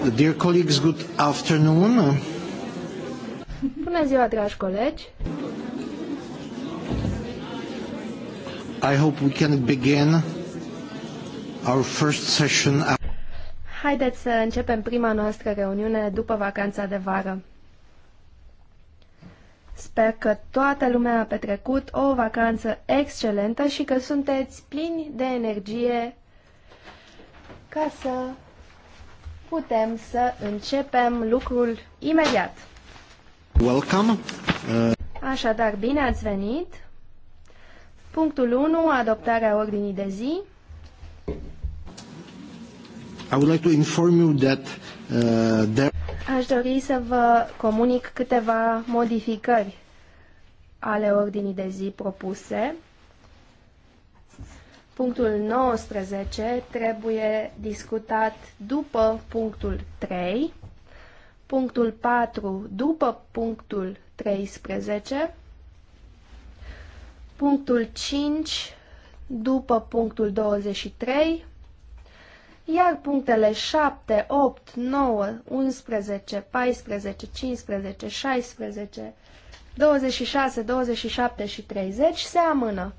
Dear colleagues, good afternoon. Bună ziua, dragi colegi. I hope we can begin our first session. Haideți să începem prima noastră reuniune după vacanța de vară. Sper că toată lumea a petrecut o vacanță excelentă și că sunteți plini de energie ca să putem să începem lucrul imediat. Welcome. Uh... Așadar, bine ați venit. Punctul 1, adoptarea ordinii de zi. I would like to inform you that uh, there... Aș dori să vă comunic câteva modificări ale ordinii de zi propuse. Punctul 19 trebuie discutat după punctul 3, punctul 4 după punctul 13, punctul 5 după punctul 23, iar punctele 7, 8, 9, 11, 14, 15, 16, 26, 27 și 30 se amână.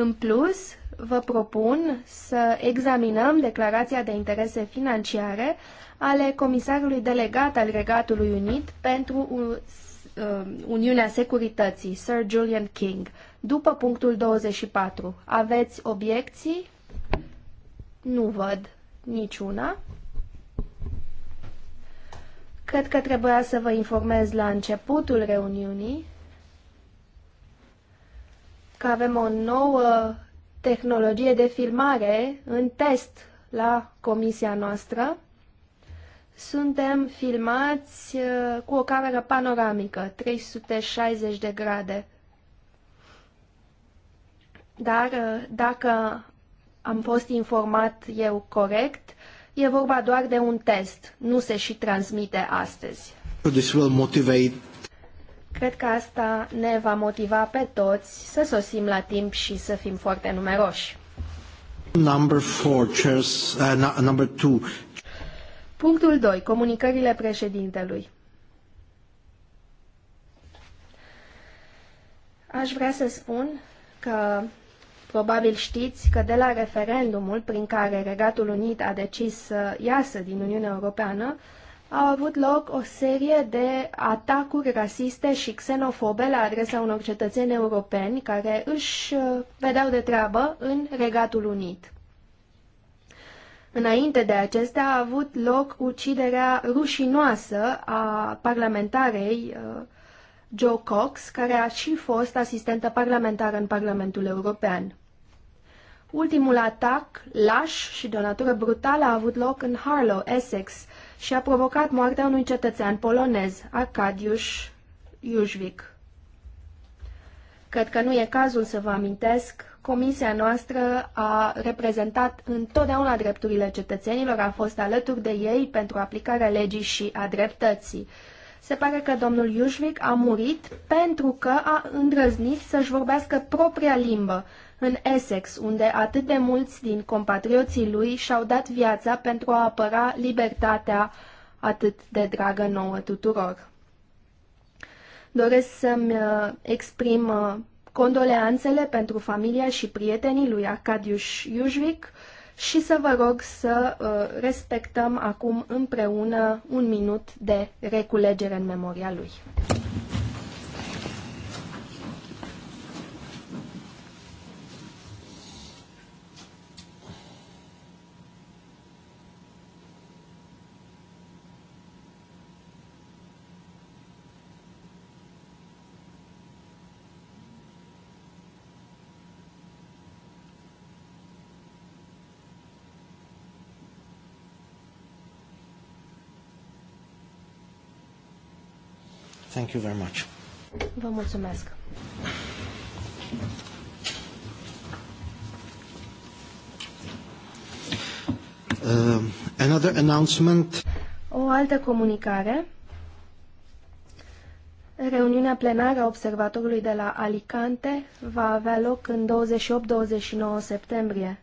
În plus, vă propun să examinăm declarația de interese financiare ale comisarului delegat al Regatului Unit pentru uh, uh, Uniunea Securității, Sir Julian King, după punctul 24. Aveți obiecții? Nu văd niciuna. Cred că trebuia să vă informez la începutul reuniunii că avem o nouă tehnologie de filmare în test la comisia noastră. Suntem filmați uh, cu o cameră panoramică, 360 de grade. Dar uh, dacă am fost informat eu corect, e vorba doar de un test, nu se și transmite astăzi. This will motivate Cred că asta ne va motiva pe toți să sosim la timp și să fim foarte numeroși. Number four, chairs, uh, number two. Punctul 2. Comunicările președintelui. Aș vrea să spun că probabil știți că de la referendumul prin care Regatul Unit a decis să iasă din Uniunea Europeană, au avut loc o serie de atacuri rasiste și xenofobe la adresa unor cetățeni europeni care își uh, vedeau de treabă în Regatul Unit. Înainte de acestea a avut loc uciderea rușinoasă a parlamentarei uh, Joe Cox, care a și fost asistentă parlamentară în Parlamentul European. Ultimul atac laș și de o natură brutală a avut loc în Harlow, Essex, și a provocat moartea unui cetățean polonez, Arcadiusz Iujvic. Cred că nu e cazul să vă amintesc, comisia noastră a reprezentat întotdeauna drepturile cetățenilor, a fost alături de ei pentru aplicarea legii și a dreptății. Se pare că domnul Iujvic a murit pentru că a îndrăznit să-și vorbească propria limbă, în Essex, unde atât de mulți din compatrioții lui și-au dat viața pentru a apăra libertatea atât de dragă nouă tuturor. Doresc să-mi uh, exprim uh, condoleanțele pentru familia și prietenii lui Arcadius Iujvic și să vă rog să uh, respectăm acum împreună un minut de reculegere în memoria lui. Thank you very much. Vă mulțumesc. Uh, another announcement. O altă comunicare. Reuniunea plenară a observatorului de la Alicante va avea loc în 28-29 septembrie,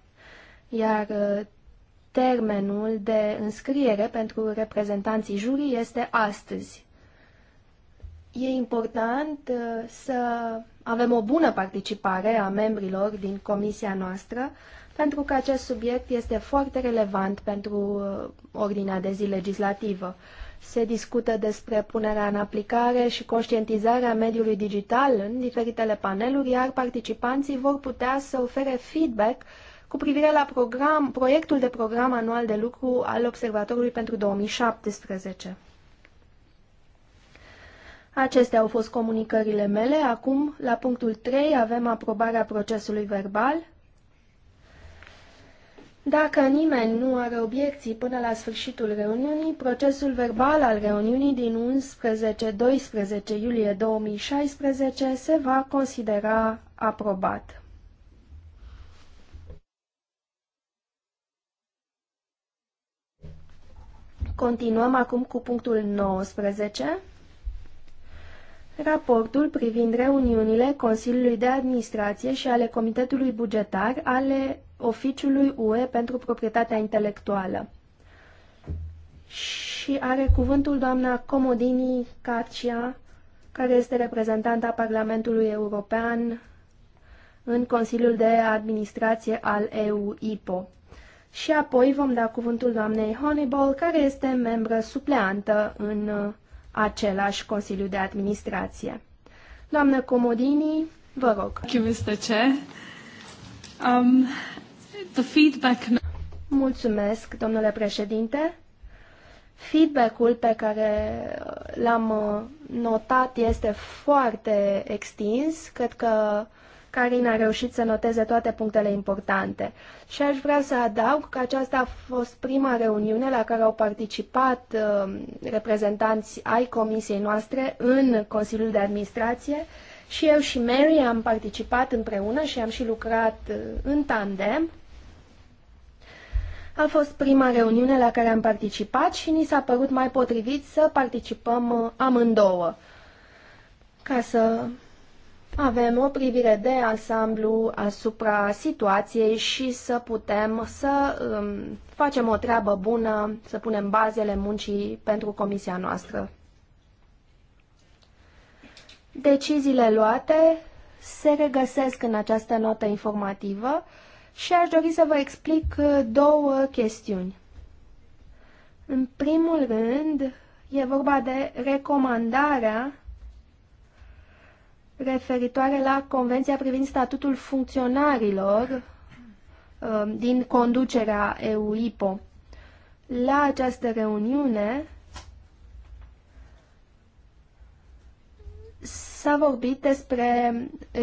iar uh, termenul de înscriere pentru reprezentanții jurii este astăzi. E important uh, să avem o bună participare a membrilor din comisia noastră, pentru că acest subiect este foarte relevant pentru uh, ordinea de zi legislativă. Se discută despre punerea în aplicare și conștientizarea mediului digital în diferitele paneluri, iar participanții vor putea să ofere feedback cu privire la program, proiectul de program anual de lucru al Observatorului pentru 2017. Acestea au fost comunicările mele. Acum, la punctul 3, avem aprobarea procesului verbal. Dacă nimeni nu are obiecții până la sfârșitul reuniunii, procesul verbal al reuniunii din 11-12 iulie 2016 se va considera aprobat. Continuăm acum cu punctul 19 raportul privind reuniunile Consiliului de Administrație și ale Comitetului Bugetar ale Oficiului UE pentru Proprietatea Intelectuală. Și are cuvântul doamna Comodini Carcia, care este reprezentanta Parlamentului European în Consiliul de Administrație al EU-IPO. Și apoi vom da cuvântul doamnei Honeyball, care este membră supleantă în același Consiliu de Administrație. Doamnă Comodini, vă rog. Um, Mulțumesc, domnule președinte. Feedback-ul pe care uh, l-am uh, notat este foarte extins. Cred că Carina a reușit să noteze toate punctele importante. Și aș vrea să adaug că aceasta a fost prima reuniune la care au participat uh, reprezentanți ai comisiei noastre în Consiliul de Administrație și eu și Mary am participat împreună și am și lucrat uh, în tandem. A fost prima reuniune la care am participat și ni s-a părut mai potrivit să participăm uh, amândouă ca să avem o privire de ansamblu asupra situației și să putem să um, facem o treabă bună, să punem bazele muncii pentru comisia noastră. Deciziile luate se regăsesc în această notă informativă și aș dori să vă explic două chestiuni. În primul rând, e vorba de recomandarea referitoare la Convenția privind statutul funcționarilor um, din conducerea EUIPO. La această reuniune s-a vorbit despre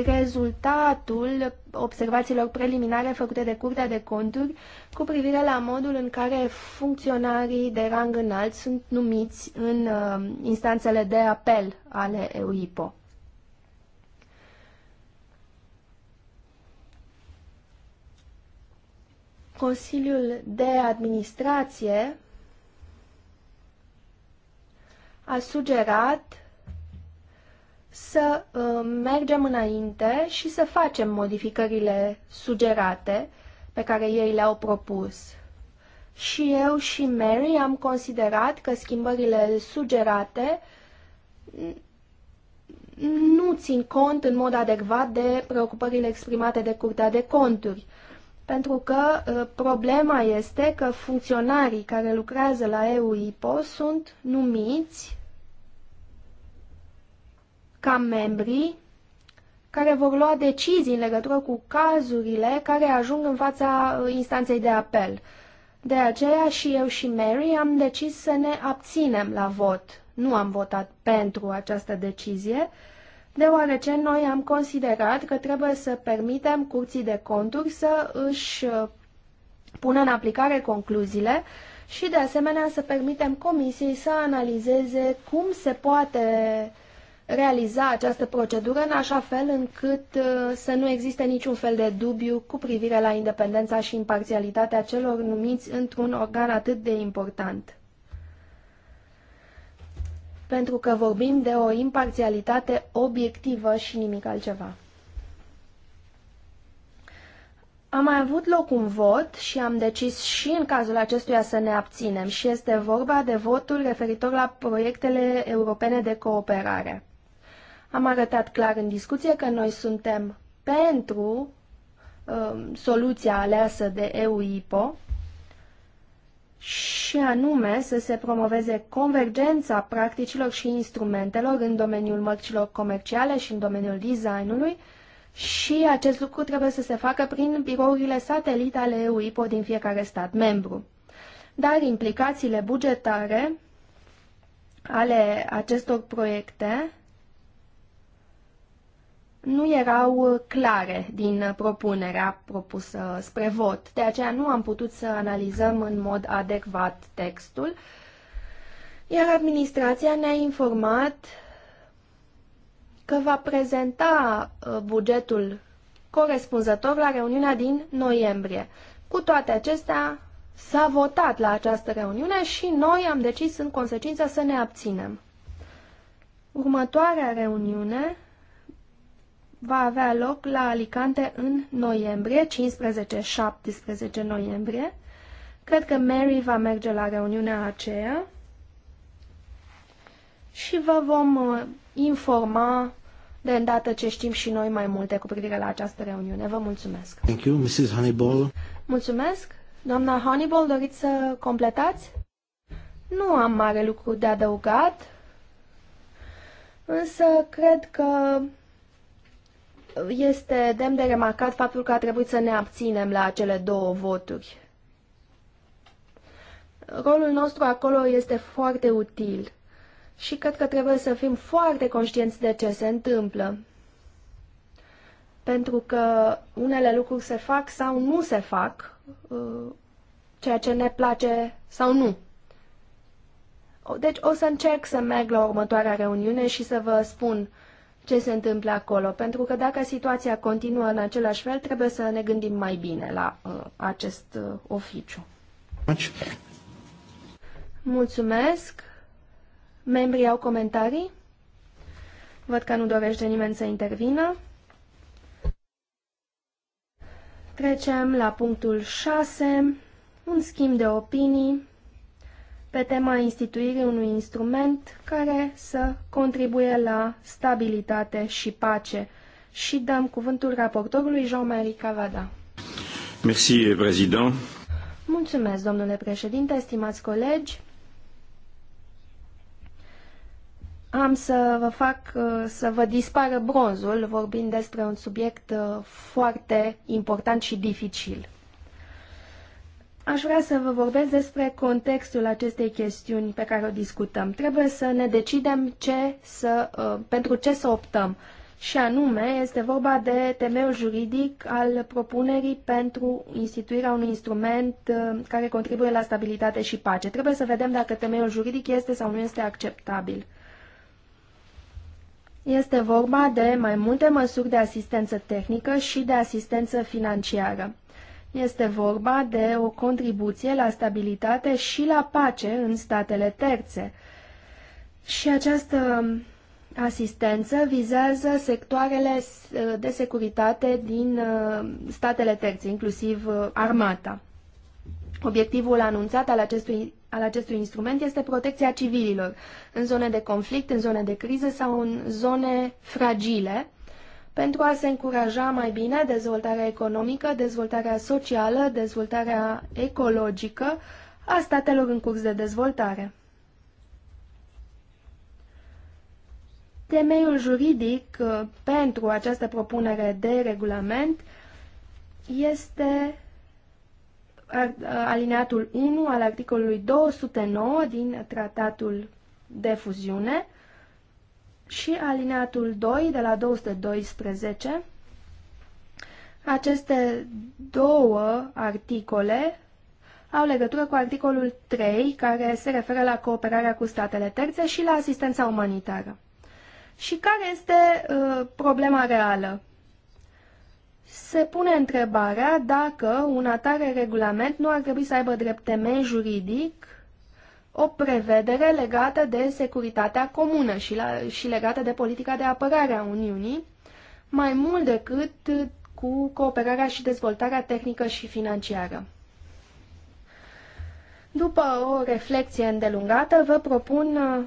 rezultatul observațiilor preliminare făcute de Curtea de Conturi cu privire la modul în care funcționarii de rang înalt sunt numiți în um, instanțele de apel ale EUIPO. Consiliul de Administrație a sugerat să uh, mergem înainte și să facem modificările sugerate pe care ei le-au propus. Și eu și Mary am considerat că schimbările sugerate nu țin cont în mod adecvat de preocupările exprimate de Curtea de Conturi pentru că uh, problema este că funcționarii care lucrează la EUIPO sunt numiți ca membrii care vor lua decizii în legătură cu cazurile care ajung în fața uh, instanței de apel. De aceea și eu și Mary am decis să ne abținem la vot. Nu am votat pentru această decizie, deoarece noi am considerat că trebuie să permitem curții de conturi să își uh, pună în aplicare concluziile și de asemenea să permitem comisiei să analizeze cum se poate realiza această procedură în așa fel încât uh, să nu existe niciun fel de dubiu cu privire la independența și imparțialitatea celor numiți într-un organ atât de important pentru că vorbim de o imparțialitate obiectivă și nimic altceva. A mai avut loc un vot și am decis și în cazul acestuia să ne abținem și este vorba de votul referitor la proiectele europene de cooperare. Am arătat clar în discuție că noi suntem pentru um, soluția aleasă de EUIPO, și anume să se promoveze convergența practicilor și instrumentelor în domeniul mărcilor comerciale și în domeniul designului și acest lucru trebuie să se facă prin birourile satelit ale EUIPO din fiecare stat membru. Dar implicațiile bugetare ale acestor proiecte nu erau uh, clare din uh, propunerea propusă spre vot. De aceea nu am putut să analizăm în mod adecvat textul, iar administrația ne-a informat că va prezenta uh, bugetul corespunzător la reuniunea din noiembrie. Cu toate acestea, s-a votat la această reuniune și noi am decis în consecință să ne abținem. Următoarea reuniune va avea loc la Alicante în noiembrie, 15-17 noiembrie. Cred că Mary va merge la reuniunea aceea și vă vom uh, informa de îndată ce știm și noi mai multe cu privire la această reuniune. Vă mulțumesc. Thank you, Mrs. Honeyball. Mulțumesc. Doamna Honeyball, doriți să completați? Nu am mare lucru de adăugat, însă cred că este demn de remarcat faptul că a trebuit să ne abținem la cele două voturi. Rolul nostru acolo este foarte util și cred că trebuie să fim foarte conștienți de ce se întâmplă. Pentru că unele lucruri se fac sau nu se fac, uh, ceea ce ne place sau nu. Deci o să încerc să merg la următoarea reuniune și să vă spun ce se întâmplă acolo, pentru că dacă situația continuă în același fel, trebuie să ne gândim mai bine la uh, acest uh, oficiu. Mulțumesc. Membrii au comentarii? Văd că nu dorește nimeni să intervină. Trecem la punctul 6, un schimb de opinii pe tema instituirii unui instrument care să contribuie la stabilitate și pace. Și dăm cuvântul raportorului Jean-Marie Cavada. Merci, président. Mulțumesc, domnule președinte, estimați colegi. Am să vă fac să vă dispară bronzul vorbind despre un subiect foarte important și dificil. Aș vrea să vă vorbesc despre contextul acestei chestiuni pe care o discutăm. Trebuie să ne decidem ce să, ă, pentru ce să optăm. Și anume, este vorba de temeiul juridic al propunerii pentru instituirea unui instrument ă, care contribuie la stabilitate și pace. Trebuie să vedem dacă temeiul juridic este sau nu este acceptabil. Este vorba de mai multe măsuri de asistență tehnică și de asistență financiară. Este vorba de o contribuție la stabilitate și la pace în statele terțe. Și această asistență vizează sectoarele de securitate din uh, statele terțe, inclusiv uh, armata. Obiectivul anunțat al acestui, al acestui instrument este protecția civililor în zone de conflict, în zone de criză sau în zone fragile, pentru a se încuraja mai bine dezvoltarea economică, dezvoltarea socială, dezvoltarea ecologică a statelor în curs de dezvoltare. Temeiul juridic uh, pentru această propunere de regulament este uh, alineatul 1 al articolului 209 din Tratatul de Fuziune, și alineatul 2 de la 212. Aceste două articole au legătură cu articolul 3, care se referă la cooperarea cu statele terțe și la asistența umanitară. Și care este uh, problema reală? Se pune întrebarea dacă un atare regulament nu ar trebui să aibă drept temei juridic o prevedere legată de securitatea comună și, la, și legată de politica de apărare a Uniunii, mai mult decât cu cooperarea și dezvoltarea tehnică și financiară. După o reflexie îndelungată, vă propun uh,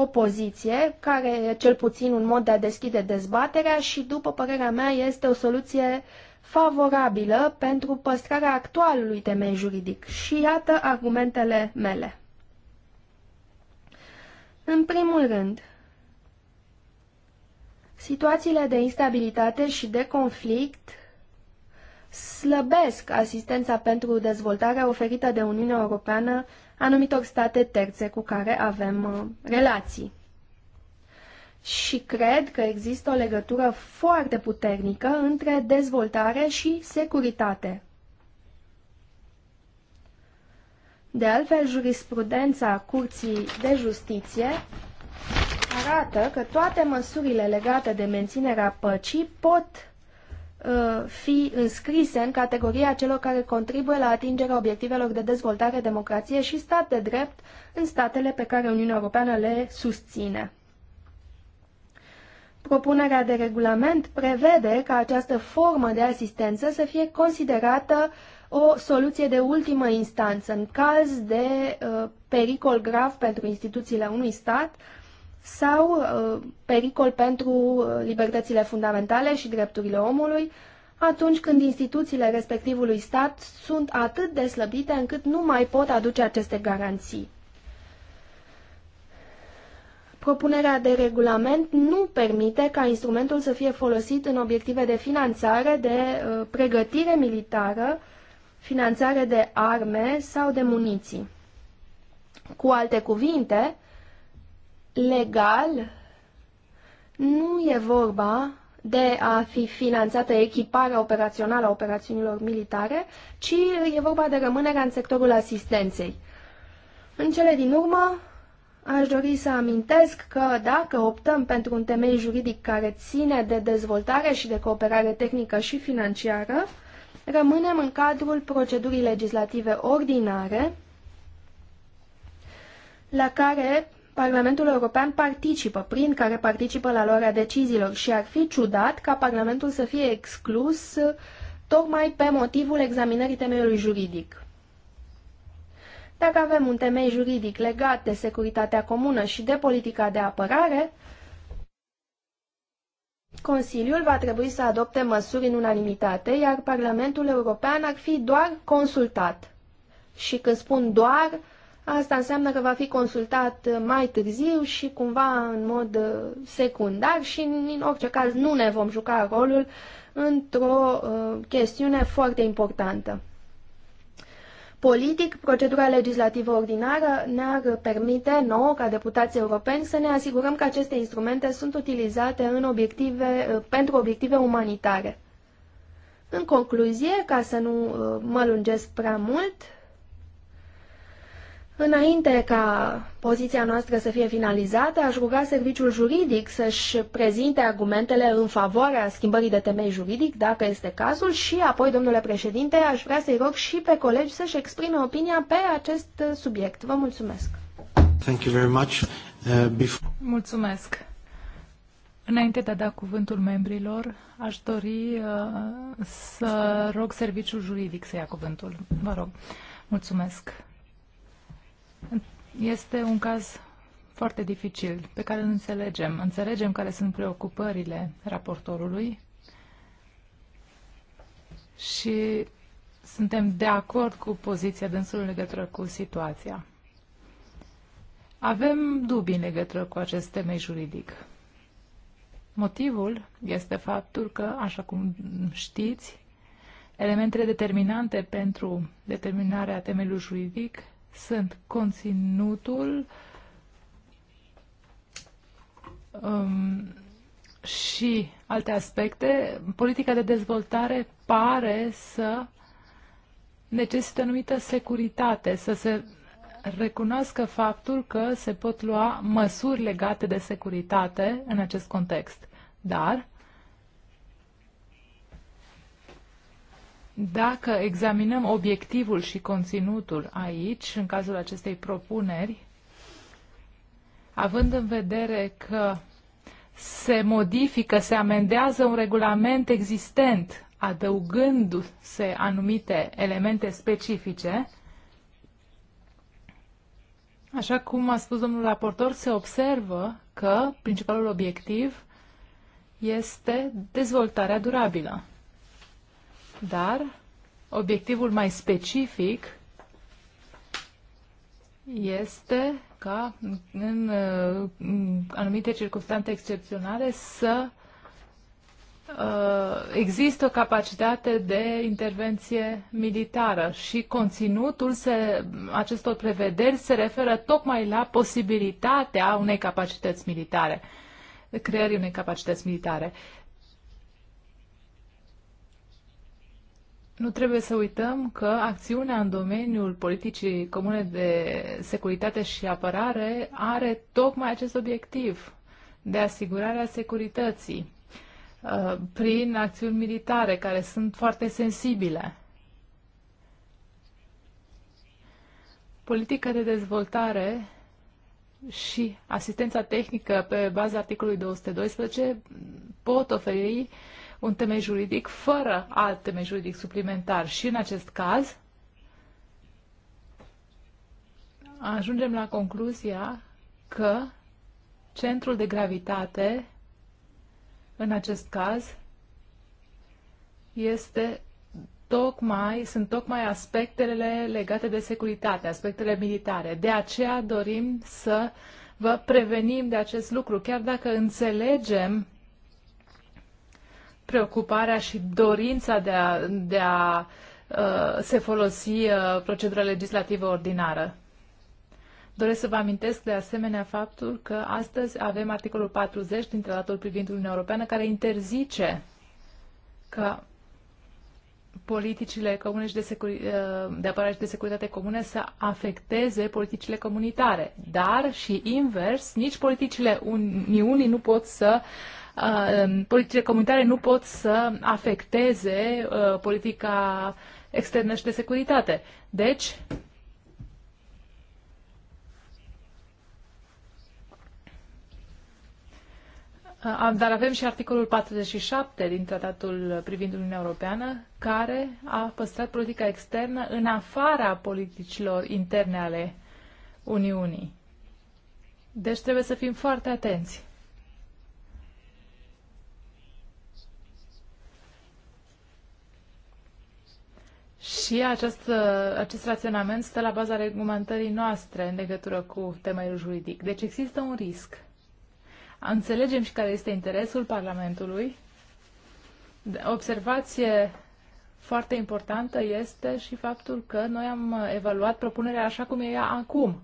o poziție care e cel puțin un mod de a deschide dezbaterea și, după părerea mea, este o soluție favorabilă pentru păstrarea actualului temei juridic. Și iată argumentele mele. În primul rând, situațiile de instabilitate și de conflict slăbesc asistența pentru dezvoltare oferită de Uniunea Europeană anumitor state terțe cu care avem uh, relații. Și cred că există o legătură foarte puternică între dezvoltare și securitate. De altfel, jurisprudența Curții de Justiție arată că toate măsurile legate de menținerea păcii pot uh, fi înscrise în categoria celor care contribuie la atingerea obiectivelor de dezvoltare, democrație și stat de drept în statele pe care Uniunea Europeană le susține. Propunerea de regulament prevede ca această formă de asistență să fie considerată o soluție de ultimă instanță în caz de uh, pericol grav pentru instituțiile unui stat sau uh, pericol pentru uh, libertățile fundamentale și drepturile omului, atunci când instituțiile respectivului stat sunt atât de slăbite încât nu mai pot aduce aceste garanții. Propunerea de regulament nu permite ca instrumentul să fie folosit în obiective de finanțare, de uh, pregătire militară, finanțare de arme sau de muniții. Cu alte cuvinte, legal nu e vorba de a fi finanțată echiparea operațională a operațiunilor militare, ci e vorba de rămânerea în sectorul asistenței. În cele din urmă, Aș dori să amintesc că dacă optăm pentru un temei juridic care ține de dezvoltare și de cooperare tehnică și financiară, rămânem în cadrul procedurii legislative ordinare la care Parlamentul European participă, prin care participă la luarea deciziilor și ar fi ciudat ca Parlamentul să fie exclus tocmai pe motivul examinării temeiului juridic. Dacă avem un temei juridic legat de securitatea comună și de politica de apărare, Consiliul va trebui să adopte măsuri în unanimitate, iar Parlamentul European ar fi doar consultat. Și când spun doar, asta înseamnă că va fi consultat mai târziu și cumva în mod uh, secundar și în orice caz nu ne vom juca rolul într-o uh, chestiune foarte importantă politic, procedura legislativă ordinară ne-ar permite nouă, ca deputați europeni, să ne asigurăm că aceste instrumente sunt utilizate în obiective, pentru obiective umanitare. În concluzie, ca să nu mă lungesc prea mult, Înainte ca poziția noastră să fie finalizată, aș ruga serviciul juridic să-și prezinte argumentele în favoarea schimbării de temei juridic, dacă este cazul, și apoi, domnule președinte, aș vrea să-i rog și pe colegi să-și exprime opinia pe acest subiect. Vă mulțumesc! Thank you very much. Uh, before... Mulțumesc! Înainte de a da cuvântul membrilor, aș dori uh, să rog serviciul juridic să ia cuvântul. Vă rog. Mulțumesc! Este un caz foarte dificil, pe care îl înțelegem. Înțelegem care sunt preocupările raportorului și suntem de acord cu poziția dânsului în legătură cu situația. Avem dubii în legătură cu acest temei juridic. Motivul este faptul că, așa cum știți, elementele determinante pentru determinarea temelului juridic sunt conținutul um, și alte aspecte. Politica de dezvoltare pare să necesită anumită securitate, să se recunoască faptul că se pot lua măsuri legate de securitate în acest context. Dar Dacă examinăm obiectivul și conținutul aici, în cazul acestei propuneri, având în vedere că se modifică, se amendează un regulament existent, adăugându-se anumite elemente specifice, așa cum a spus domnul raportor, se observă că principalul obiectiv este dezvoltarea durabilă dar obiectivul mai specific este ca în anumite circunstanțe excepționale să uh, există o capacitate de intervenție militară și conținutul se, acestor prevederi se referă tocmai la posibilitatea unei capacități militare, creării unei capacități militare. Nu trebuie să uităm că acțiunea în domeniul politicii comune de securitate și apărare are tocmai acest obiectiv de asigurarea securității uh, prin acțiuni militare care sunt foarte sensibile. Politica de dezvoltare și asistența tehnică pe baza articolului 212 pot oferi uh, un temei juridic fără alt temei juridic suplimentar. Și în acest caz ajungem la concluzia că centrul de gravitate în acest caz este tocmai, sunt tocmai aspectele legate de securitate, aspectele militare. De aceea dorim să vă prevenim de acest lucru, chiar dacă înțelegem preocuparea și dorința de a, de a uh, se folosi uh, procedura legislativă ordinară. Doresc să vă amintesc de asemenea faptul că astăzi avem articolul 40 din tratatul privind Uniunea Europeană care interzice ca politicile comune și de, securi- uh, de apărare și de securitate comune să afecteze politicile comunitare. Dar și invers, nici politicile Uniunii nu pot să uh, Um, politicile comunitare nu pot să afecteze uh, politica externă și de securitate. Deci, Dar avem și articolul 47 din tratatul privind Uniunea Europeană, care a păstrat politica externă în afara politicilor interne ale Uniunii. Deci trebuie să fim foarte atenți. Și acest, acest raționament stă la baza reglementării noastre în legătură cu temeiul juridic. Deci există un risc. Înțelegem și care este interesul Parlamentului. Observație foarte importantă este și faptul că noi am evaluat propunerea așa cum e ea acum,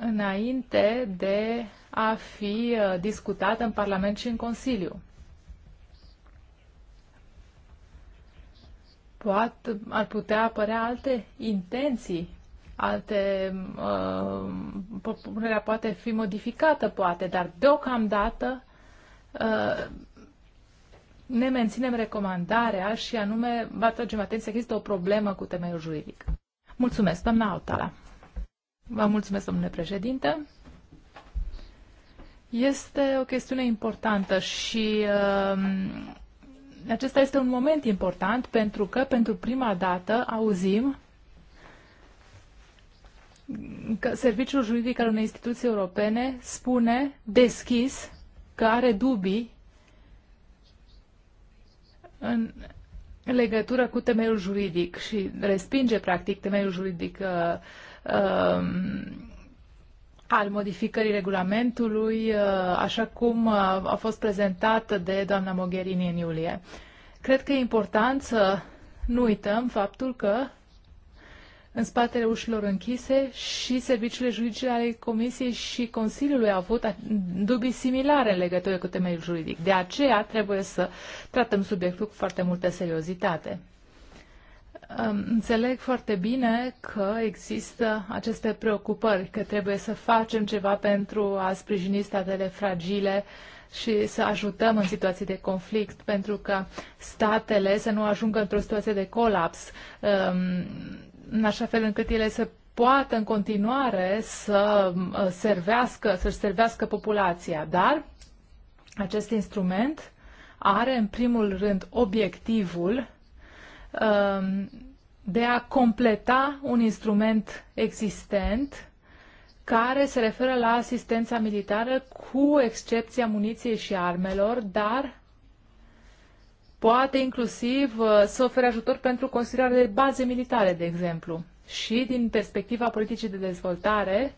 înainte de a fi uh, discutată în Parlament și în Consiliu. Poate, ar putea apărea alte intenții, alte uh, propunerea poate fi modificată, poate, dar deocamdată uh, ne menținem recomandarea și anume vă atragem atenția că există o problemă cu temeiul juridic. Mulțumesc, doamna Autala. Vă mulțumesc, domnule președinte. Este o chestiune importantă și uh, acesta este un moment important pentru că pentru prima dată auzim că serviciul juridic al unei instituții europene spune deschis că are dubii în legătură cu temeiul juridic și respinge practic temeiul juridic uh, uh, al modificării regulamentului, uh, așa cum uh, a fost prezentat de doamna Mogherini în iulie. Cred că e important să nu uităm faptul că în spatele ușilor închise și serviciile juridice ale Comisiei și Consiliului au avut dubii similare în legătură cu temeiul juridic. De aceea trebuie să tratăm subiectul cu foarte multă seriozitate. Înțeleg foarte bine că există aceste preocupări, că trebuie să facem ceva pentru a sprijini statele fragile și să ajutăm în situații de conflict, pentru că statele să nu ajungă într-o situație de colaps, um, în așa fel încât ele să poată în continuare să uh, servească, să servească populația. Dar acest instrument are în primul rând obiectivul Um, de a completa un instrument existent care se referă la asistența militară cu excepția muniției și armelor, dar poate inclusiv uh, să ofere ajutor pentru construirea de baze militare, de exemplu. Și din perspectiva politicii de dezvoltare,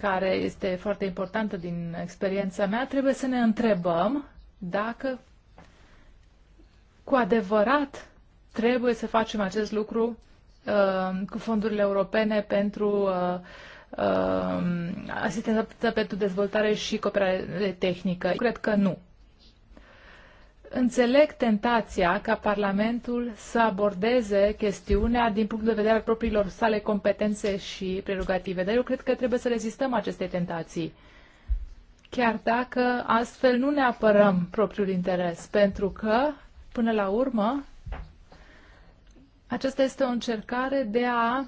care este foarte importantă din experiența mea, trebuie să ne întrebăm dacă cu adevărat trebuie să facem acest lucru uh, cu fondurile europene pentru uh, uh, asistență pentru dezvoltare și cooperare tehnică? Cred că nu. Înțeleg tentația ca Parlamentul să abordeze chestiunea din punct de vedere al propriilor sale competențe și prerogative, dar eu cred că trebuie să rezistăm acestei tentații chiar dacă astfel nu ne apărăm propriul interes, pentru că Până la urmă, aceasta este o încercare de a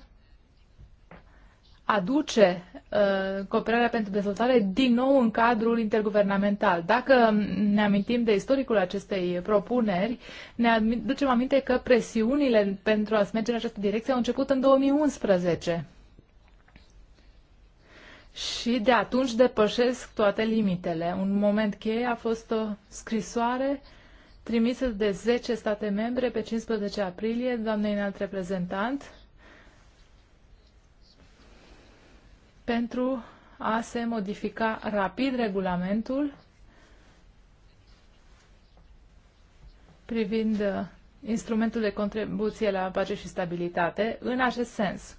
aduce uh, cooperarea pentru dezvoltare din nou în cadrul interguvernamental. Dacă ne amintim de istoricul acestei propuneri, ne ducem aminte că presiunile pentru a merge în această direcție au început în 2011 și de atunci depășesc toate limitele. Un moment cheie a fost o scrisoare uh, trimisă de 10 state membre pe 15 aprilie, doamnei înalt reprezentant, pentru a se modifica rapid regulamentul privind uh, instrumentul de contribuție la pace și stabilitate în acest sens.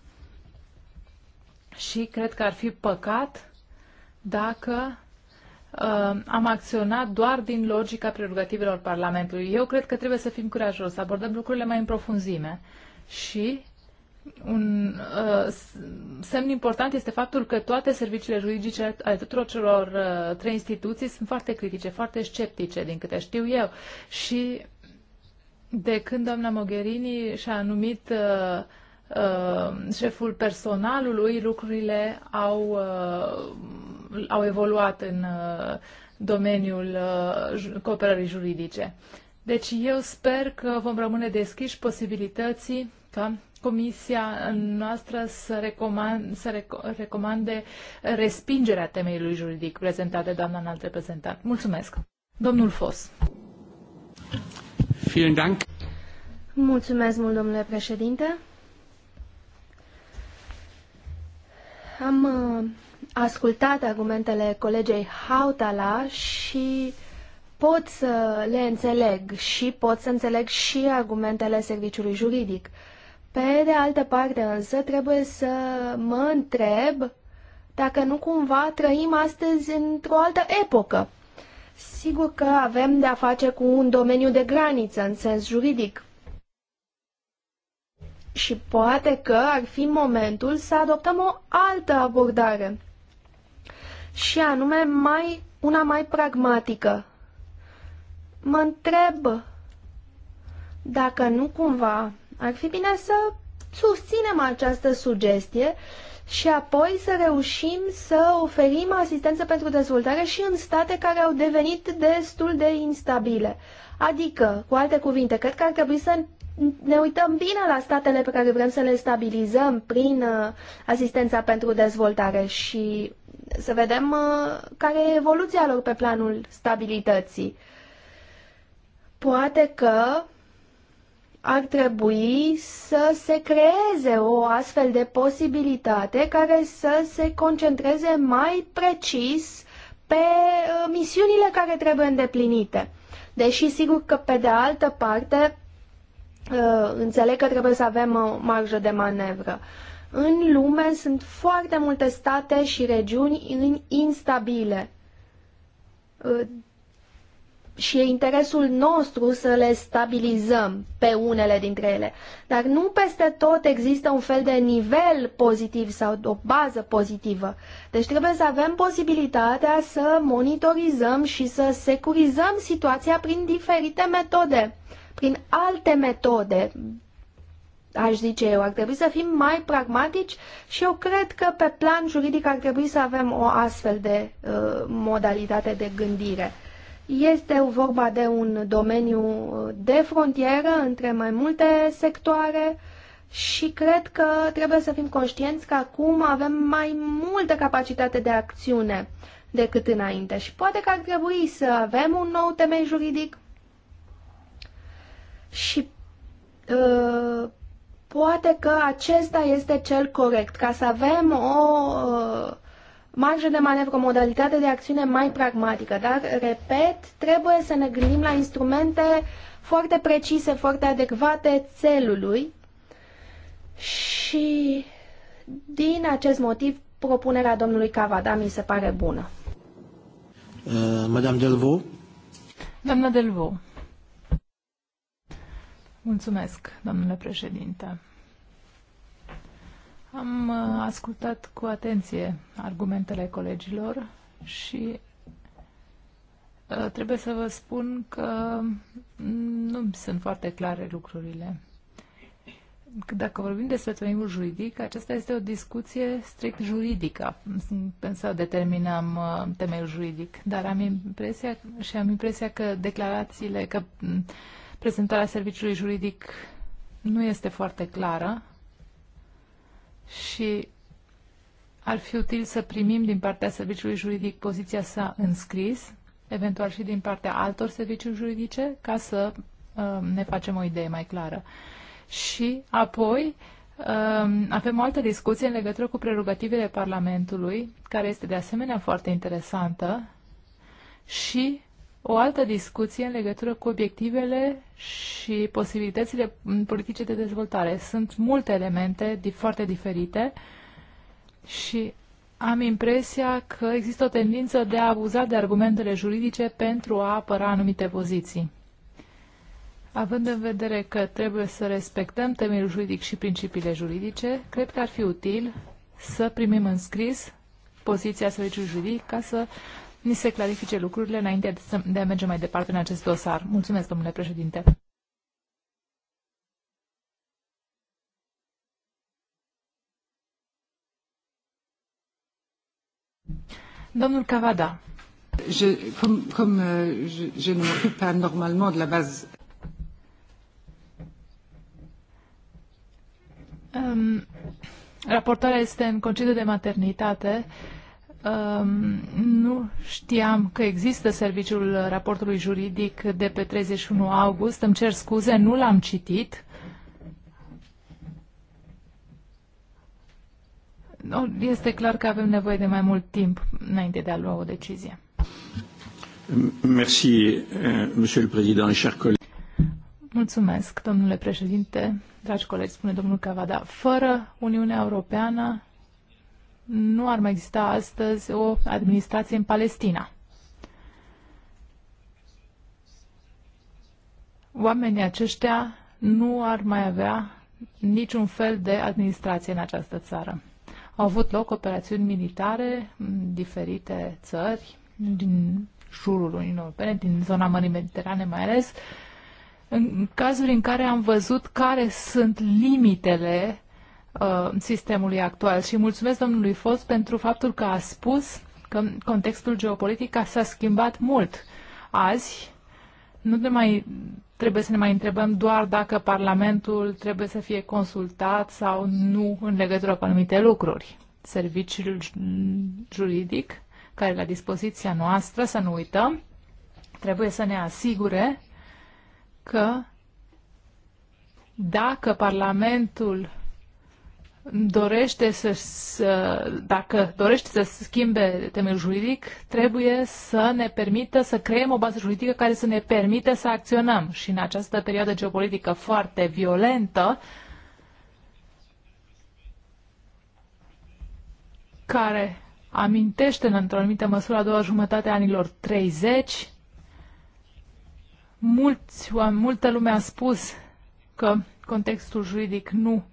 Și cred că ar fi păcat dacă Uh, am acționat doar din logica prerogativelor Parlamentului. Eu cred că trebuie să fim curajoși, să abordăm lucrurile mai în profunzime. Și un uh, semn important este faptul că toate serviciile juridice ale tuturor celor uh, trei instituții sunt foarte critice, foarte sceptice, din câte știu eu. Și de când doamna Mogherini și-a numit uh, uh, șeful personalului, lucrurile au uh, au evoluat în uh, domeniul uh, cooperării juridice. Deci eu sper că vom rămâne deschiși posibilității ca comisia noastră să, recomand, să recomande respingerea temeiului juridic prezentat de doamna înalt reprezentant. Mulțumesc. Domnul Fos. Vielen Mulțumesc mult, domnule președinte. Am uh, ascultat argumentele colegei Hautala și pot să le înțeleg și pot să înțeleg și argumentele serviciului juridic. Pe de altă parte însă trebuie să mă întreb dacă nu cumva trăim astăzi într-o altă epocă. Sigur că avem de-a face cu un domeniu de graniță în sens juridic. Și poate că ar fi momentul să adoptăm o altă abordare și anume mai, una mai pragmatică. Mă întreb dacă nu cumva ar fi bine să susținem această sugestie și apoi să reușim să oferim asistență pentru dezvoltare și în state care au devenit destul de instabile. Adică, cu alte cuvinte, cred că ar trebui să ne uităm bine la statele pe care vrem să le stabilizăm prin uh, asistența pentru dezvoltare și să vedem uh, care e evoluția lor pe planul stabilității. Poate că ar trebui să se creeze o astfel de posibilitate care să se concentreze mai precis pe uh, misiunile care trebuie îndeplinite. Deși sigur că pe de altă parte uh, înțeleg că trebuie să avem o marjă de manevră. În lume sunt foarte multe state și regiuni instabile. Ă, și e interesul nostru să le stabilizăm pe unele dintre ele. Dar nu peste tot există un fel de nivel pozitiv sau o bază pozitivă. Deci trebuie să avem posibilitatea să monitorizăm și să securizăm situația prin diferite metode, prin alte metode aș zice eu. Ar trebui să fim mai pragmatici și eu cred că pe plan juridic ar trebui să avem o astfel de uh, modalitate de gândire. Este vorba de un domeniu uh, de frontieră între mai multe sectoare și cred că trebuie să fim conștienți că acum avem mai multă capacitate de acțiune decât înainte și poate că ar trebui să avem un nou temei juridic și uh, poate că acesta este cel corect, ca să avem o uh, marjă de manevră, o modalitate de acțiune mai pragmatică. Dar, repet, trebuie să ne gândim la instrumente foarte precise, foarte adecvate țelului și din acest motiv propunerea domnului Cavada mi se pare bună. Uh, Madame Delvaux? Doamna Delvaux. Mulțumesc, domnule președinte. Am uh, ascultat cu atenție argumentele colegilor și uh, trebuie să vă spun că nu sunt foarte clare lucrurile. Dacă vorbim despre temeiul juridic, aceasta este o discuție strict juridică. Să determinăm uh, temeiul juridic, dar am impresia și am impresia că declarațiile, că mm, Prezentarea serviciului juridic nu este foarte clară și ar fi util să primim din partea serviciului juridic poziția sa în scris, eventual și din partea altor servicii juridice, ca să uh, ne facem o idee mai clară. Și apoi uh, avem o altă discuție în legătură cu prerogativele Parlamentului, care este de asemenea foarte interesantă și o altă discuție în legătură cu obiectivele și posibilitățile politice de dezvoltare. Sunt multe elemente foarte diferite și am impresia că există o tendință de a abuza de argumentele juridice pentru a apăra anumite poziții. Având în vedere că trebuie să respectăm temelul juridic și principiile juridice, cred că ar fi util să primim în scris poziția serviciului juridic ca să ni se clarifice lucrurile înainte de a merge mai departe în acest dosar. Mulțumesc, domnule președinte. Domnul Cavada. Je, comme, comme euh, je, je ne m'occupe pas normalement de la base. Um, raportarea este în concediu de maternitate Um, nu știam că există serviciul raportului juridic de pe 31 august. Îmi cer scuze, nu l-am citit. Este clar că avem nevoie de mai mult timp înainte de a lua o decizie. Merci, euh, monsieur le président, chers collègues. Mulțumesc, domnule președinte, dragi colegi, spune domnul Cavada. Fără Uniunea Europeană nu ar mai exista astăzi o administrație în Palestina. Oamenii aceștia nu ar mai avea niciun fel de administrație în această țară. Au avut loc operațiuni militare în diferite țări din jurul Uniunii Europene, din zona Mării Mediterane mai ales, în cazuri în care am văzut care sunt limitele Uh, sistemului actual. Și mulțumesc domnului Fos pentru faptul că a spus că contextul geopolitic s-a schimbat mult. Azi nu ne mai trebuie să ne mai întrebăm doar dacă Parlamentul trebuie să fie consultat sau nu în legătură cu anumite lucruri. Serviciul juridic care la dispoziția noastră, să nu uităm, trebuie să ne asigure că dacă Parlamentul dorește să, să, dacă dorește să schimbe temeiul juridic, trebuie să ne permită să creăm o bază juridică care să ne permită să acționăm. Și în această perioadă geopolitică foarte violentă, care amintește într-o anumită măsură a doua jumătate a anilor 30, mulți, multă lume a spus că contextul juridic nu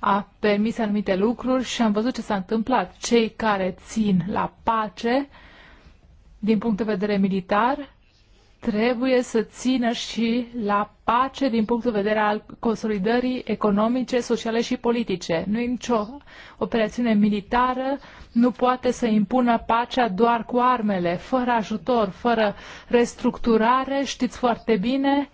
a permis anumite lucruri și am văzut ce s-a întâmplat. Cei care țin la pace, din punct de vedere militar, trebuie să țină și la pace din punct de vedere al consolidării economice, sociale și politice. Nu nicio operațiune militară nu poate să impună pacea doar cu armele, fără ajutor, fără restructurare. Știți foarte bine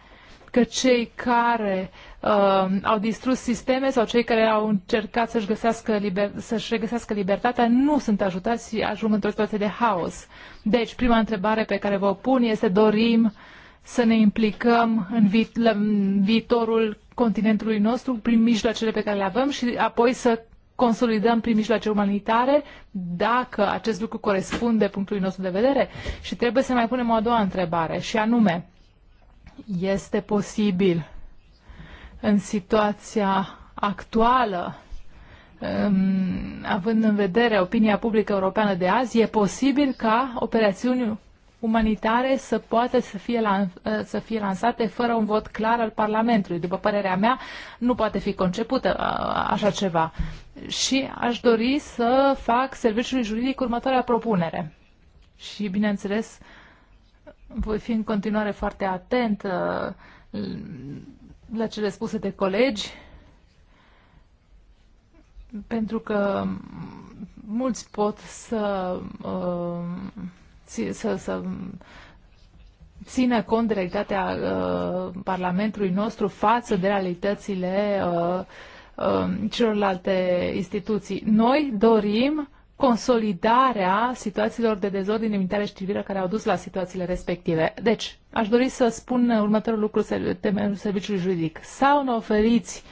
că cei care uh, au distrus sisteme sau cei care au încercat să-și, găsească liber, să-și libertatea nu sunt ajutați și ajung într-o situație de haos. Deci, prima întrebare pe care vă pun este dorim să ne implicăm în, vi- la, în viitorul continentului nostru prin mijloacele pe care le avem și apoi să consolidăm prin mijloace umanitare dacă acest lucru corespunde punctului nostru de vedere. Și trebuie să mai punem o a doua întrebare și anume, este posibil în situația actuală, um, având în vedere opinia publică europeană de azi, e posibil ca operațiuni umanitare să poată să fie, lan, uh, să fie lansate fără un vot clar al Parlamentului. După părerea mea, nu poate fi concepută uh, așa ceva. Și aș dori să fac serviciului juridic următoarea propunere. Și, bineînțeles, voi fi în continuare foarte atent uh, la cele spuse de colegi, pentru că mulți pot să, uh, să, să țină cont de realitatea uh, Parlamentului nostru față de realitățile uh, uh celorlalte instituții. Noi dorim consolidarea situațiilor de dezordine militară și civilă care au dus la situațiile respective. Deci, aș dori să spun următorul lucru temeiul serviciului juridic. Sau ne oferiți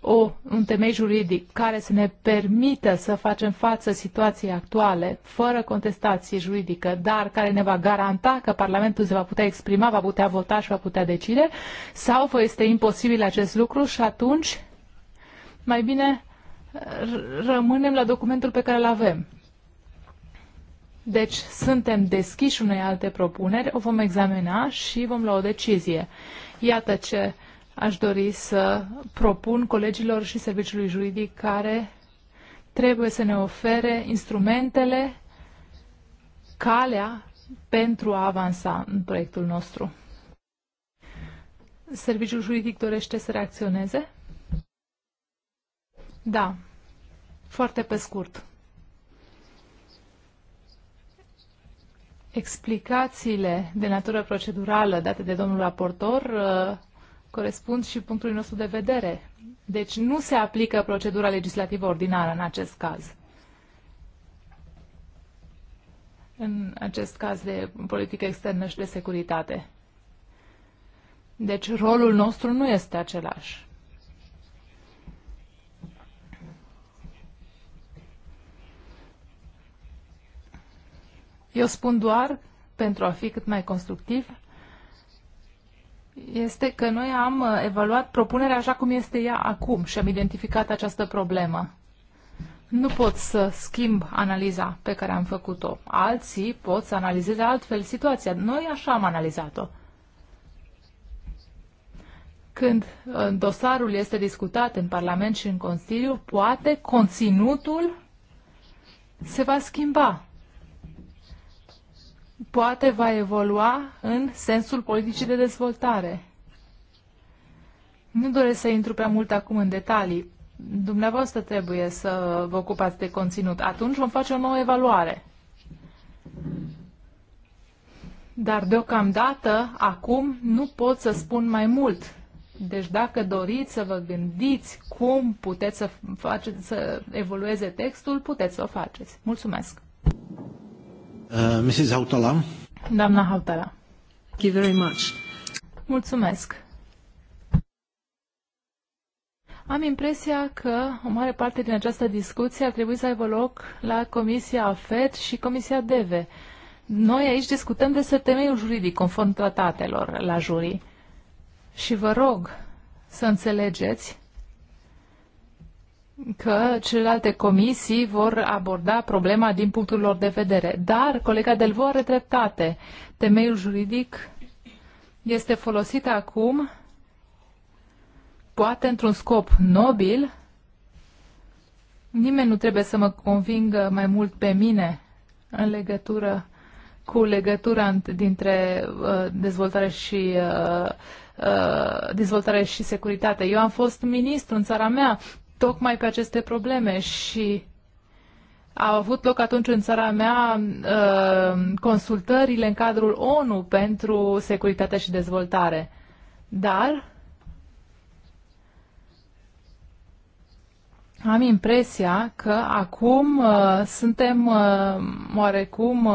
o, un temei juridic care să ne permită să facem față situației actuale, fără contestație juridică, dar care ne va garanta că Parlamentul se va putea exprima, va putea vota și va putea decide, sau vă este imposibil acest lucru și atunci mai bine rămânem la documentul pe care îl avem. Deci suntem deschiși unei alte propuneri, o vom examina și vom lua o decizie. Iată ce aș dori să propun colegilor și serviciului juridic care trebuie să ne ofere instrumentele, calea pentru a avansa în proiectul nostru. Serviciul juridic dorește să reacționeze? Da, foarte pe scurt. Explicațiile de natură procedurală date de domnul raportor uh, corespund și punctului nostru de vedere. Deci nu se aplică procedura legislativă ordinară în acest caz. În acest caz de politică externă și de securitate. Deci rolul nostru nu este același. Eu spun doar, pentru a fi cât mai constructiv, este că noi am uh, evaluat propunerea așa cum este ea acum și am identificat această problemă. Nu pot să schimb analiza pe care am făcut-o. Alții pot să analizeze altfel situația. Noi așa am analizat-o. Când uh, dosarul este discutat în Parlament și în Consiliu, poate conținutul se va schimba poate va evolua în sensul politicii de dezvoltare. Nu doresc să intru prea mult acum în detalii. Dumneavoastră trebuie să vă ocupați de conținut. Atunci vom face o nouă evaluare. Dar deocamdată, acum, nu pot să spun mai mult. Deci dacă doriți să vă gândiți cum puteți să, faceți, să evolueze textul, puteți să o faceți. Mulțumesc! Uh, Mrs. Hautala. Doamna Hautala. Thank you very much. Mulțumesc. Am impresia că o mare parte din această discuție ar trebui să aibă loc la Comisia AFET și Comisia DEVE. Noi aici discutăm despre temeiul juridic conform tratatelor la jurii. Și vă rog să înțelegeți că celelalte comisii vor aborda problema din punctul lor de vedere. Dar colega Delvo are dreptate. Temeiul juridic este folosit acum, poate într-un scop nobil. Nimeni nu trebuie să mă convingă mai mult pe mine în legătură cu legătura dintre uh, dezvoltare și uh, uh, dezvoltare și securitate. Eu am fost ministru în țara mea tocmai pe aceste probleme și au avut loc atunci în țara mea uh, consultările în cadrul ONU pentru securitate și dezvoltare. Dar am impresia că acum uh, suntem uh, oarecum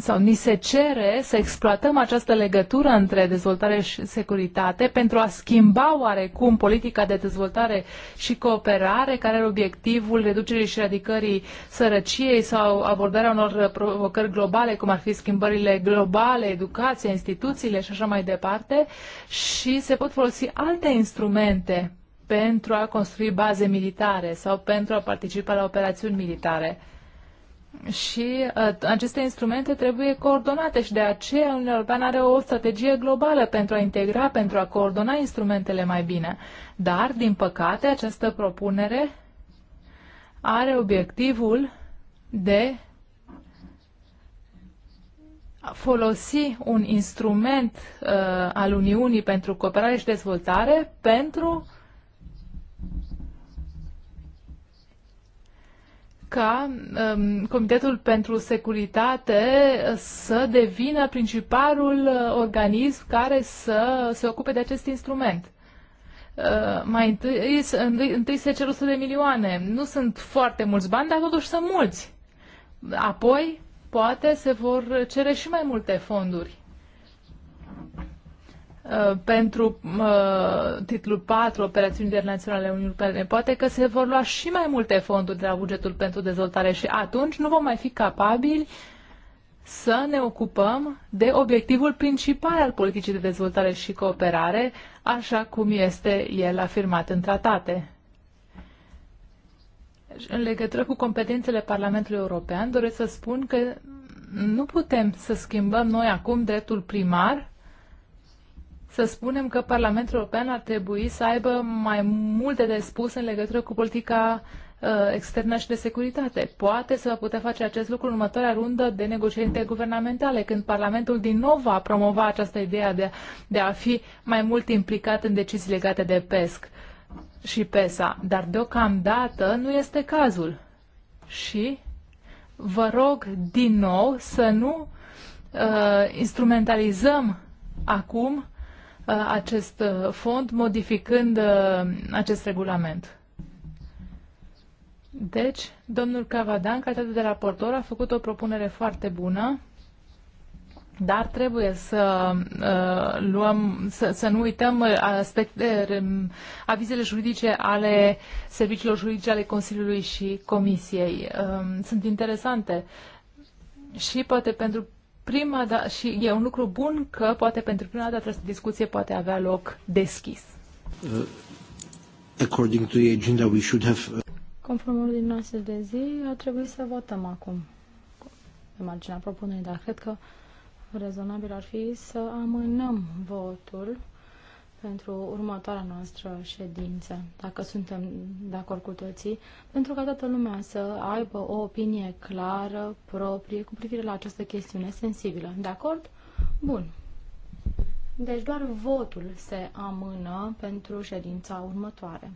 sau ni se cere să exploatăm această legătură între dezvoltare și securitate pentru a schimba oarecum politica de dezvoltare și cooperare care are obiectivul reducerii și radicării sărăciei sau abordarea unor provocări globale, cum ar fi schimbările globale, educația, instituțiile și așa mai departe și se pot folosi alte instrumente pentru a construi baze militare sau pentru a participa la operațiuni militare și uh, aceste instrumente trebuie coordonate și de aceea Uniunea Europeană are o strategie globală pentru a integra, pentru a coordona instrumentele mai bine. Dar, din păcate, această propunere are obiectivul de a folosi un instrument uh, al Uniunii pentru cooperare și dezvoltare pentru ca um, Comitetul pentru Securitate să devină principalul uh, organism care să se ocupe de acest instrument. Uh, mai întâi, întâi, întâi se cer 100 de milioane. Nu sunt foarte mulți bani, dar totuși sunt mulți. Apoi, poate se vor cere și mai multe fonduri. Uh, pentru uh, titlul 4, operațiuni internaționale Uniunii Europene, poate că se vor lua și mai multe fonduri de la bugetul pentru dezvoltare și atunci nu vom mai fi capabili să ne ocupăm de obiectivul principal al politicii de dezvoltare și cooperare, așa cum este el afirmat în tratate. În legătură cu competențele Parlamentului European, doresc să spun că nu putem să schimbăm noi acum dreptul primar să spunem că Parlamentul European ar trebui să aibă mai multe de spus în legătură cu politica uh, externă și de securitate. Poate să va putea face acest lucru în următoarea rundă de negocieri interguvernamentale, când Parlamentul din nou va promova această idee de, de a fi mai mult implicat în decizii legate de PESC și PESA. Dar deocamdată nu este cazul. Și vă rog din nou să nu uh, instrumentalizăm acum Uh, acest uh, fond, modificând uh, acest regulament. Deci, domnul Cavadan, în calitate de raportor, a făcut o propunere foarte bună, dar trebuie să uh, luăm, să, să nu uităm aspecte, um, avizele juridice ale serviciilor juridice ale Consiliului și Comisiei. Uh, sunt interesante și poate pentru prima da- și e un lucru bun că poate pentru prima dată această discuție poate avea loc deschis. Uh, according to the agenda, we should have... Uh, Conform din noastră de zi, ar trebui să votăm acum pe marginea propunerii, dar cred că rezonabil ar fi să amânăm votul pentru următoarea noastră ședință, dacă suntem de acord cu toții, pentru ca toată lumea să aibă o opinie clară, proprie, cu privire la această chestiune sensibilă. De acord? Bun. Deci doar votul se amână pentru ședința următoare.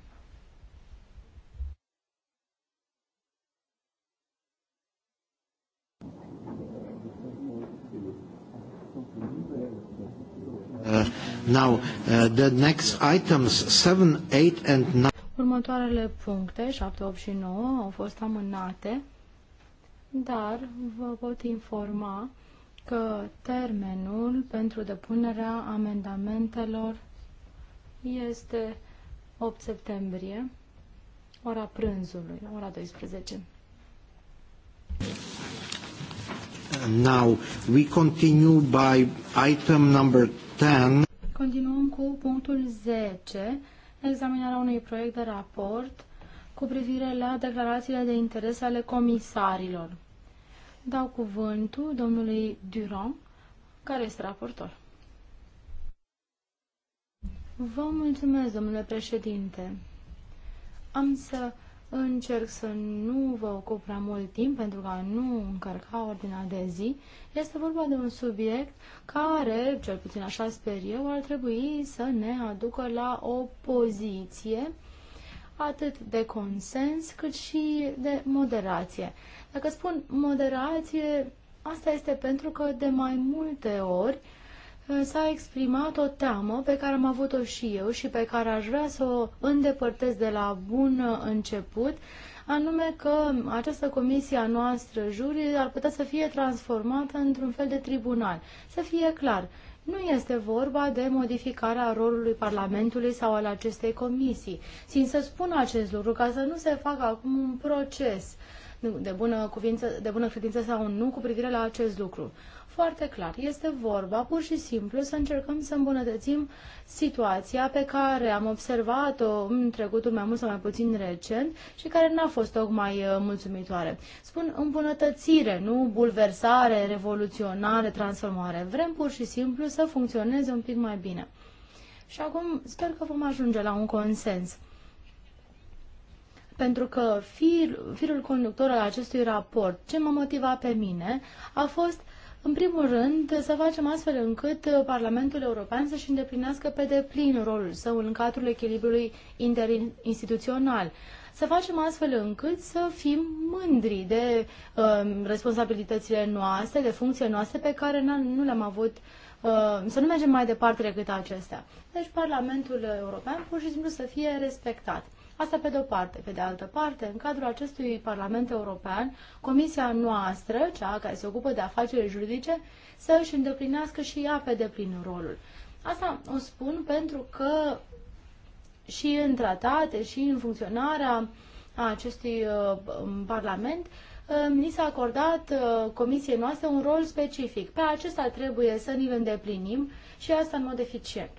Uh Now, uh, the next items 7, 8 and Următoarele puncte, 7, 8 și 9, au fost amânate, dar vă pot informa că termenul pentru depunerea amendamentelor este 8 septembrie, ora prânzului, ora 12. Now we continue by item number 10. Continuăm cu punctul 10, examinarea unui proiect de raport cu privire la declarațiile de interes ale comisarilor. Dau cuvântul domnului Durand, care este raportor. Vă mulțumesc, domnule președinte. Am să încerc să nu vă ocup prea mult timp pentru că nu încărca ordinea de zi. Este vorba de un subiect care, cel puțin așa sper eu, ar trebui să ne aducă la o poziție atât de consens cât și de moderație. Dacă spun moderație, asta este pentru că de mai multe ori s-a exprimat o teamă pe care am avut-o și eu și pe care aș vrea să o îndepărtez de la bun început, anume că această comisie a noastră, juri, ar putea să fie transformată într-un fel de tribunal. Să fie clar, nu este vorba de modificarea rolului Parlamentului sau al acestei comisii. Țin să spun acest lucru ca să nu se facă acum un proces de bună, cuvință, de bună credință sau nu cu privire la acest lucru foarte clar. Este vorba pur și simplu să încercăm să îmbunătățim situația pe care am observat-o în trecutul mai mult sau mai puțin recent și care n-a fost tocmai uh, mulțumitoare. Spun îmbunătățire, nu bulversare, revoluționare, transformare. Vrem pur și simplu să funcționeze un pic mai bine. Și acum sper că vom ajunge la un consens pentru că fir, firul conductor al acestui raport, ce m-a motivat pe mine, a fost în primul rând, să facem astfel încât Parlamentul European să-și îndeplinească pe deplin rolul său în cadrul echilibrului interinstituțional. Să facem astfel încât să fim mândri de uh, responsabilitățile noastre, de funcțiile noastre pe care nu le-am avut uh, să nu mergem mai departe decât acestea. Deci Parlamentul European pur și simplu să fie respectat. Asta pe de-o parte. Pe de altă parte, în cadrul acestui Parlament European, Comisia noastră, cea care se ocupă de afaceri juridice, să își îndeplinească și ea pe deplin rolul. Asta o spun pentru că și în tratate, și în funcționarea acestui uh, um, Parlament, uh, ni s-a acordat uh, comisiei noastre un rol specific. Pe acesta trebuie să ni îndeplinim și asta în mod eficient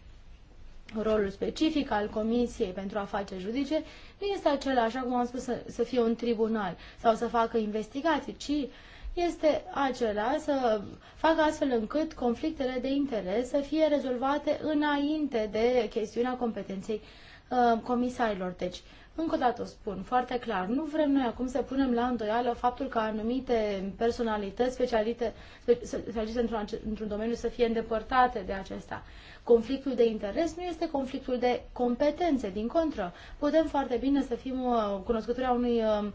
rolul specific al Comisiei pentru afaceri judice nu este acela, așa cum am spus, să, să fie un tribunal sau să facă investigații, ci este acela să facă astfel încât conflictele de interes să fie rezolvate înainte de chestiunea competenței uh, comisarilor. Deci, încă o dată spun foarte clar, nu vrem noi acum să punem la îndoială faptul că anumite personalități specialite, specialite într-un, într domeniu să fie îndepărtate de acesta. Conflictul de interes nu este conflictul de competențe, din contră. Putem foarte bine să fim uh, cunoscători a unui uh, uh,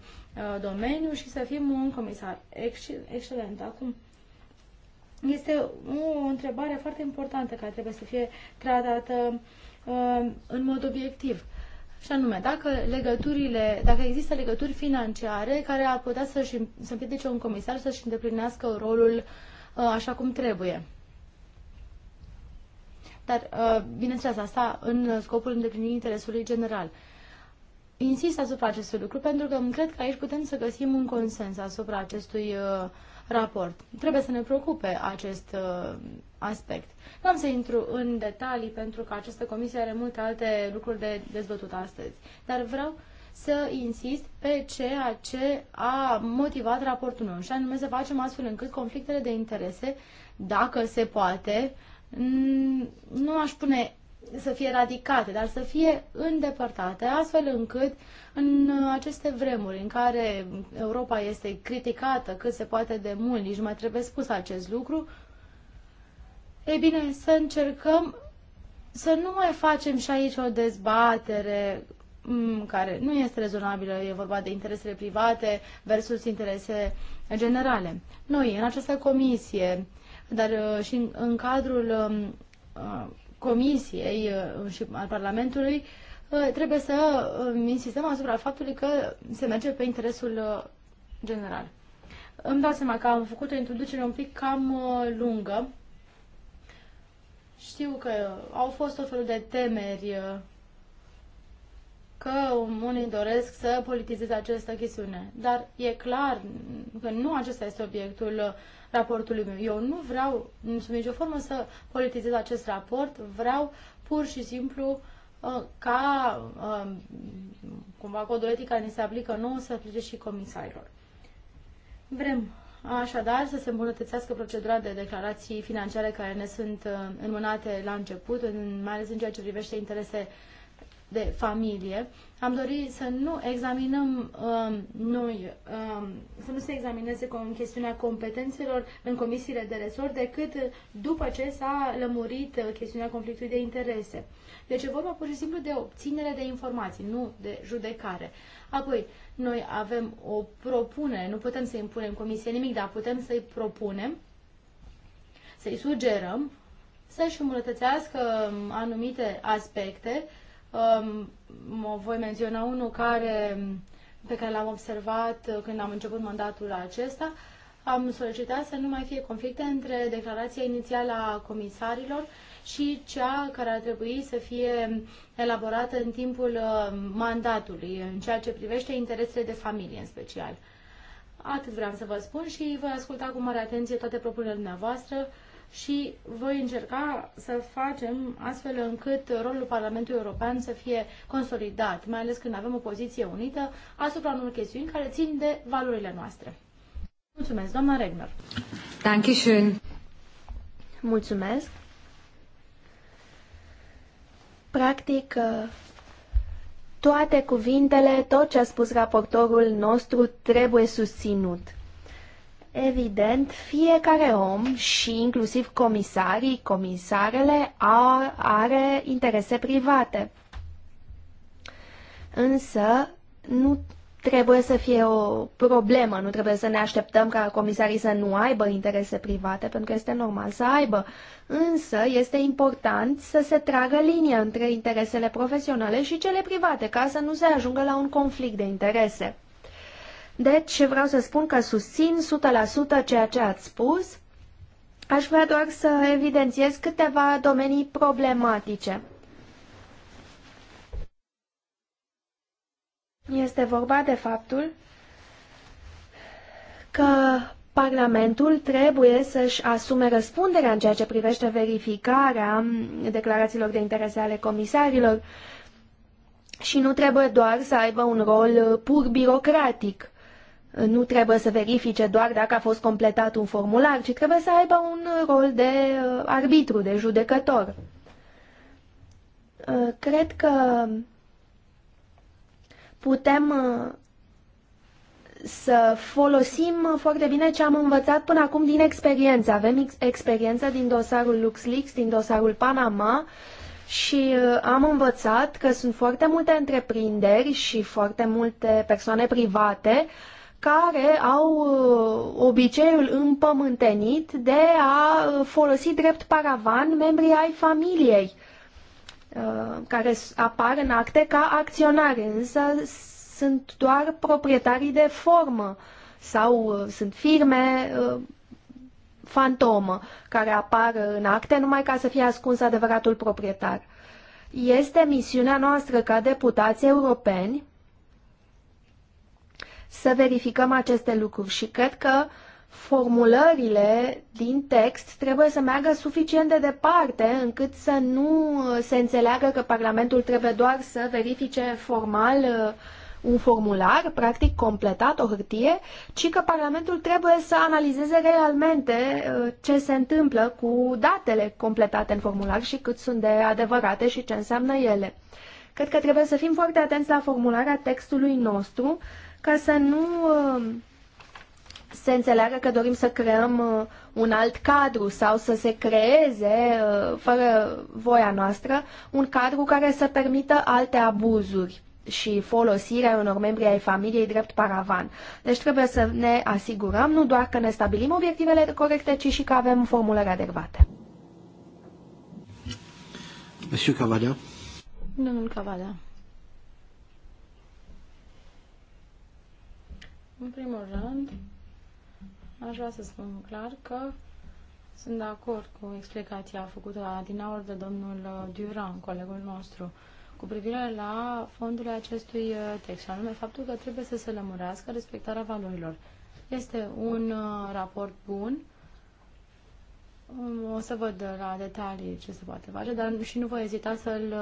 domeniu și să fim un comisar excelent. Acum, este o întrebare foarte importantă care trebuie să fie tratată în mod obiectiv și anume dacă, legăturile, dacă există legături financiare care ar putea să-și, să împiedice un comisar să-și îndeplinească rolul uh, așa cum trebuie. Dar, uh, bineînțeles, asta în scopul îndeplinirii interesului general. Insist asupra acestui lucru pentru că cred că aici putem să găsim un consens asupra acestui uh, raport. Trebuie să ne preocupe acest uh, aspect. Nu am să intru în detalii pentru că această comisie are multe alte lucruri de dezbătut astăzi, dar vreau să insist pe ceea ce a motivat raportul meu și anume să facem astfel încât conflictele de interese, dacă se poate, nu aș pune să fie radicate, dar să fie îndepărtate, astfel încât în aceste vremuri în care Europa este criticată cât se poate de mult, nici nu mai trebuie spus acest lucru, e bine, să încercăm să nu mai facem și aici o dezbatere mm, care nu este rezonabilă, e vorba de interesele private versus interese generale. Noi, în această comisie, dar uh, și în, în cadrul um, uh, Comisiei uh, și al Parlamentului, uh, trebuie să uh, insistăm asupra faptului că se merge pe interesul general. Îmi dau seama că am făcut o introducere un pic cam lungă. Știu că au fost tot felul de temeri că unii doresc să politizeze această chestiune. Dar e clar că nu acesta este obiectul raportului meu. Eu nu vreau, sub nicio formă, să politizez acest raport. Vreau pur și simplu uh, ca uh, cumva codul etic care ne se aplică nouă să aplice și comisarilor. Vrem Așadar, să se îmbunătățească procedura de declarații financiare care ne sunt uh, înmânate la început, mai ales în ceea ce privește interese de familie, am dorit să nu examinăm um, noi, um, să nu se examineze cu chestiunea competențelor în comisiile de resort decât după ce s-a lămurit uh, chestiunea conflictului de interese. Deci e vorba pur și simplu de obținere de informații, nu de judecare. Apoi, noi avem o propunere, nu putem să impunem comisie nimic, dar putem să-i propunem, să-i sugerăm să-și îmbunătățească um, anumite aspecte um, voi menționa unul care, pe care l-am observat uh, când am început mandatul acesta. Am solicitat să nu mai fie conflicte între declarația inițială a comisarilor și cea care ar trebui să fie elaborată în timpul uh, mandatului, în ceea ce privește interesele de familie în special. Atât vreau să vă spun și voi asculta cu mare atenție toate propunerile dumneavoastră și voi încerca să facem astfel încât rolul Parlamentului European să fie consolidat, mai ales când avem o poziție unită asupra unor chestiuni care țin de valorile noastre. Mulțumesc, doamna Regner. Dankeschön. Mulțumesc. Practic, toate cuvintele, tot ce a spus raportorul nostru trebuie susținut. Evident, fiecare om și inclusiv comisarii, comisarele, au, are interese private. Însă, nu trebuie să fie o problemă, nu trebuie să ne așteptăm ca comisarii să nu aibă interese private, pentru că este normal să aibă. Însă, este important să se tragă linia între interesele profesionale și cele private, ca să nu se ajungă la un conflict de interese. Deci vreau să spun că susțin 100% ceea ce ați spus. Aș vrea doar să evidențiez câteva domenii problematice. Este vorba de faptul că Parlamentul trebuie să-și asume răspunderea în ceea ce privește verificarea declarațiilor de interese ale comisarilor și nu trebuie doar să aibă un rol pur birocratic nu trebuie să verifice doar dacă a fost completat un formular, ci trebuie să aibă un rol de uh, arbitru, de judecător. Uh, cred că putem uh, să folosim foarte bine ce am învățat până acum din experiență. Avem experiență din dosarul LuxLeaks, din dosarul Panama și am învățat că sunt foarte multe întreprinderi și foarte multe persoane private uh, care au uh, obiceiul împământenit de a uh, folosi drept paravan membrii ai familiei uh, care apar în acte ca acționari, însă sunt doar proprietarii de formă sau sunt firme fantomă care apar în acte numai ca să fie ascuns adevăratul proprietar. Este misiunea noastră ca deputați europeni să verificăm aceste lucruri și cred că formulările din text trebuie să meargă suficient de departe încât să nu se înțeleagă că Parlamentul trebuie doar să verifice formal uh, un formular, practic completat, o hârtie, ci că Parlamentul trebuie să analizeze realmente uh, ce se întâmplă cu datele completate în formular și cât sunt de adevărate și ce înseamnă ele. Cred că trebuie să fim foarte atenți la formularea textului nostru, ca să nu uh, se înțeleagă că dorim să creăm uh, un alt cadru sau să se creeze, uh, fără voia noastră, un cadru care să permită alte abuzuri și folosirea unor membri ai familiei drept paravan. Deci trebuie să ne asigurăm nu doar că ne stabilim obiectivele corecte, ci și că avem formulări adecvate. Monsieur Cavada. Domnul Cavada. În primul rând, aș vrea să spun clar că sunt de acord cu explicația făcută din aur de domnul uh, Duran, colegul nostru, cu privire la fondurile acestui uh, text, și anume faptul că trebuie să se lămurească respectarea valorilor. Este un uh, raport bun, um, o să văd la detalii ce se poate face, dar și nu voi ezita să-l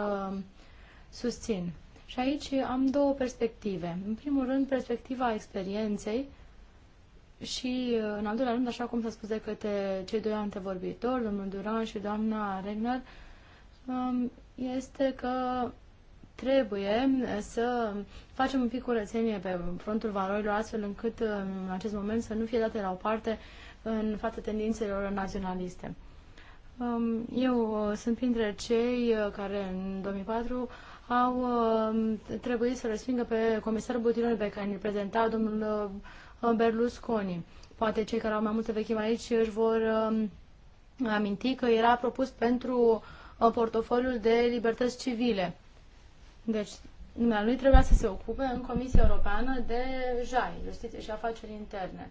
susțin. Și aici am două perspective. În primul rând, perspectiva experienței și, în al doilea rând, așa cum s-a spus de către cei doi antevorbitori, domnul Duran și doamna Regner, um, este că trebuie să facem un pic curățenie pe frontul valorilor, astfel încât în acest moment să nu fie date la o parte în fața tendințelor naționaliste. Um, eu uh, sunt printre cei uh, care în 2004 au uh, trebuit să respingă pe comisarul Butilon pe care îl prezenta domnul uh, Berlusconi. Poate cei care au mai multe vechime aici își vor um, aminti că era propus pentru uh, portofoliul de libertăți civile. Deci, lui trebuia să se ocupe în Comisia Europeană de JAI, Justiție și Afaceri Interne.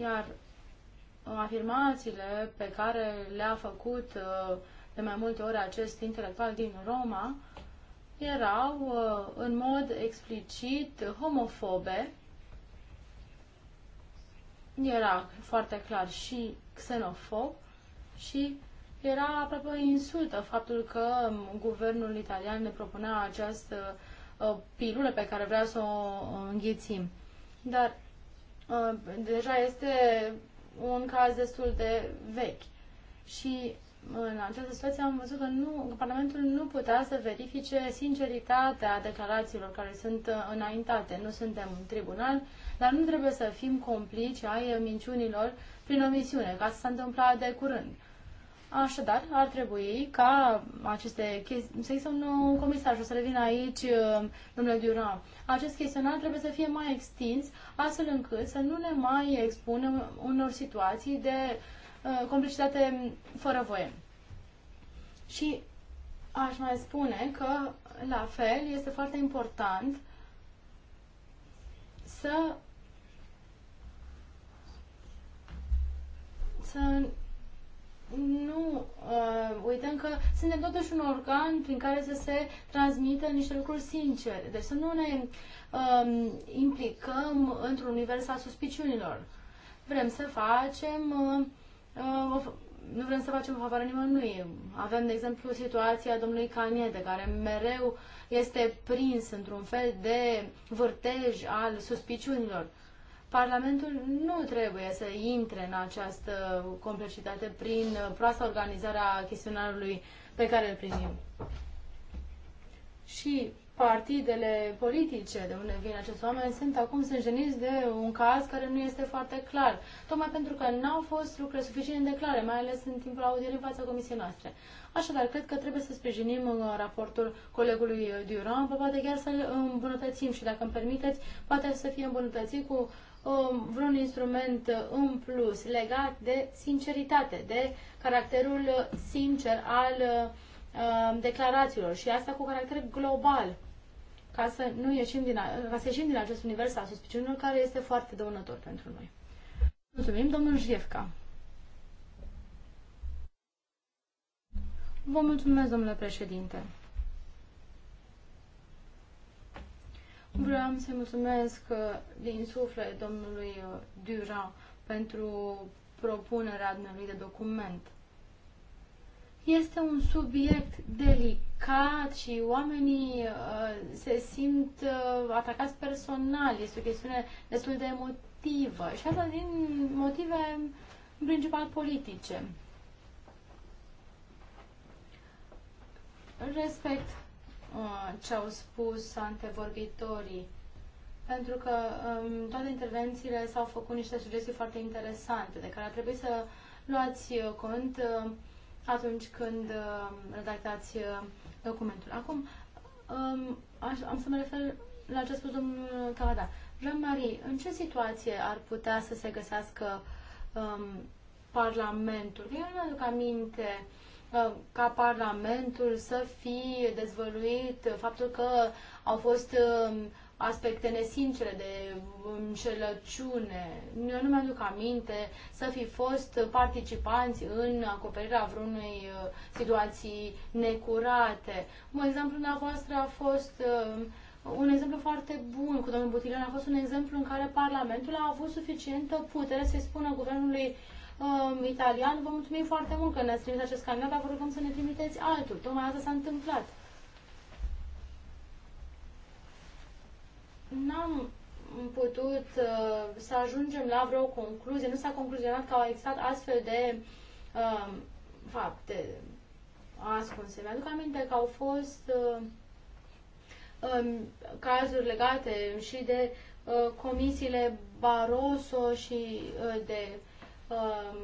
Iar um, afirmațiile pe care le-a făcut uh, de mai multe ori acest intelectual din Roma, erau uh, în mod explicit homofobe, era foarte clar și xenofob și era aproape o insultă faptul că guvernul italian ne propunea această uh, pilulă pe care vrea să o înghițim. Dar uh, deja este un caz destul de vechi. Și în această situație am văzut că nu, Parlamentul nu putea să verifice sinceritatea declarațiilor care sunt uh, înaintate. Nu suntem un tribunal, dar nu trebuie să fim complici ai minciunilor prin omisiune, ca să s-a întâmplat de curând. Așadar, ar trebui ca aceste chestii, să există un nou comisar și o să revin aici, uh, domnule Duran. Acest chestionar trebuie să fie mai extins, astfel încât să nu ne mai expunem unor situații de uh, Uh, complicitate fără voie. Și aș mai spune că, la fel, este foarte important să să nu uh, uităm că suntem totuși un organ prin care să se transmită niște lucruri sincere. Deci să nu ne uh, implicăm într-un univers al suspiciunilor. Vrem să facem uh, Uh, nu vrem să facem favoarea nimănui. Avem, de exemplu, situația domnului Caniede, care mereu este prins într-un fel de vârtej al suspiciunilor. Parlamentul nu trebuie să intre în această complexitate prin proasta organizare a chestionarului pe care îl primim. Și partidele politice de unde vin acești oameni sunt acum sânjeniți de un caz care nu este foarte clar, tocmai pentru că n-au fost lucruri suficient de clare, mai ales în timpul audierii în fața comisiei noastre. Așadar, cred că trebuie să sprijinim uh, raportul colegului uh, Duran, poate chiar să-l îmbunătățim și, dacă îmi permiteți, poate să fie îmbunătățit cu um, vreun instrument uh, în plus legat de sinceritate, de caracterul sincer al declarațiilor și asta cu caracter global ca să, nu ieșim din, ca să ieșim din acest univers al suspiciunilor care este foarte dăunător pentru noi. Mulțumim, domnul Jefca. Vă mulțumesc, domnule președinte. Vreau să mulțumesc uh, din suflet domnului uh, Dura pentru propunerea dumneavoastră de document. Este un subiect delicat și oamenii uh, se simt uh, atacați personal. Este o chestiune destul de emotivă și asta din motive principal politice. Respect uh, ce au spus antevorbitorii pentru că um, toate intervențiile s-au făcut niște sugestii foarte interesante de care ar trebui să luați uh, cont uh, atunci când uh, redactați uh, documentul. Acum, um, am să mă refer la ce a spus domnul Cavada. Jean-Marie, în ce situație ar putea să se găsească um, Parlamentul? Eu nu aduc aminte uh, ca Parlamentul să fi dezvăluit faptul că au fost uh, aspecte nesincere, de înșelăciune. Eu nu mi-aduc aminte să fi fost participanți în acoperirea vreunei uh, situații necurate. Un exemplu dumneavoastră a fost uh, un exemplu foarte bun cu domnul Butilian a fost un exemplu în care Parlamentul a avut suficientă putere să-i spună guvernului um, italian, vă mulțumim foarte mult că ne-ați trimis acest candidat, dar vă rugăm să ne trimiteți altul. Tocmai asta s-a întâmplat. n-am putut uh, să ajungem la vreo concluzie, nu s-a concluzionat că au existat astfel de uh, fapte ascunse. Mi-aduc aminte că au fost uh, um, cazuri legate și de uh, comisiile Barroso și uh, de um,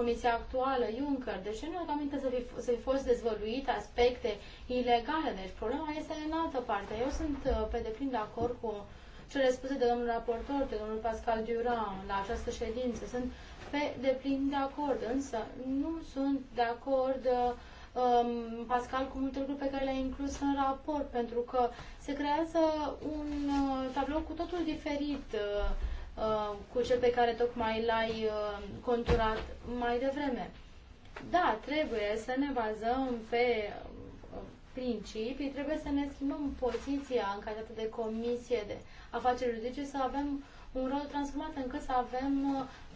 Comisia actuală, Juncker, de ce nu aduc aminte să fi, să fi fost dezvăluit aspecte ilegale? Deci problema este în altă parte. Eu sunt uh, pe deplin de acord cu cele spuse de domnul raportor, de domnul Pascal Dura la această ședință. Sunt pe deplin de acord, însă nu sunt de acord uh, um, Pascal cu multe lucruri pe care le-a inclus în raport, pentru că se creează un uh, tablou cu totul diferit. Uh, Uh, cu cel pe care tocmai l-ai uh, conturat mai devreme. Da, trebuie să ne bazăm pe uh, principii, trebuie să ne schimbăm poziția în calitate de comisie de afaceri juridice, să avem un rol transformat încât să avem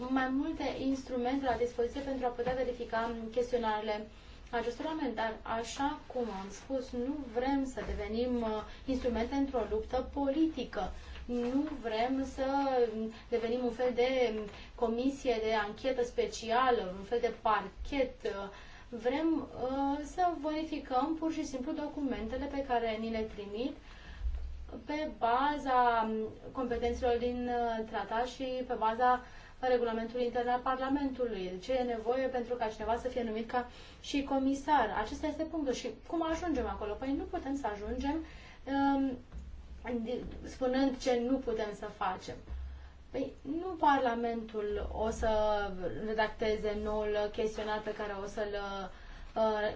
mai multe instrumente la dispoziție pentru a putea verifica chestionarele acestor oameni, dar așa cum am spus, nu vrem să devenim instrumente într-o luptă politică. Nu vrem să devenim un fel de comisie de anchetă specială, un fel de parchet. Vrem uh, să verificăm pur și simplu documentele pe care ni le trimit pe baza competențelor din uh, tratat și pe baza regulamentului intern al Parlamentului, ce deci e nevoie pentru ca cineva să fie numit ca și comisar. Acesta este punctul. Și cum ajungem acolo? Păi nu putem să ajungem um, spunând ce nu putem să facem. Păi nu Parlamentul o să redacteze noul chestionar pe care o să-l uh,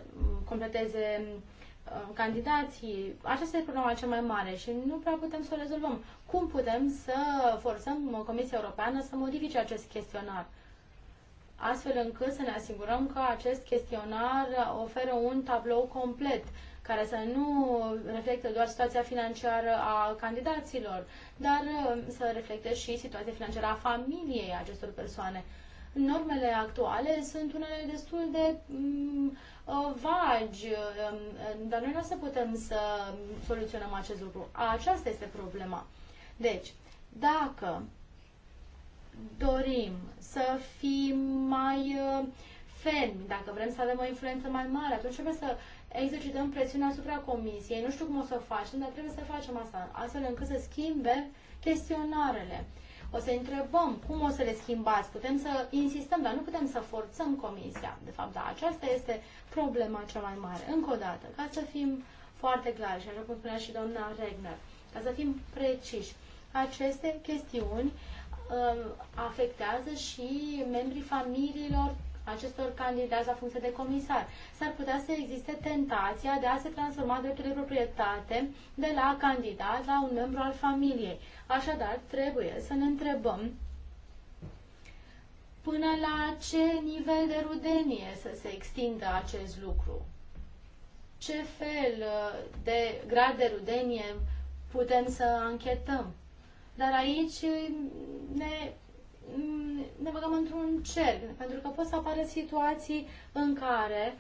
completeze uh, candidații. Aceasta e problema cea mai mare și nu prea putem să o rezolvăm. Cum putem să forțăm Comisia Europeană să modifice acest chestionar? astfel încât să ne asigurăm că acest chestionar oferă un tablou complet care să nu reflecte doar situația financiară a candidaților, dar uh, să reflecte și situația financiară a familiei acestor persoane. Normele actuale sunt unele destul de mm, uh, vagi, um, uh, dar noi nu o să putem să soluționăm acest lucru. Aceasta este problema. Deci, dacă dorim să fim mai fermi, dacă vrem să avem o influență mai mare, atunci trebuie să exercităm presiunea asupra comisiei. Nu știu cum o să o facem, dar trebuie să facem asta, astfel încât să schimbe chestionarele. O să întrebăm cum o să le schimbați. Putem să insistăm, dar nu putem să forțăm comisia. De fapt, da, aceasta este problema cea mai mare. Încă o dată, ca să fim foarte clari și așa cum spunea și doamna Regner, ca să fim preciși, aceste chestiuni uh, afectează și membrii familiilor acestor candidați la funcție de comisar. S-ar putea să existe tentația de a se transforma dreptul de proprietate de la candidat la un membru al familiei. Așadar, trebuie să ne întrebăm până la ce nivel de rudenie să se extindă acest lucru. Ce fel uh, de grad de rudenie putem să anchetăm? Dar aici uh, ne Mm, ne băgăm într-un cerc, pentru că pot să apară situații în care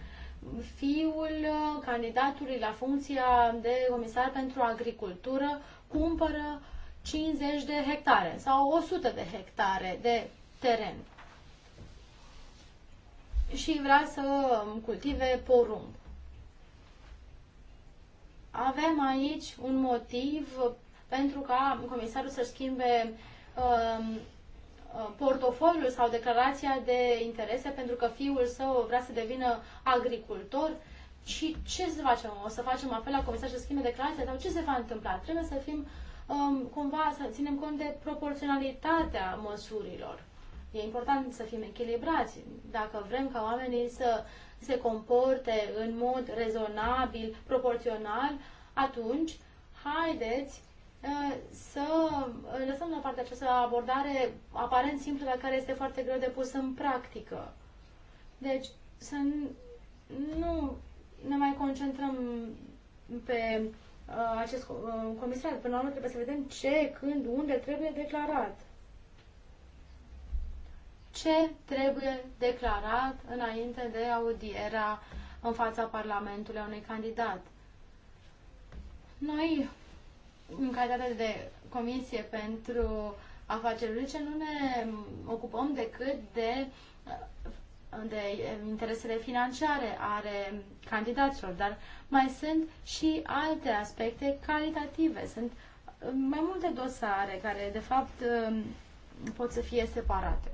fiul uh, candidatului la funcția de comisar pentru agricultură cumpără 50 de hectare sau 100 de hectare de teren și vrea să cultive porumb. Avem aici un motiv pentru ca comisarul să schimbe um, Uh, portofoliul sau declarația de interese pentru că fiul său vrea să devină agricultor și ce să facem? O să facem apel la comisar să schimbe declarația sau ce se va întâmpla? Trebuie să fim um, cumva, să ținem cont de proporționalitatea măsurilor. E important să fim echilibrați. Dacă vrem ca oamenii să se comporte în mod rezonabil, proporțional, atunci haideți Eh, să eh, lăsăm la parte această abordare aparent simplă, dar care este foarte greu de pus în practică. Deci să nu ne mai concentrăm pe uh, acest uh, comisar. Până la urmă trebuie să vedem ce, când, unde trebuie declarat. Ce trebuie declarat înainte de audierea în fața Parlamentului a unui candidat. Noi în calitate de comisie pentru afaceri ce nu ne ocupăm decât de, de interesele financiare ale candidaților, dar mai sunt și alte aspecte calitative. Sunt mai multe dosare care, de fapt, pot să fie separate.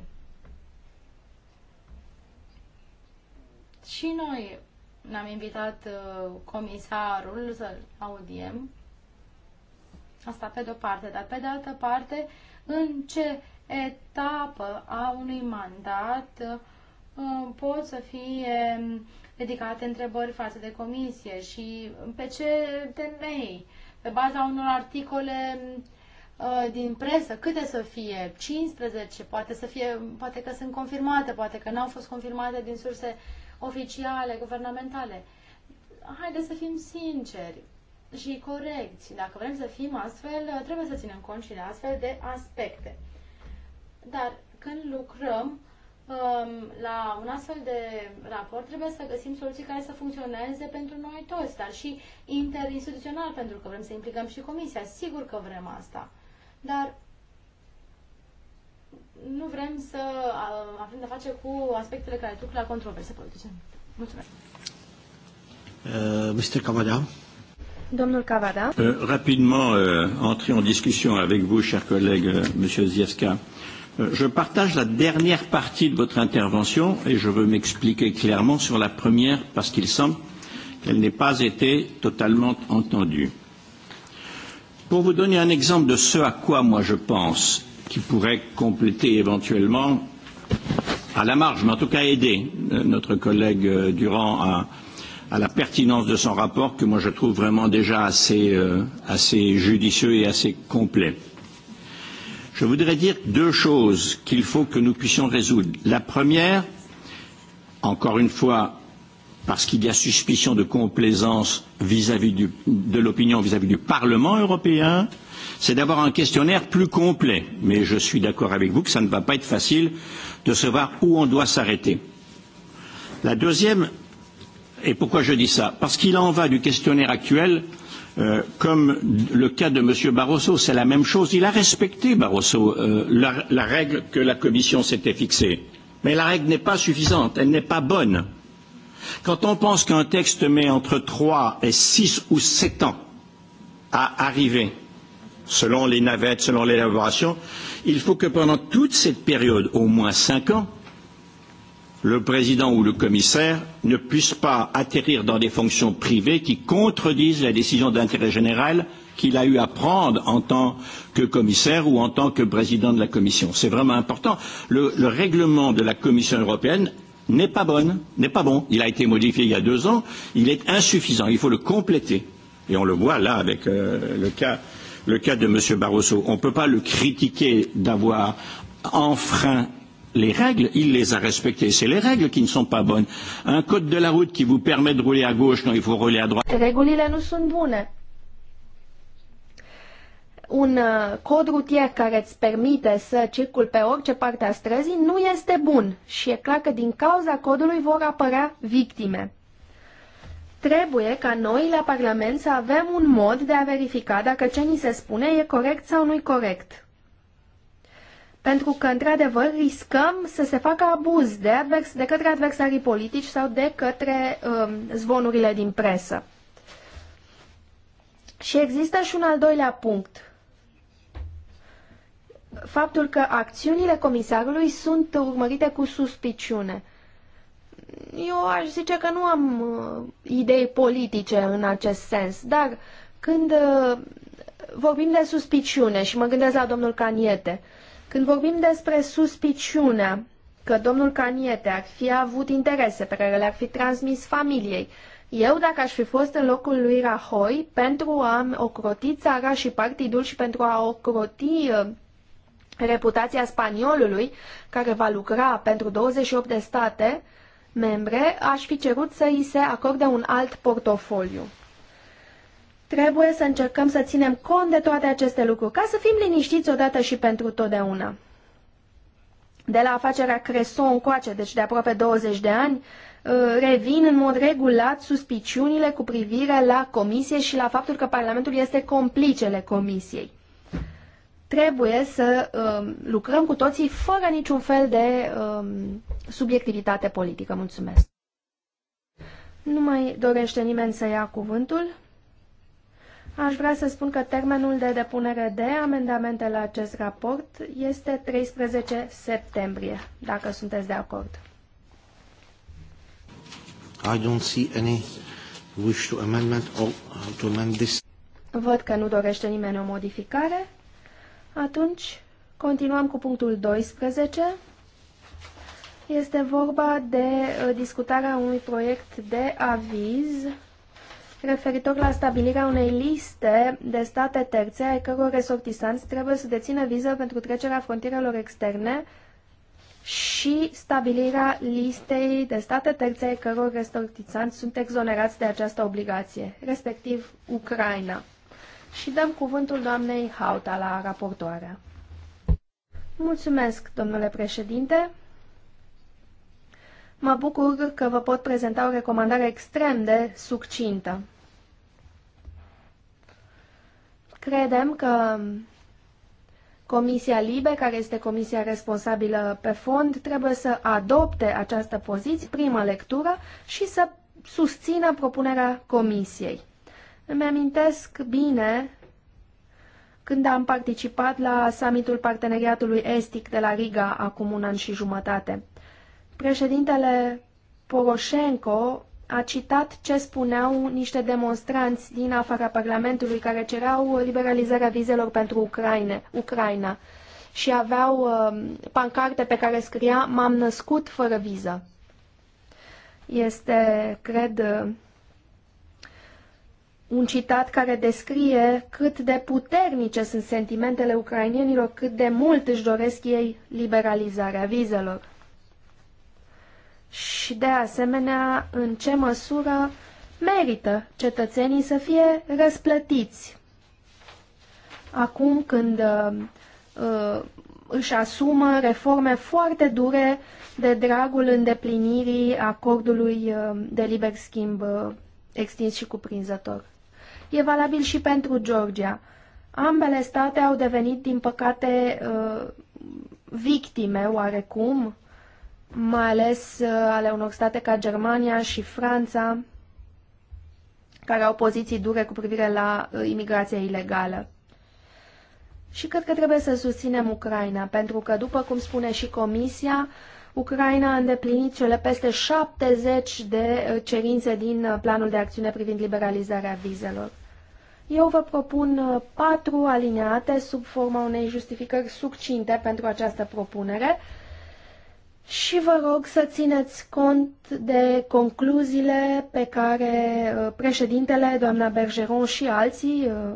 Și noi ne-am invitat uh, comisarul să-l audiem Asta pe de-o parte, dar pe de altă parte, în ce etapă a unui mandat uh, pot să fie dedicate întrebări față de comisie și pe ce temei, pe baza unor articole uh, din presă, câte să fie, 15, poate să fie, poate că sunt confirmate, poate că n-au fost confirmate din surse oficiale, guvernamentale. Haideți să fim sinceri, și corecți. Dacă vrem să fim astfel, trebuie să ținem cont și de astfel de aspecte. Dar când lucrăm um, la un astfel de raport, trebuie să găsim soluții care să funcționeze pentru noi toți, dar și interinstituțional, pentru că vrem să implicăm și Comisia. Sigur că vrem asta. Dar nu vrem să avem de face cu aspectele care duc la controverse politice. Mulțumesc. Uh, Mr. Cavada. Domnul Cavada. Uh, rapidement, uh, entrer en discussion avec vous, cher collègue, uh, Monsieur Zieska. Uh, je partage la dernière partie de votre intervention et je veux m'expliquer clairement sur la première parce qu'il semble qu'elle n'ait pas été totalement entendue. Pour vous donner un exemple de ce à quoi moi je pense, qui pourrait compléter éventuellement à la marge, mais en tout cas aider euh, notre collègue euh, Durand à, à la pertinence de son rapport que moi je trouve vraiment déjà assez, euh, assez judicieux et assez complet. Je voudrais dire deux choses qu'il faut que nous puissions résoudre. La première, encore une fois, parce qu'il y a suspicion de complaisance vis-à-vis du, de l'opinion vis-à-vis du Parlement européen, c'est d'avoir un questionnaire plus complet. Mais je suis d'accord avec vous que ça ne va pas être facile de savoir où on doit s'arrêter. La deuxième Et pourquoi je dis ça Parce qu'il en va du questionnaire actuel euh, comme le cas de M. Barroso, c'est la même chose. Il a respecté, Barroso, euh, la, la règle que la Commission s'était fixée. Mais la règle n'est pas suffisante, elle n'est pas bonne. Quand on pense qu'un texte met entre trois et six ou sept ans à arriver, selon les navettes, selon l'élaboration, il faut que pendant toute cette période, au moins cinq ans, le président ou le commissaire ne puisse pas atterrir dans des fonctions privées qui contredisent la décision d'intérêt général qu'il a eu à prendre en tant que commissaire ou en tant que président de la commission. C'est vraiment important. Le, le règlement de la Commission européenne n'est pas bonne, n'est pas bon. Il a été modifié il y a deux ans, il est insuffisant, il faut le compléter. Et on le voit là avec euh, le, cas, le cas de M. Barroso. On ne peut pas le critiquer d'avoir enfreint les règles, il les a respectées. C'est les règles qui ne sont pas bonnes. Un code de la route qui vous permet de rouler à gauche quand il faut rouler à droite. Regulile nu sunt bune. Un uh, cod rutier care îți permite să circul pe orice parte a străzii nu este bun și e clar că din cauza codului vor apărea victime. Trebuie ca noi la Parlament să avem un mod de a verifica dacă ce ni se spune e corect sau nu e corect pentru că, într-adevăr, riscăm să se facă abuz de, advers, de către adversarii politici sau de către um, zvonurile din presă. Și există și un al doilea punct. Faptul că acțiunile comisarului sunt urmărite cu suspiciune. Eu aș zice că nu am uh, idei politice în acest sens, dar când uh, vorbim de suspiciune și mă gândesc la domnul Caniete, uh, când vorbim despre suspiciunea că domnul Caniete ar fi avut interese pe care le-ar fi transmis familiei, eu, dacă aș fi fost în locul lui Rahoi, pentru a ocroti țara și partidul și pentru a ocroti uh, reputația spaniolului, care va lucra pentru 28 de state membre, aș fi cerut să îi se acorde un alt portofoliu. Trebuie să încercăm să ținem cont de toate aceste lucruri, ca să fim liniștiți odată și pentru totdeauna. De la afacerea Creson încoace, deci de aproape 20 de ani, uh, revin în mod regulat suspiciunile cu privire la comisie și la faptul că Parlamentul este complicele comisiei. Trebuie să um, lucrăm cu toții fără niciun fel de um, subiectivitate politică. Mulțumesc! Nu mai dorește nimeni să ia cuvântul? Aș vrea să spun că termenul de depunere de amendamente la acest raport este 13 septembrie, dacă sunteți de acord. I don't see any wish to amendment or uh, to amend this. Văd că nu dorește nimeni o modificare. Atunci continuăm cu punctul 12. Este vorba de uh, discutarea unui proiect de aviz referitor la stabilirea unei liste de state terțe ai căror resortisanți trebuie să dețină viză pentru trecerea frontierelor externe și stabilirea listei de state terțe ai căror resortisanți sunt exonerați de această obligație, respectiv Ucraina. Și dăm cuvântul doamnei Hauta la raportoare. Mulțumesc, domnule președinte. Mă bucur că vă pot prezenta o recomandare extrem de succintă. Credem că Comisia LIBE, care este comisia responsabilă pe fond, trebuie să adopte această poziție, prima lectură, și să susțină propunerea comisiei. Îmi amintesc bine când am participat la summitul parteneriatului estic de la Riga acum un an și jumătate. Președintele Poroșenko a citat ce spuneau niște demonstranți din afara Parlamentului care cereau liberalizarea vizelor pentru Ucraine, Ucraina și aveau uh, pancarte pe care scria M-am născut fără viză. Este, cred, uh, un citat care descrie cât de puternice sunt sentimentele ucrainienilor, cât de mult își doresc ei liberalizarea vizelor și, de asemenea, în ce măsură merită cetățenii să fie răsplătiți. Acum când uh, uh își asumă reforme foarte dure de dragul îndeplinirii acordului uh, de liber schimb uh, extins și cuprinzător. E valabil și pentru Georgia. Ambele state au devenit, din păcate, victime oarecum mai ales uh, ale unor state ca Germania și Franța, care au poziții dure cu privire la uh, imigrația ilegală. Și cred că trebuie să susținem Ucraina, pentru că, după cum spune și Comisia, Ucraina a îndeplinit cele peste 70 de uh, cerințe din planul de acțiune privind liberalizarea vizelor. Eu vă propun patru alineate sub forma unei justificări succinte pentru această propunere, și vă rog să țineți cont de concluziile pe care uh, președintele, doamna Bergeron și alții, uh,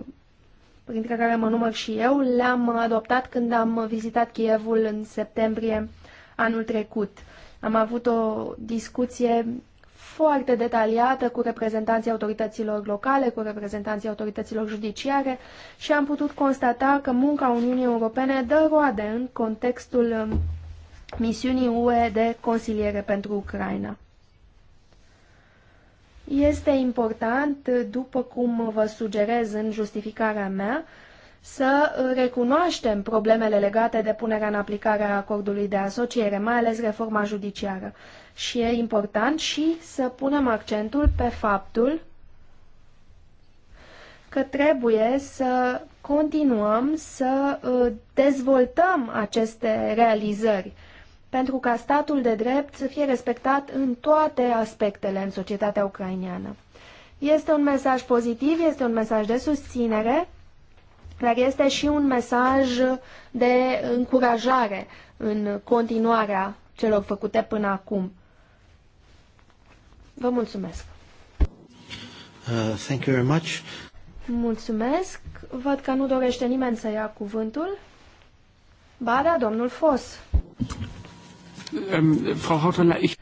printre care mă număr și eu, le-am adoptat când am vizitat Kievul în septembrie anul trecut. Am avut o discuție foarte detaliată cu reprezentanții autorităților locale, cu reprezentanții autorităților judiciare și am putut constata că munca Uniunii Europene dă roade în contextul um, misiunii UE de consiliere pentru Ucraina. Este important, după cum vă sugerez în justificarea mea, să recunoaștem problemele legate de punerea în aplicare a acordului de asociere, mai ales reforma judiciară. Și e important și să punem accentul pe faptul că trebuie să continuăm să uh, dezvoltăm aceste realizări pentru ca statul de drept să fie respectat în toate aspectele în societatea ucraineană. Este un mesaj pozitiv, este un mesaj de susținere, dar este și un mesaj de încurajare în continuarea celor făcute până acum. Vă mulțumesc! Uh, thank you very much. Mulțumesc. Văd că nu dorește nimeni să ia cuvântul. Ba da, domnul Fos. Ähm, Frau Hautala, ich...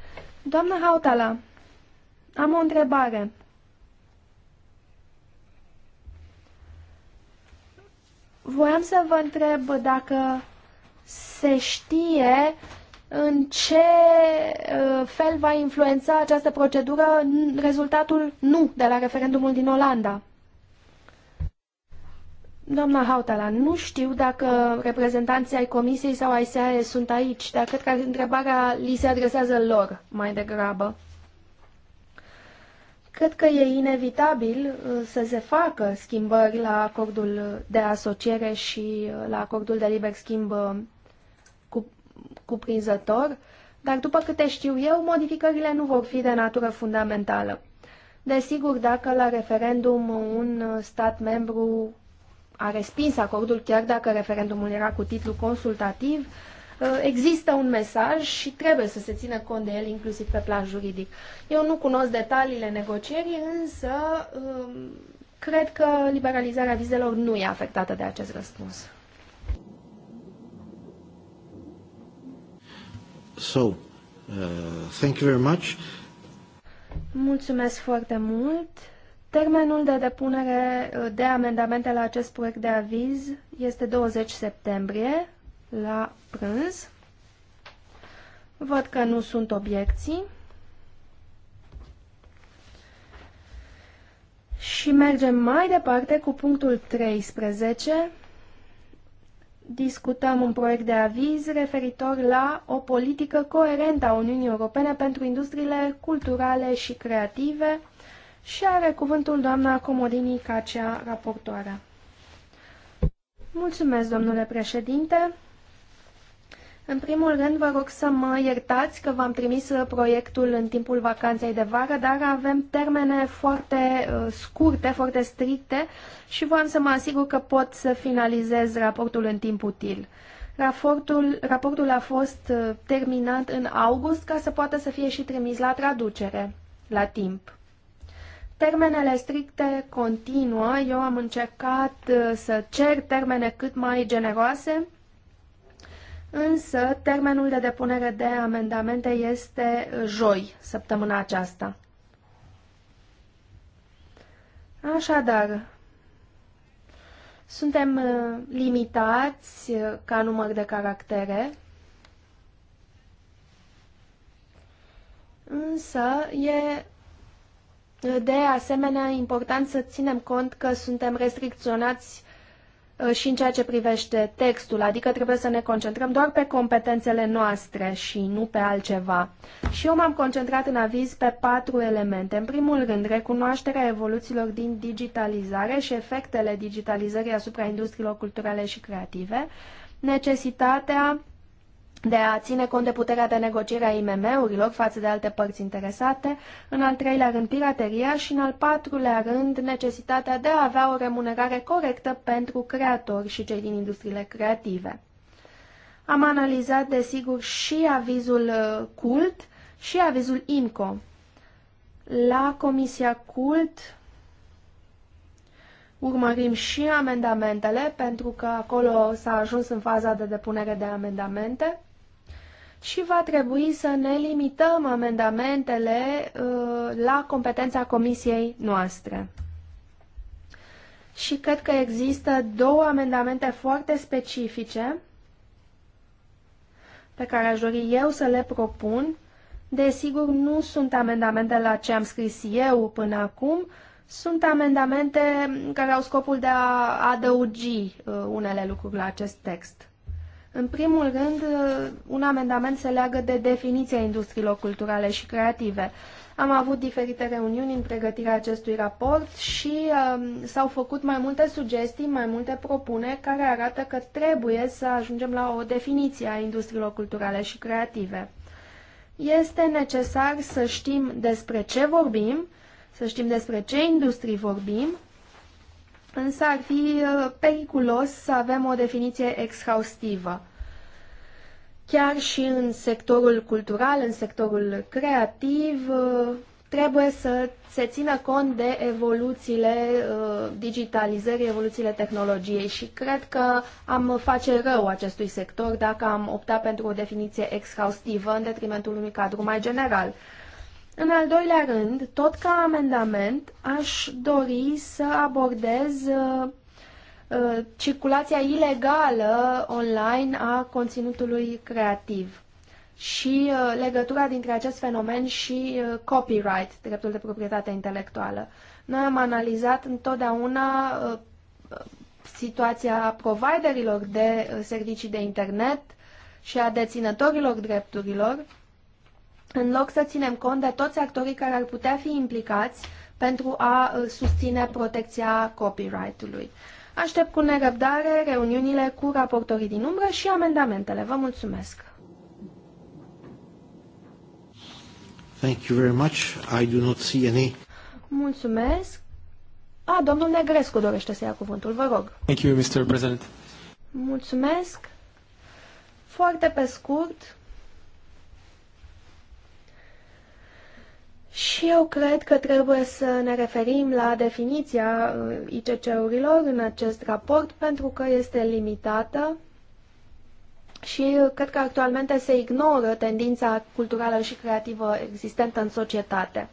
Doamna Hautala, am o întrebare. Voiam să vă întreb dacă se știe în ce uh, fel va influența această procedură rezultatul nu de la referendumul din Olanda. Doamna Hautala, nu știu dacă reprezentanții ai Comisiei sau ai SAE sunt aici, dar cred că întrebarea li se adresează lor mai degrabă. Cred că e inevitabil uh, să se facă schimbări la acordul de asociere și uh, la acordul de liber schimb uh, cuprinzător, dar după câte știu eu, modificările nu vor fi de natură fundamentală. Desigur, dacă la referendum un stat membru a respins acordul, chiar dacă referendumul era cu titlu consultativ, uh, există un mesaj și trebuie să se țină cont de el, inclusiv pe plan juridic. Eu nu cunosc detaliile negocierii, însă um, cred că liberalizarea vizelor nu e afectată de acest răspuns. So, uh, thank you very much. Mulțumesc foarte mult. Termenul de depunere uh, de amendamente la acest proiect de aviz este 20 septembrie la prânz. Văd că nu sunt obiecții. Și mergem mai departe cu punctul 13. Discutăm un proiect de aviz referitor la o politică coerentă a Uniunii Europene pentru industriile culturale și creative și are cuvântul doamna Comodini Cacea, raportoarea. Mulțumesc, domnule președinte. În primul rând, vă rog să mă iertați că v-am trimis proiectul în timpul vacanței de vară, dar avem termene foarte uh, scurte, foarte stricte și vreau să mă asigur că pot să finalizez raportul în timp util. Raportul, raportul a fost uh, terminat în august ca să poată să fie și trimis la traducere la timp. Termenele stricte continuă. Eu am încercat uh, să cer termene cât mai generoase, însă termenul de depunere de amendamente este uh, joi, săptămâna aceasta. Așadar, suntem uh, limitați ca număr de caractere, însă e de asemenea, important să ținem cont că suntem restricționați uh, și în ceea ce privește textul, adică trebuie să ne concentrăm doar pe competențele noastre și nu pe altceva. Și eu m-am concentrat în aviz pe patru elemente. În primul rând, recunoașterea evoluțiilor din digitalizare și efectele digitalizării asupra industriilor culturale și creative, necesitatea de a ține cont de puterea de negociere a IMM-urilor față de alte părți interesate, în al treilea rând pirateria și în al patrulea rând necesitatea de a avea o remunerare corectă pentru creatori și cei din industriile creative. Am analizat, desigur, și avizul uh, CULT și avizul IMCO. La Comisia CULT urmărim și amendamentele, pentru că acolo s-a ajuns în faza de depunere de amendamente și va trebui să ne limităm amendamentele uh, la competența comisiei noastre. Și cred că există două amendamente foarte specifice pe care aș dori eu să le propun. Desigur, nu sunt amendamente la ce am scris eu până acum, sunt amendamente care au scopul de a adăugi uh, unele lucruri la acest text. În primul rând, un amendament se leagă de definiția industriilor culturale și creative. Am avut diferite reuniuni în pregătirea acestui raport și um, s-au făcut mai multe sugestii, mai multe propuneri care arată că trebuie să ajungem la o definiție a industriilor culturale și creative. Este necesar să știm despre ce vorbim, să știm despre ce industrii vorbim însă ar fi uh, periculos să avem o definiție exhaustivă. Chiar și în sectorul cultural, în sectorul creativ, uh, trebuie să se țină cont de evoluțiile uh, digitalizării, evoluțiile tehnologiei și cred că am face rău acestui sector dacă am opta pentru o definiție exhaustivă în detrimentul unui cadru mai general. În al doilea rând, tot ca amendament, aș dori să abordez uh, uh, circulația ilegală online a conținutului creativ și uh, legătura dintre acest fenomen și uh, copyright, dreptul de proprietate intelectuală. Noi am analizat întotdeauna uh, situația providerilor de uh, servicii de internet și a deținătorilor drepturilor în loc să ținem cont de toți actorii care ar putea fi implicați pentru a uh, susține protecția copyright-ului. Aștept cu nerăbdare reuniunile cu raportorii din umbră și amendamentele. Vă mulțumesc! Thank you very much. I do not see any... Mulțumesc! A, domnul Negrescu dorește să ia cuvântul, vă rog. Thank you, Mr. President. Mulțumesc! Foarte pe scurt, Și eu cred că trebuie să ne referim la definiția uh, ICC-urilor în acest raport pentru că este limitată și cred că actualmente se ignoră tendința culturală și creativă existentă în societate.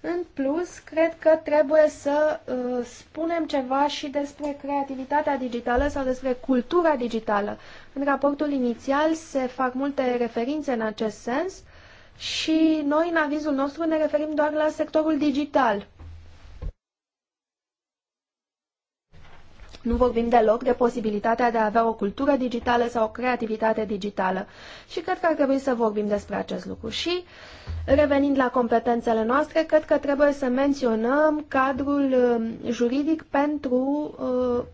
În plus, cred că trebuie să uh, spunem ceva și despre creativitatea digitală sau despre cultura digitală. În raportul inițial se fac multe referințe în acest sens, și noi în avizul nostru ne referim doar la sectorul digital. Nu vorbim deloc de posibilitatea de a avea o cultură digitală sau o creativitate digitală. Și cred că ar trebui să vorbim despre acest lucru. Și, revenind la competențele noastre, cred că trebuie să menționăm cadrul um, juridic pentru uh,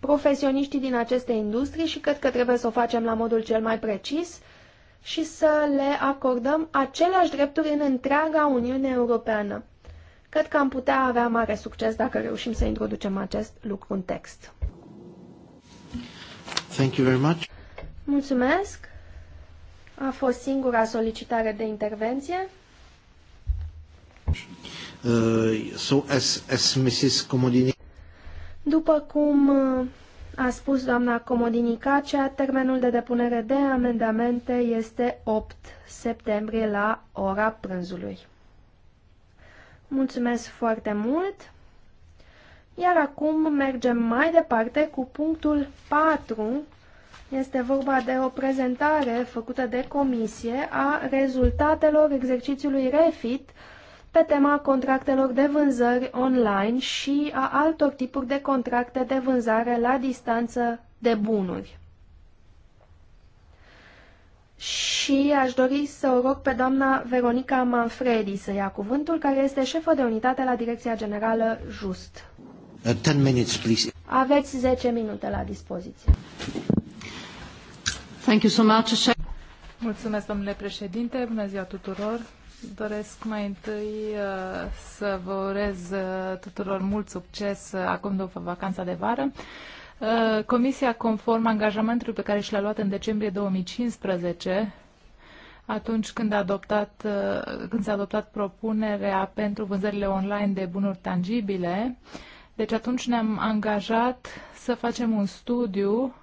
profesioniștii din aceste industrii și cred că trebuie să o facem la modul cel mai precis și să le acordăm aceleași drepturi în întreaga Uniune Europeană. Cred că am putea avea mare succes dacă reușim să introducem acest lucru în text. Thank you very much. Mulțumesc. A fost singura solicitare de intervenție. Uh, so as, as Mrs. Comodini... După cum uh, a spus doamna Comodini termenul de depunere de amendamente este 8 septembrie la ora prânzului. Mulțumesc foarte mult! Iar acum mergem mai departe cu punctul 4. Este vorba de o prezentare făcută de comisie a rezultatelor exercițiului REFIT pe tema contractelor de vânzări online și a altor tipuri de contracte de vânzare la distanță de bunuri. Și aș dori să o rog pe doamna Veronica Manfredi să ia cuvântul, care este șefă de unitate la Direcția Generală Just. 10 uh, minutes, please. Aveți 10 minute la dispoziție. Thank you so much. Mulțumesc, domnule președinte. Bună ziua tuturor. Doresc mai întâi uh, să vă urez uh, tuturor mult succes uh, acum după vacanța de vară. Comisia, conform angajamentului pe care și l-a luat în decembrie 2015, atunci când, a adoptat, când s-a adoptat propunerea pentru vânzările online de bunuri tangibile, deci atunci ne-am angajat să facem un studiu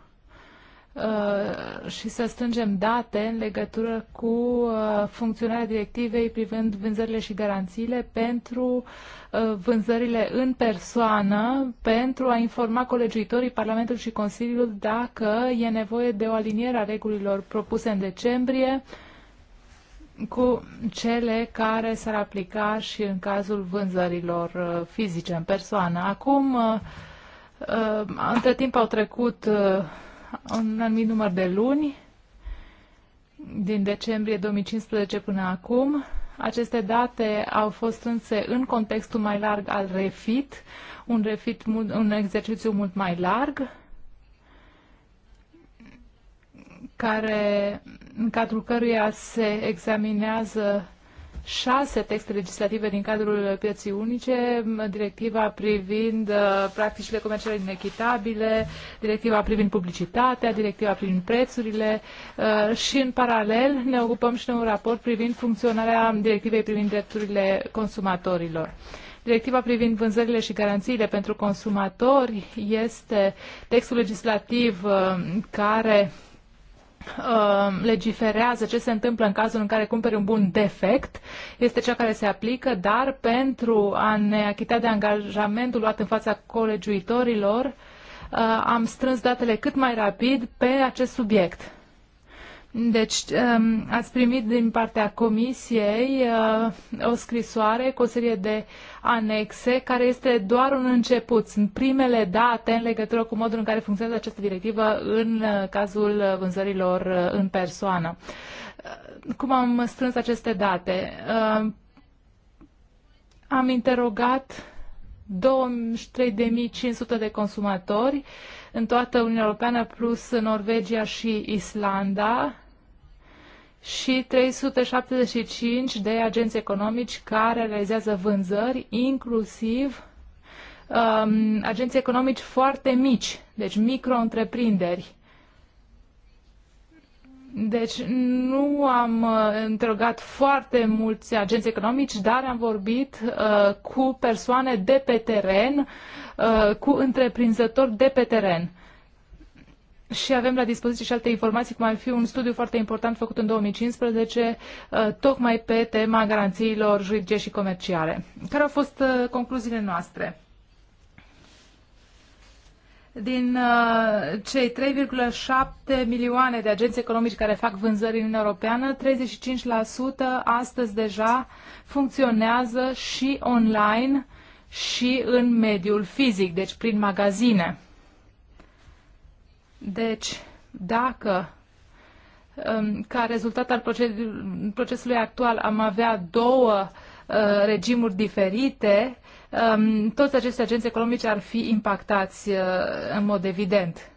Uh, și să strângem date în legătură cu uh, funcționarea directivei privind vânzările și garanțiile pentru uh, vânzările în persoană, pentru a informa colegiuitorii Parlamentului și Consiliul dacă e nevoie de o aliniere a regulilor propuse în decembrie cu cele care s-ar aplica și în cazul vânzărilor fizice în persoană. Acum, între timp au trecut un anumit număr de luni, din decembrie 2015 până acum. Aceste date au fost însă în contextul mai larg al refit, un, refit, un exercițiu mult mai larg, care, în cadrul căruia se examinează șase texte legislative din cadrul pieții unice, directiva privind uh, practicile comerciale inechitabile, directiva privind publicitatea, directiva privind prețurile uh, și în paralel ne ocupăm și de un raport privind funcționarea directivei privind drepturile consumatorilor. Directiva privind vânzările și garanțiile pentru consumatori este textul legislativ uh, care uh, legiferează ce se întâmplă în cazul în care cumperi un bun defect, este cea care se aplică, dar pentru a ne achita de angajamentul luat în fața colegiuitorilor, uh, am strâns datele cât mai rapid pe acest subiect. Deci um, ați primit din partea comisiei uh, o scrisoare cu o serie de anexe, care este doar un început. Sunt primele date în legătură cu modul în care funcționează această directivă în uh, cazul vânzărilor uh, în persoană. Cum am strâns aceste date? Am interogat 23.500 de consumatori în toată Uniunea Europeană, plus Norvegia și Islanda, și 375 de agenți economici care realizează vânzări, inclusiv um, agenți economici foarte mici, deci micro-întreprinderi. Deci nu am uh, întregat foarte mulți agenți economici, dar am vorbit uh, cu persoane de pe teren, uh, cu întreprinzători de pe teren și avem la dispoziție și alte informații, cum ar fi un studiu foarte important făcut în 2015, uh, tocmai pe tema garanțiilor juridice și comerciale. Care au fost uh, concluziile noastre? Din uh, cei 3,7 milioane de agenți economici care fac vânzări în Uniunea Europeană, 35% astăzi deja funcționează și online și în mediul fizic, deci prin magazine. Deci, dacă um, ca rezultat al procesului actual am avea două uh, regimuri diferite, um, toți aceste agenți economice ar fi impactați uh, în mod evident.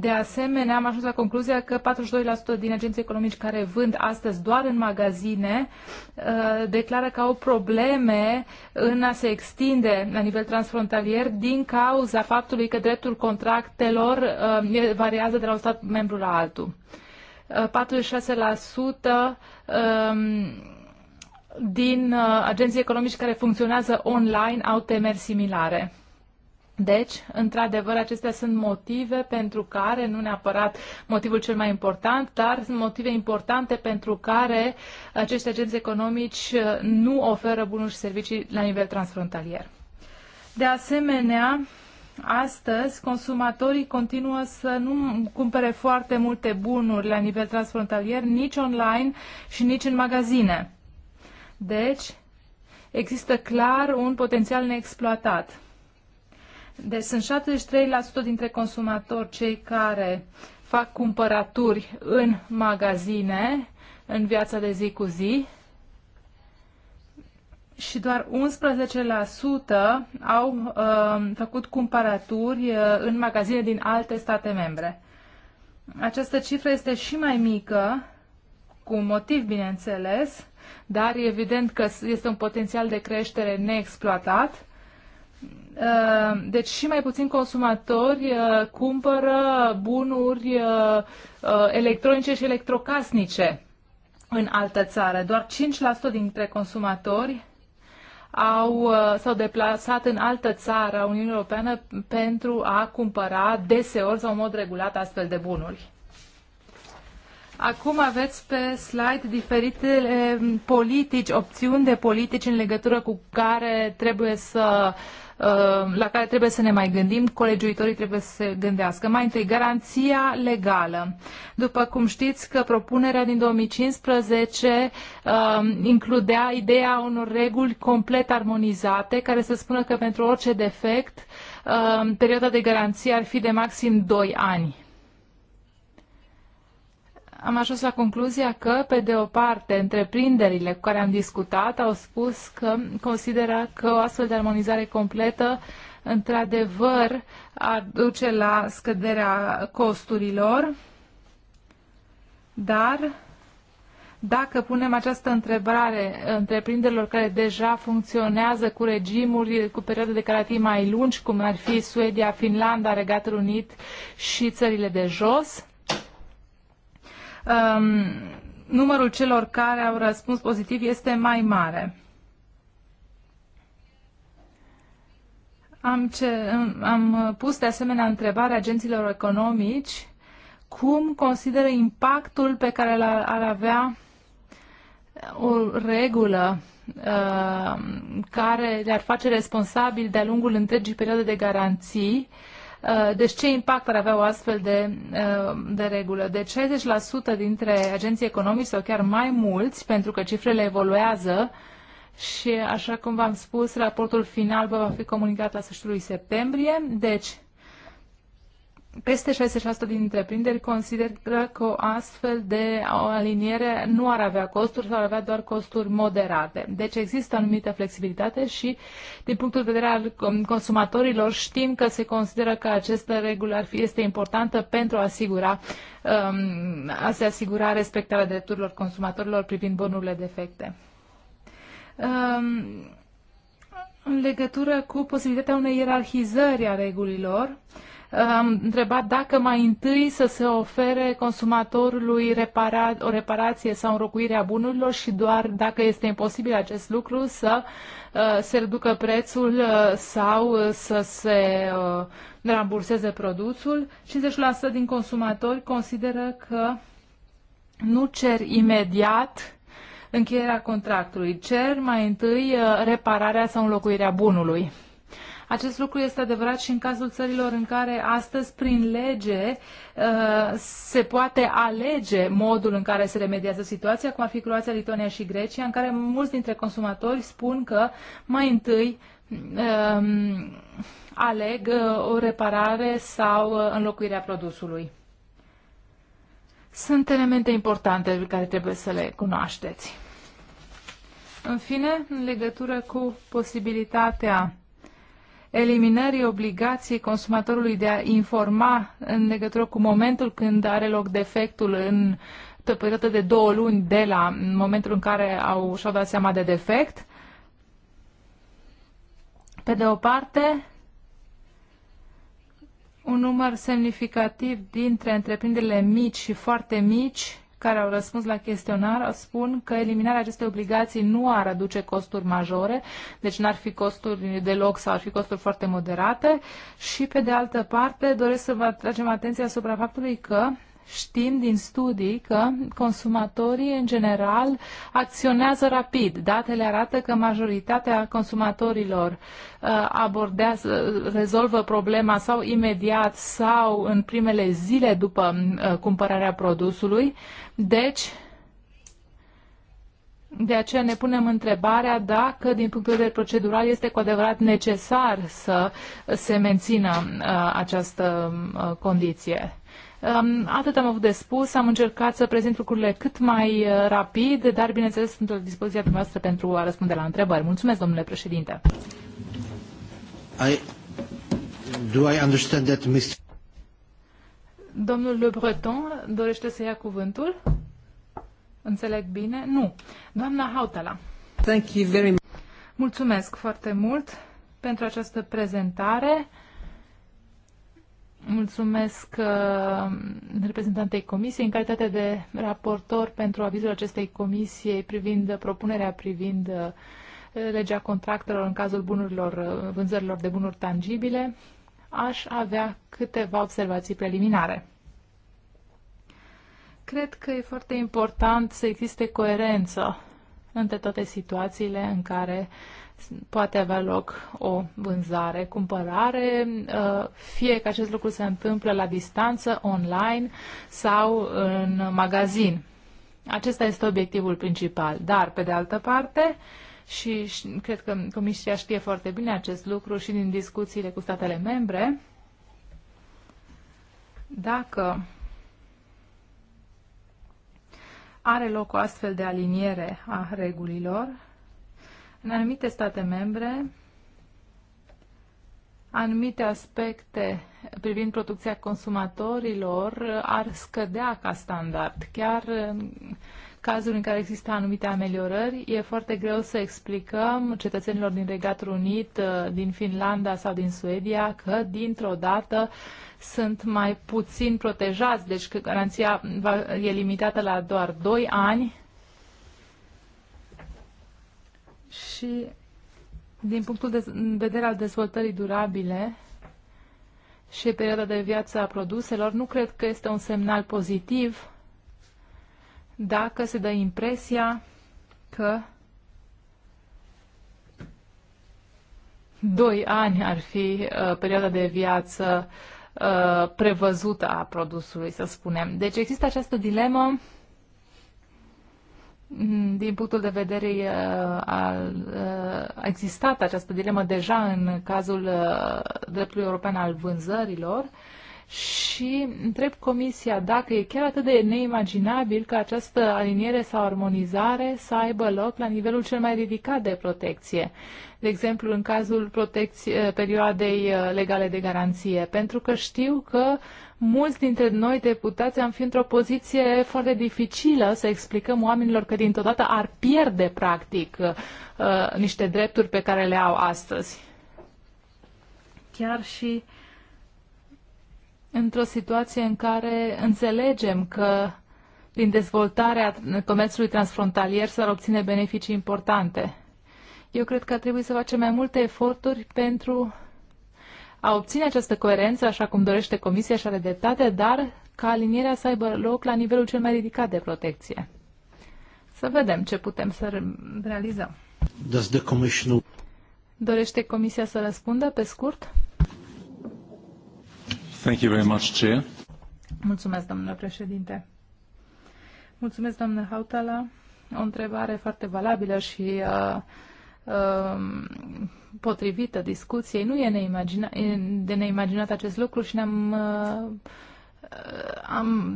De asemenea, am ajuns la concluzia că 42% din agenții economici care vând astăzi doar în magazine uh, declară că au probleme în a se extinde la nivel transfrontalier din cauza faptului că dreptul contractelor uh, variază de la un stat membru la altul. 46% uh, um, din agenții economici care funcționează online au temeri similare. Deci, într-adevăr, acestea sunt motive pentru care, nu neapărat motivul cel mai important, dar sunt motive importante pentru care acești agenți economici uh, nu oferă bunuri și servicii la nivel transfrontalier. De asemenea, astăzi consumatorii continuă să nu cumpere foarte multe bunuri la nivel transfrontalier, nici online și nici în magazine. Deci, există clar un potențial neexploatat deci sunt 73% dintre consumatori cei care fac cumpărături în magazine, în viața de zi cu zi, și doar 11% au uh, făcut cumpărături uh, în magazine din alte state membre. Această cifră este și mai mică, cu un motiv, bineînțeles, dar evident că este un potențial de creștere neexploatat Uh, deci și mai puțin consumatori uh, cumpără bunuri uh, electronice și electrocasnice în altă țară. Doar 5% dintre consumatori au, s-au deplasat în altă țară a Uniunii Europeană pentru a cumpăra deseori sau în mod regulat astfel de bunuri. Acum aveți pe slide diferitele um, politici, opțiuni de politici în legătură cu care trebuie să uh, Uh, la care trebuie să ne mai gândim, colegiuitorii trebuie să se gândească. Mai întâi, garanția legală. După cum știți că propunerea din 2015 uh, includea ideea unor reguli complet armonizate care să spună că pentru orice defect uh, perioada de garanție ar fi de maxim 2 ani am ajuns la concluzia că, pe de o parte, întreprinderile cu care am discutat au spus că consideră că o astfel de armonizare completă într-adevăr ar duce la scăderea costurilor, dar dacă punem această întrebare întreprinderilor care deja funcționează cu regimuri, cu perioade de caratii mai lungi, cum ar fi Suedia, Finlanda, Regatul Unit și țările de jos, um, numărul celor care au răspuns pozitiv este mai mare. Am, ce, am pus de asemenea întrebarea agenților economici cum consideră impactul pe care ar avea o regulă uh, care le-ar face responsabil de-a lungul întregii perioade de garanții uh, Uh, deci ce impact ar avea o astfel de, uh, de regulă? Deci 60% dintre agenții economici sau chiar mai mulți, pentru că cifrele evoluează și, așa cum v-am spus, raportul final va fi comunicat la sfârșitul lui septembrie. Deci peste 60% din întreprinderi consideră că o astfel de aliniere nu ar avea costuri sau ar avea doar costuri moderate. Deci există anumită flexibilitate și din punctul de vedere al consumatorilor știm că se consideră că această regulă ar fi, este importantă pentru a, asigura, um, a se asigura respectarea drepturilor consumatorilor privind bunurile defecte. Um, în legătură cu posibilitatea unei ierarhizări a regulilor, am întrebat dacă mai întâi să se ofere consumatorului repara- o reparație sau înrocuire a bunurilor și doar dacă este imposibil acest lucru să uh, se reducă prețul uh, sau uh, să se ramburseze produsul. 50% din consumatori consideră că nu cer imediat încheierea contractului, cer mai întâi repararea sau înlocuirea bunului. Acest lucru este adevărat și în cazul țărilor în care astăzi, prin lege, uh, se poate alege modul în care se remediază situația, cum ar fi Croația, Litonia și Grecia, în care mulți dintre consumatori spun că mai întâi um, aleg uh, o reparare sau uh, înlocuirea produsului. Sunt elemente importante pe care trebuie să le cunoașteți. În fine, în legătură cu posibilitatea eliminării obligației consumatorului de a informa în legătură cu momentul când are loc defectul în perioadă de două luni de la momentul în care au, și-au dat seama de defect. Pe de o parte, un număr semnificativ dintre întreprinderile mici și foarte mici care au răspuns la chestionar spun că eliminarea acestei obligații nu ar aduce costuri majore, deci n-ar fi costuri deloc sau ar fi costuri foarte moderate și pe de altă parte doresc să vă atragem atenția asupra faptului că știm din studii că consumatorii, în general, acționează rapid. Datele arată că majoritatea consumatorilor uh, abordează, rezolvă problema sau imediat sau în primele zile după uh, cumpărarea produsului. Deci, de aceea ne punem întrebarea dacă, din punct de vedere procedural, este cu adevărat necesar să se mențină uh, această condiție. Atât am avut de spus, am încercat să prezint lucrurile cât mai uh, rapid, dar bineînțeles sunt la dispoziția dumneavoastră pentru a răspunde la întrebări. Mulțumesc, domnule președinte. I, do I understand that Mr. Domnul Le Breton dorește să ia cuvântul? Înțeleg bine? Nu. Doamna Hautala. Thank you very much. Mulțumesc foarte mult pentru această prezentare. Mulțumesc uh, reprezentantei comisiei în calitate de raportor pentru avizul acestei comisiei privind propunerea privind uh, legea contractelor în cazul bunurilor, uh, vânzărilor de bunuri tangibile. Aș avea câteva observații preliminare. Cred că e foarte important să existe coerență între toate situațiile în care uh, poate avea loc o vânzare, cumpărare, uh, fie că acest lucru se întâmplă la distanță, online sau în magazin. Acesta este obiectivul principal. Dar, pe de altă parte, și cred că Comisia știe foarte bine acest lucru și din discuțiile cu statele membre, dacă are loc o astfel de aliniere a regulilor, în anumite state membre, anumite aspecte privind producția consumatorilor ar scădea ca standard. Chiar în cazuri în care există anumite ameliorări, e foarte greu să explicăm cetățenilor din Regatul Unit, din Finlanda sau din Suedia că dintr-o dată sunt mai puțin protejați, deci că garanția e limitată la doar 2 ani și din punctul de vedere al dezvoltării durabile și perioada de viață a produselor, nu cred că este un semnal pozitiv dacă se dă impresia că doi ani ar fi uh, perioada de viață uh, prevăzută a produsului, să spunem. Deci există această dilemă Mm, din punctul de vedere al, a existat această dilemă deja în cazul dreptului european al vânzărilor, și întreb Comisia dacă e chiar atât de neimaginabil că această aliniere sau armonizare să aibă loc la nivelul cel mai ridicat de protecție, de exemplu în cazul eh, perioadei eh, legale de garanție, pentru că știu că mulți dintre noi deputați am fi într-o poziție foarte dificilă să explicăm oamenilor că dintr-o dată ar pierde practic eh, niște drepturi pe care le au astăzi. Chiar și într-o situație în care înțelegem că prin dezvoltarea comerțului transfrontalier s-ar obține beneficii importante. Eu cred că trebuie să facem mai multe eforturi pentru a obține această coerență, așa cum dorește Comisia și are dreptate, dar ca alinierea să aibă loc la nivelul cel mai ridicat de protecție. Să vedem ce putem să realizăm. Does the commission... Dorește Comisia să răspundă pe scurt? Thank you very much, Chair. Mulțumesc, domnule președinte. Mulțumesc, doamnă Hautala. O întrebare foarte valabilă și uh, uh, potrivită discuției. Nu e, neimagina, e de neimaginat acest lucru și ne-am uh, am,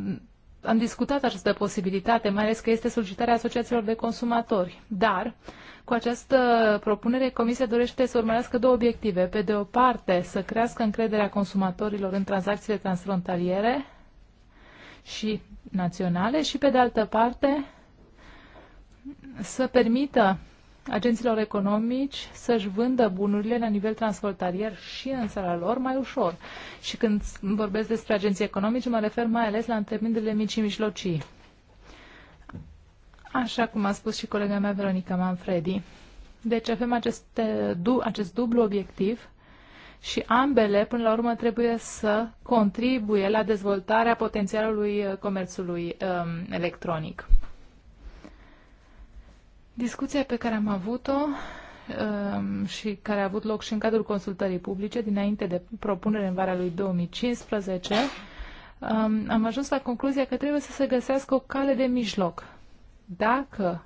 am discutat această posibilitate, mai ales că este solicitarea asociațiilor de consumatori. Dar uh, cu această propunere, Comisia dorește să urmărească două obiective. Pe de o parte, să crească încrederea consumatorilor în tranzacțiile transfrontaliere și naționale și, pe de altă parte, să permită agenților economici să-și vândă bunurile la nivel transfrontalier și în țara lor mai ușor. Și când vorbesc despre agenții economici, mă refer mai ales la întreprinderile mici și mijlocii așa cum a spus și colega mea Veronica Manfredi. Deci avem acest, acest dublu obiectiv și ambele, până la urmă, trebuie să contribuie la dezvoltarea potențialului uh, comerțului um, electronic. Discuția pe care am avut-o um, și care a avut loc și în cadrul consultării publice dinainte de propunere în vara lui 2015, um, am ajuns la concluzia că trebuie să se găsească o cale de mijloc dacă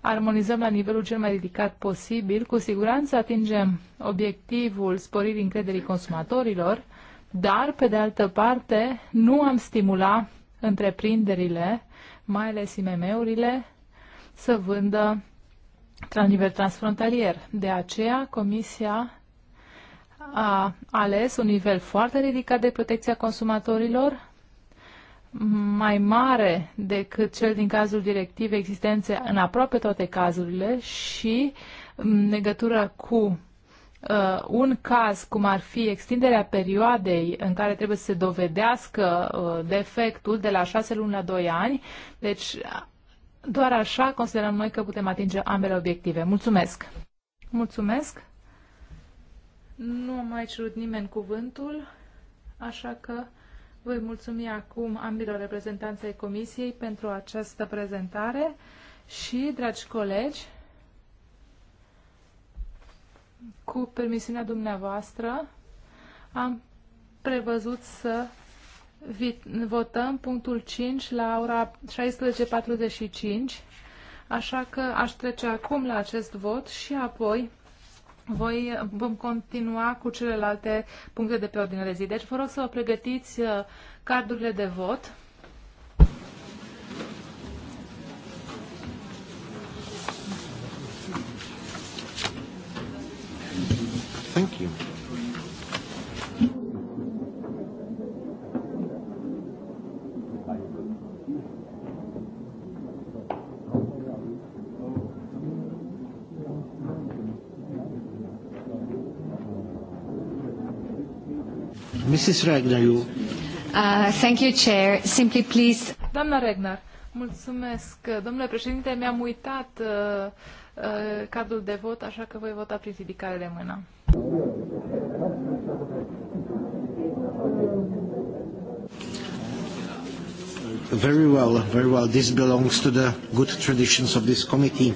armonizăm la nivelul cel mai ridicat posibil, cu siguranță atingem obiectivul sporirii încrederii consumatorilor, dar, pe de altă parte, nu am stimula întreprinderile, mai ales IMM-urile, să vândă la nivel transfrontalier. De aceea, Comisia a ales un nivel foarte ridicat de protecția consumatorilor, mai mare decât cel din cazul directivei existențe în aproape toate cazurile și în legătură cu uh, un caz cum ar fi extinderea perioadei în care trebuie să se dovedească uh, defectul de la 6 luni la 2 ani. Deci doar așa considerăm noi că putem atinge ambele obiective. Mulțumesc! Mulțumesc! Nu am mai cerut nimeni cuvântul, așa că voi mulțumi acum ambilor reprezentanți ai Comisiei pentru această prezentare și, dragi colegi, cu permisiunea dumneavoastră, am prevăzut să votăm punctul 5 la ora 16.45, așa că aș trece acum la acest vot și apoi voi vom continua cu celelalte puncte de pe ordine de zi. Deci vă rog să vă pregătiți uh, cardurile de vot. Mrs. Regner, you. Uh, thank you, Chair. Simply please. Doamna Regner, mulțumesc. Domnule președinte, mi-am uitat uh, uh, cadrul de vot, așa că voi vota prin ridicare de mână. Very well, very well. This belongs to the good traditions of this committee.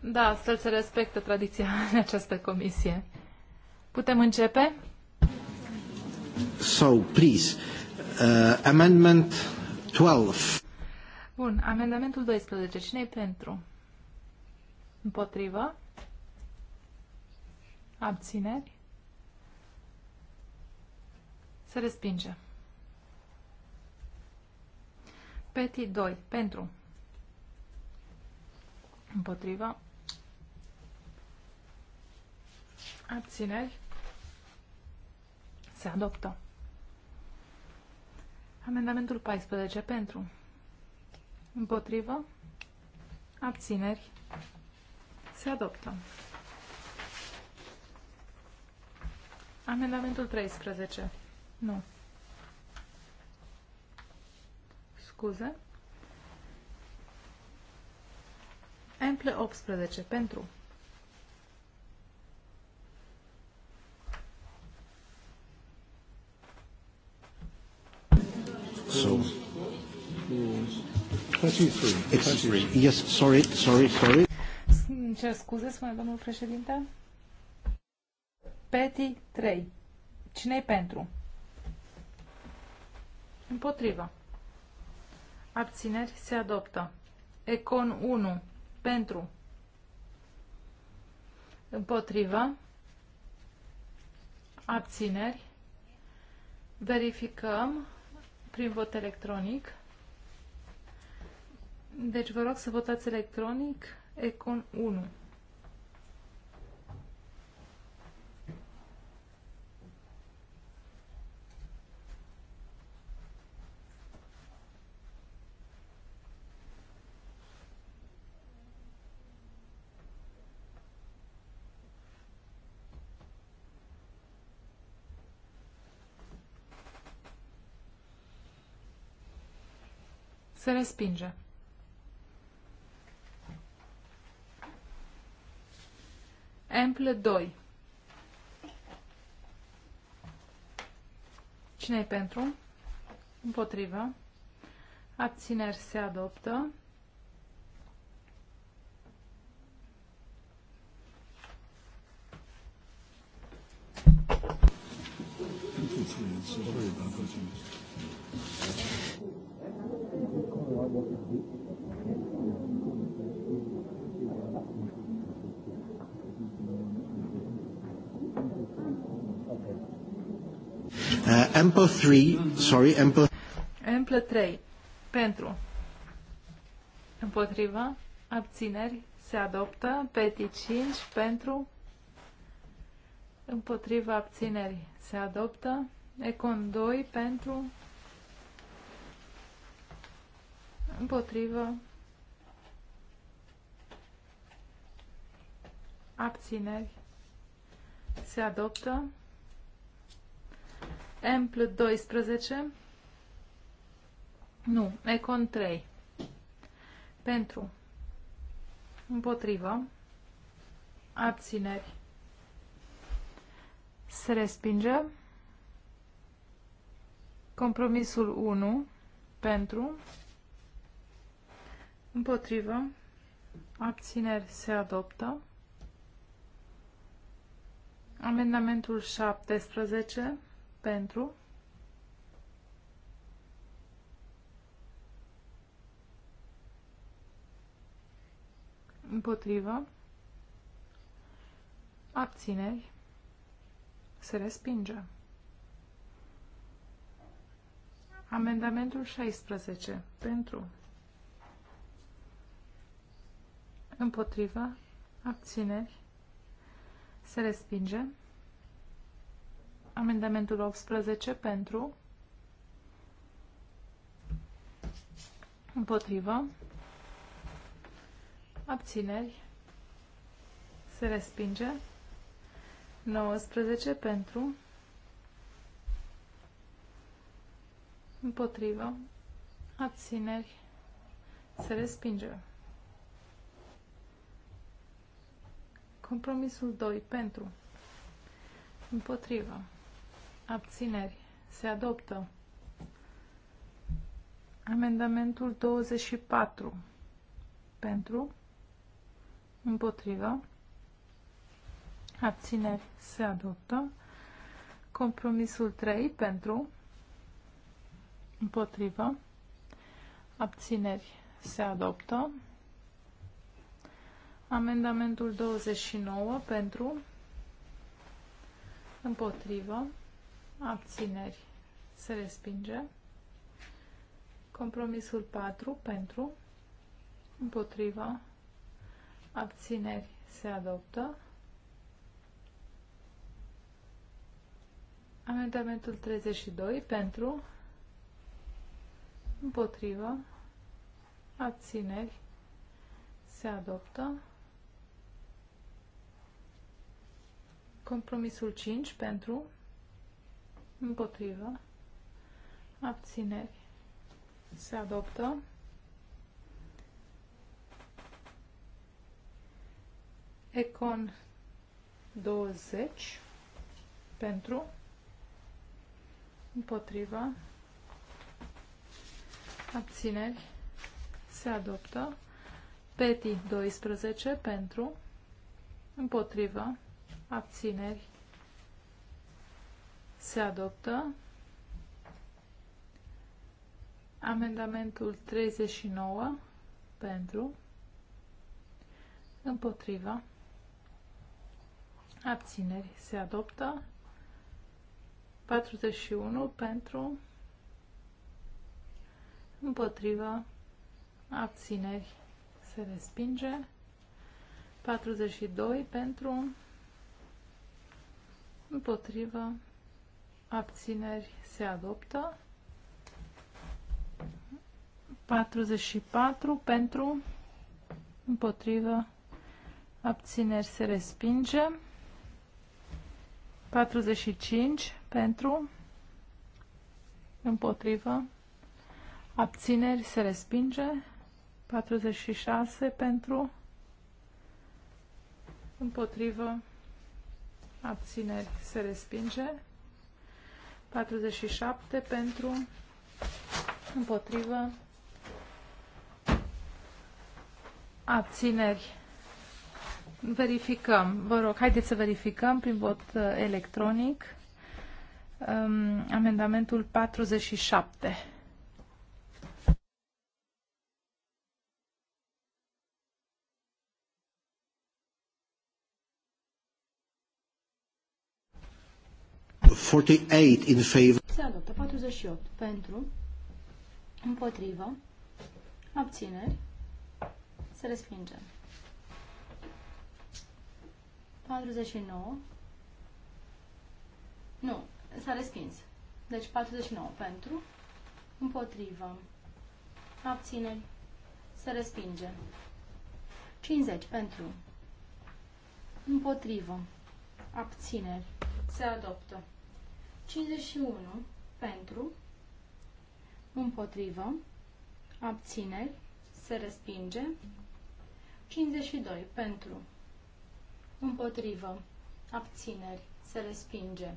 da, astfel se respectă tradiția în această comisie. Putem începe? So, please, uh, amendment 12. Bun, amendamentul 12. cine e pentru? Împotrivă? Abțineri? Se respinge. Peti 2. Pentru. Împotrivă. Abțineri se adoptă. Amendamentul 14 pentru. Împotrivă. Abțineri. Se adoptă. Amendamentul 13. Nu. Scuze. Ample 18. Pentru. So. Yes, sorry, sorry, sorry. Îmi cer scuze, spune domnul președinte. Peti 3. Cine-i pentru? Împotriva. Abțineri se adoptă. Econ 1. Pentru. Împotriva. Abțineri. Verificăm prin vot electronic. Deci vă rog să votați electronic Econ 1. Se respinge. Ample 2. cine e pentru? Împotrivă. Abțineri se adoptă. Thank you. Uh, Ample 3, sorry, Ample... Ample 3, pentru, împotriva, abțineri, se adoptă, peti 5, pentru, împotriva, abțineri, se adoptă, Econ 2, pentru, Împotrivă. Abțineri. Se adoptă. M plus 12. Nu. Econ 3. Pentru. Împotrivă. Abțineri. Se respinge. Compromisul 1. Pentru. Împotrivă. Abțineri se adoptă. Amendamentul 17 pentru. Împotrivă. Abțineri. Se respinge. Amendamentul 16 pentru. împotriva, abțineri, se respinge. Amendamentul 18 pentru, împotriva, abțineri, se respinge. 19 pentru, împotriva, abțineri, se respinge. Compromisul 2 pentru. Împotrivă. Abțineri. Se adoptă. Amendamentul 24. Pentru. Împotrivă. Abțineri. Se adoptă. Compromisul 3. Pentru. Împotrivă. Abțineri. Se adoptă. Amendamentul 29 pentru, împotrivă, abțineri, se respinge. Compromisul 4 pentru, împotrivă, abțineri, se adoptă. Amendamentul 32 pentru, împotrivă, abțineri, se adoptă. Compromisul 5 pentru, împotrivă, abțineri, se adoptă. Econ 20 pentru, împotriva, abțineri, se adoptă. Peti 12 pentru, împotriva, abțineri, se adoptă. Amendamentul 39 pentru, împotriva, abțineri, se adoptă. 41 pentru, împotriva, abțineri, se respinge. 42 pentru, împotrivă, abțineri se adoptă. 44 pentru, împotrivă, abțineri se respinge. 45 pentru, împotrivă, abțineri se respinge. 46 pentru, împotrivă, abțineri se respinge. 47 pentru, împotrivă, abțineri. Verificăm, vă rog, haideți să verificăm prin vot uh, electronic um, amendamentul 47. 48 in favor. Se adoptă 48 pentru, împotrivă, abțineri, se respinge. 49. Nu, s-a respins. Deci 49 pentru, împotrivă, abțineri, se respinge. 50 pentru, împotrivă, abțineri, se adoptă. 51 pentru, împotrivă, abțineri, se respinge. 52 pentru, împotrivă, abțineri, se respinge.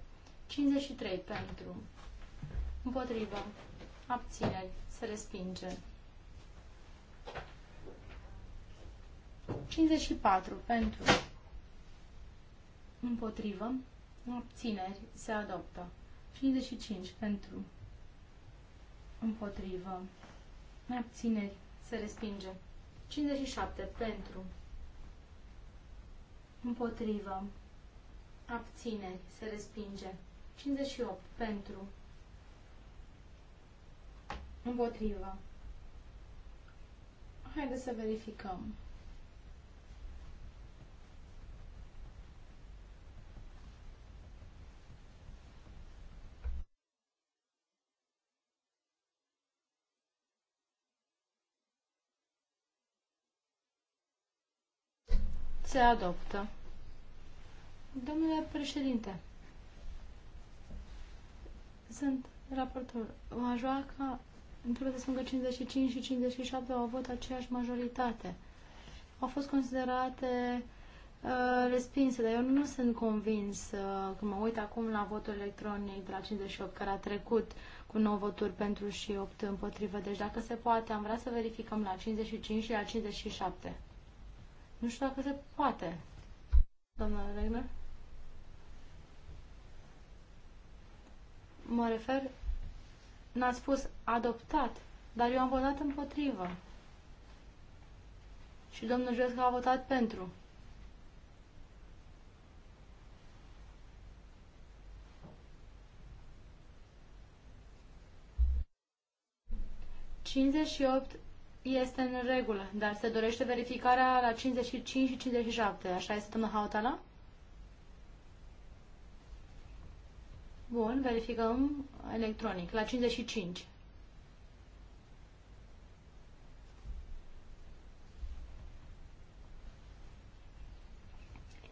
53 pentru, împotrivă, abțineri, se respinge. 54 pentru, împotrivă, abțineri, se adoptă. 55 pentru, împotrivă, abțineri, se respinge. 57 pentru, împotrivă, abțineri, se respinge. 58 pentru, împotrivă. Haideți să verificăm. Se adoptă. Domnule președinte, sunt raportor. Majoaca, pentru că sunt că 55 și 57 au avut aceeași majoritate. Au fost considerate uh, respinse, dar eu nu sunt convins uh, că mă uit acum la votul electronic de la 58 care a trecut cu 9 voturi pentru și 8 împotrivă. Deci dacă se poate, am vrea să verificăm la 55 și la 57. Nu știu dacă se poate. Doamna Regner? Mă refer, n-a spus adoptat, dar eu am votat împotrivă. Și domnul Jescu a votat pentru. Cincizeci și opt este în regulă, dar se dorește verificarea la 55 și 57. Așa este, domnul Hautala? Bun, verificăm electronic, la 55.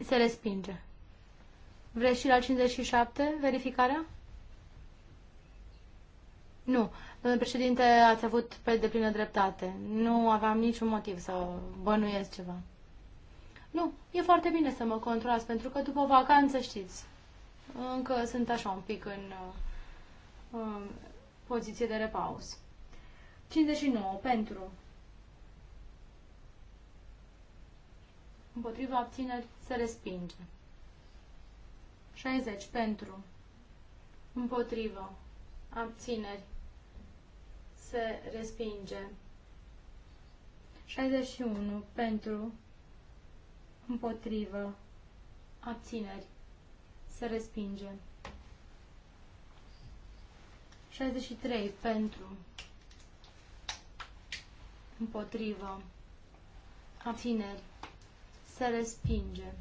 Se respinge. Vreți și la 57 verificarea? Nu, domnule președinte, ați avut pe deplină dreptate. Nu aveam niciun motiv să bănuiesc ceva. Nu, e foarte bine să mă controlați, pentru că după vacanță știți. Încă sunt așa un pic în în um, poziție de repaus. 59 pentru. Împotriva abțineri se respinge. 60 pentru. Împotriva. Abțineri se respinge. 61 pentru, împotrivă, abțineri, se respinge. 63 pentru, împotrivă, abțineri, se respinge.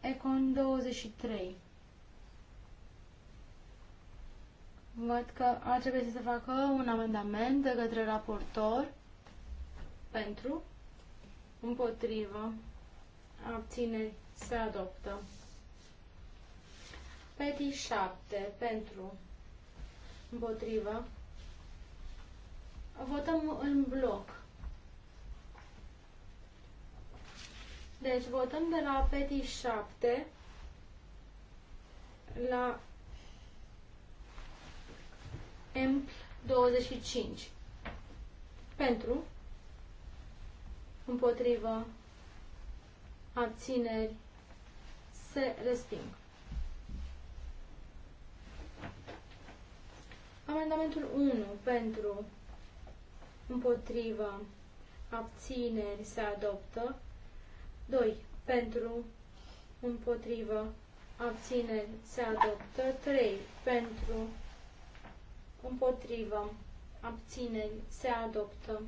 Econ 23 Văd că ar trebui să se facă un amendament de către raportor pentru, împotrivă, abțineri, se adoptă. Peti 7, pentru, împotrivă, votăm în bloc. Deci votăm de la peti 7 la M 25. Pentru, împotrivă, abțineri, se resping. Amendamentul 1 pentru împotriva abțineri se adoptă. 2 pentru împotriva abțineri se adoptă. 3 pentru împotrivă, abțineri, se adoptă.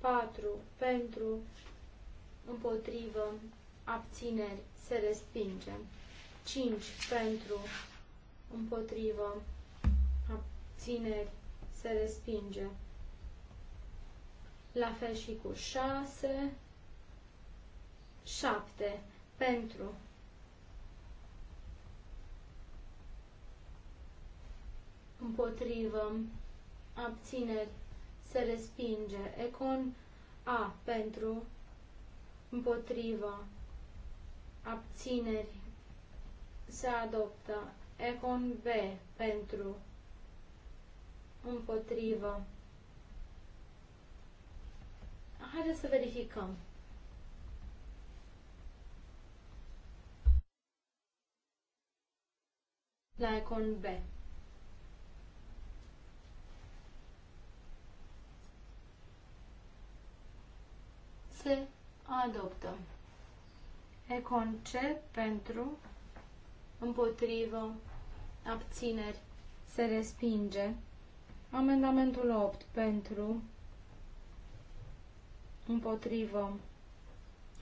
4. Pentru, împotrivă, abțineri, se respinge. 5. Pentru, împotrivă, abțineri, se respinge. La fel și cu 6. 7. Pentru, împotrivă, abțineri, se respinge. Econ A pentru, împotrivă, abțineri, se adoptă. Econ B pentru, împotrivă. Haideți să verificăm. La Econ B. se adoptă. Econ C pentru, împotrivă, abțineri, se respinge. Amendamentul 8 pentru, împotrivă,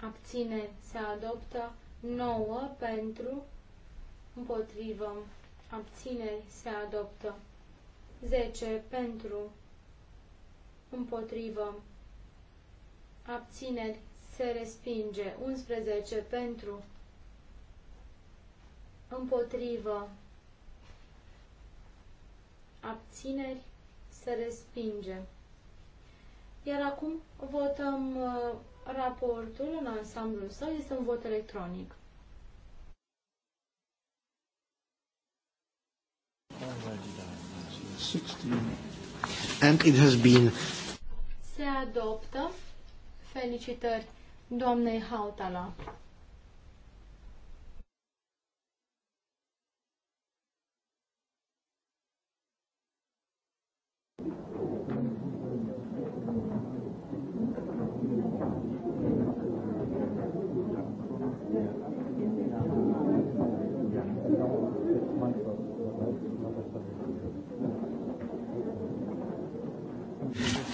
abține, se adoptă. 9 pentru, împotrivă, abține, se adoptă. 10 pentru, împotrivă, abțineri, se respinge. 11 pentru, împotrivă, abțineri, se respinge. Iar acum votăm uh, raportul în ansamblul său, este un vot electronic. And it has been... Se adoptă Felicitări doamnei Hautala.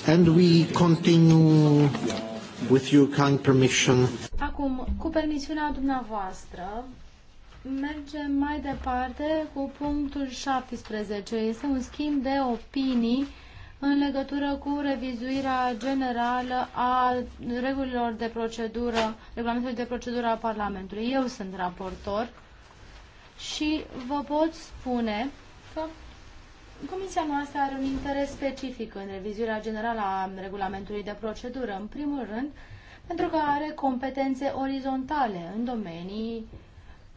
and we continue with your kind permission. Acum, cu permisiunea dumneavoastră, mergem mai departe cu punctul 17. Este un schimb de opinii în legătură cu revizuirea generală a regulilor de procedură, regulamentului de procedură a Parlamentului. Eu sunt raportor și vă pot spune că Comisia noastră are un interes specific în revizuirea generală a regulamentului de procedură, în primul rând, pentru că are competențe orizontale în domenii